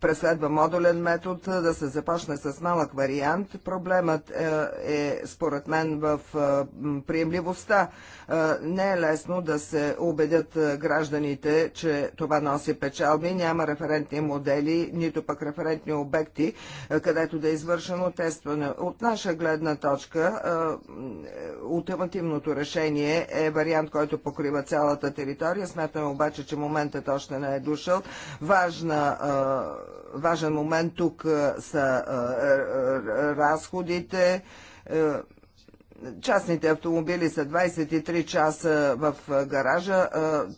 преследва модулен метод, да се започне с малък вариант. Проблемът е, е според мен, в приемливостта. не е лесно да се убедят гражданите, че това носи печалби. Няма референтни модели, нито пък референтни обекти, където да е извършено тестване. От наша гледна точка, е, ултимативното решение е вариант, който покрива цялата територия. Смятаме обаче, че моментът още не е дошъл. Важна важен момент тук са разходите. Частните автомобили са 23 часа в гаража,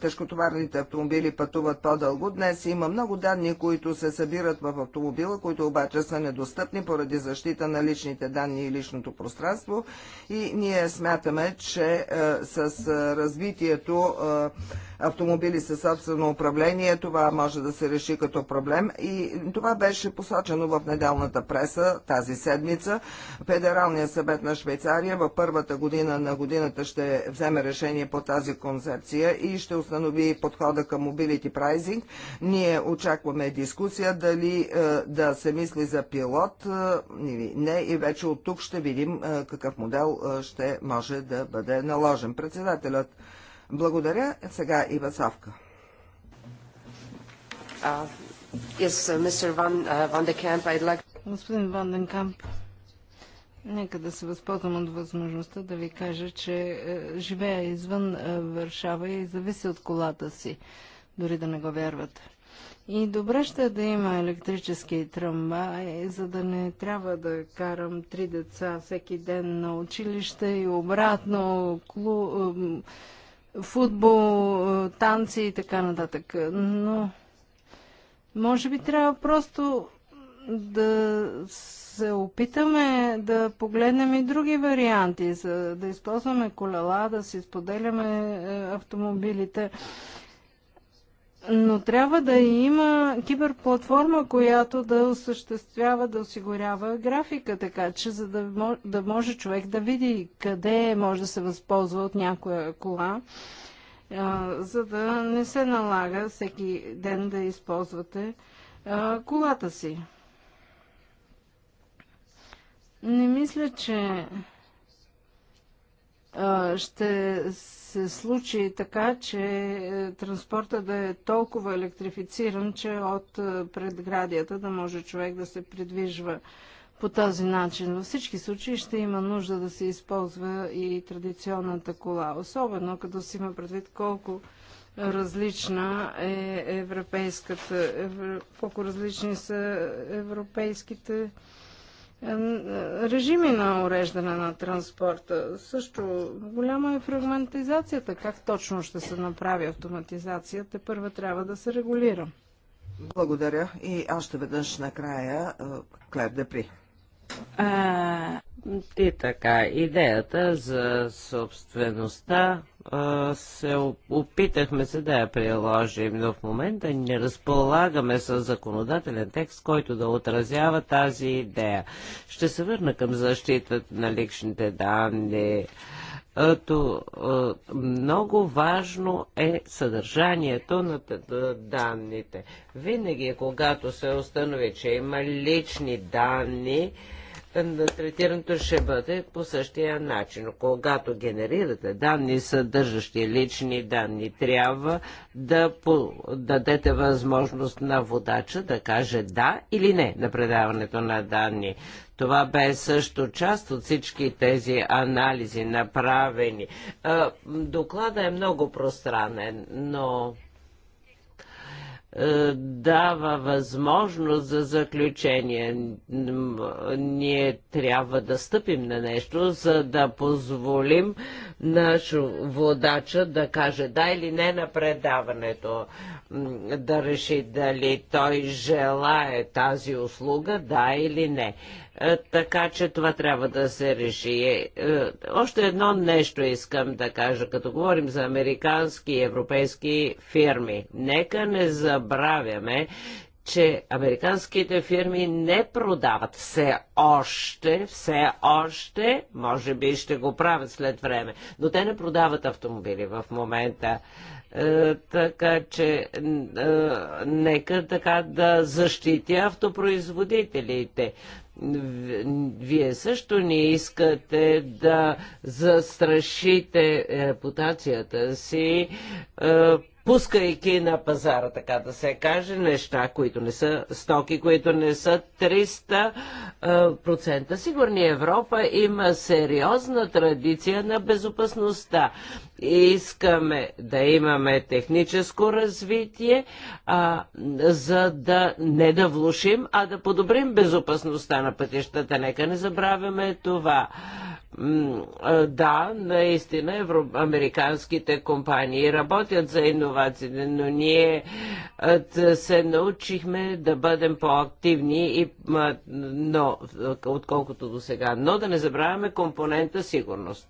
тежкотоварните автомобили пътуват по-дълго. Днес има много данни, които се събират в автомобила, които обаче са недостъпни поради защита на личните данни и личното пространство. И ние смятаме, че с развитието автомобили със собствено управление. Това може да се реши като проблем. И това беше посочено в неделната преса тази седмица. Федералният съвет на Швейцария в първата година на годината ще вземе решение по тази концепция и ще установи подхода към мобилити прайзинг. Ние очакваме дискусия дали е, да се мисли за пилот е, или не и вече от тук ще видим е, какъв модел ще може да бъде наложен. Председателят благодаря. Сега Ива Савка. Uh, uh, uh, Господин Ван Денкамп, Нека да се възползвам от възможността да ви кажа, че е, живея извън е, Варшава и зависи от колата си, дори да не го вярвате. И добре ще е да има електрически тръмба, за да не трябва да карам три деца всеки ден на училище и обратно клуб, футбол, е, танци и така нататък. Но може би трябва просто да се опитаме да погледнем и други варианти, за да използваме колела, да си споделяме е, автомобилите но трябва да има киберплатформа, която да осъществява, да осигурява графика, така че за да може, да може човек да види къде може да се възползва от някоя кола, а, за да не се налага всеки ден да използвате а, колата си. Не мисля, че ще се случи така, че е, транспорта да е толкова електрифициран, че от е, предградията да може човек да се придвижва по този начин. Във всички случаи ще има нужда да се използва и традиционната кола, особено като си има предвид колко различна е европейската, колко различни са европейските режими на уреждане на транспорта. Също голяма е фрагментизацията. Как точно ще се направи автоматизацията, първа трябва да се регулира. Благодаря. И още веднъж накрая е, Клер Депри. А... Е, и така, идеята за собствеността се опитахме се да я приложим, но в момента не разполагаме с законодателен текст, който да отразява тази идея. Ще се върна към защитата на личните данни. Ето, много важно е съдържанието на данните. Винаги, когато се установи, че има лични данни, третирането ще бъде по същия начин. Когато генерирате данни, съдържащи лични данни, трябва да дадете възможност на водача да каже да или не на предаването на данни. Това бе също част от всички тези анализи направени. Доклада е много пространен, но е, дава възможност за заключение. Ние трябва да стъпим на нещо, за да позволим наш водача да каже да или не на предаването, да реши дали той желае тази услуга, да или не. Е, така че това трябва да се реши. Е, е, още едно нещо искам да кажа, като говорим за американски и европейски фирми. Нека не забравяме, че американските фирми не продават все още, все още, може би ще го правят след време, но те не продават автомобили в момента. Е, така че е, нека така да защити автопроизводителите. Вие също не искате да застрашите е, репутацията си е, пускайки на пазара, така да се каже, неща, които не са стоки, които не са 300% сигурни. Европа има сериозна традиция на безопасността. Искаме да имаме техническо развитие, а, за да не да влушим, а да подобрим безопасността на пътищата. Нека не забравяме това да, наистина американските компании работят за иновациите, но ние се научихме да бъдем по-активни и, но, отколкото до сега. Но да не забравяме компонента сигурност.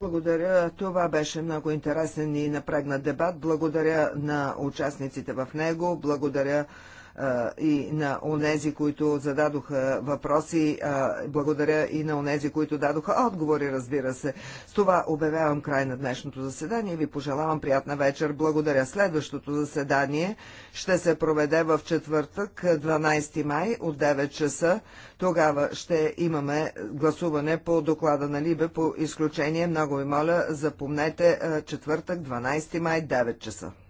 Благодаря. Това беше много интересен и напрегнат дебат. Благодаря на участниците в него. Благодаря и на онези, които зададоха въпроси. Благодаря и на онези, които дадоха отговори, разбира се. С това обявявам край на днешното заседание. Ви пожелавам приятна вечер. Благодаря. Следващото заседание ще се проведе в четвъртък, 12 май от 9 часа. Тогава ще имаме гласуване по доклада на Либе по изключение. Много ви моля, запомнете четвъртък, 12 май, 9 часа.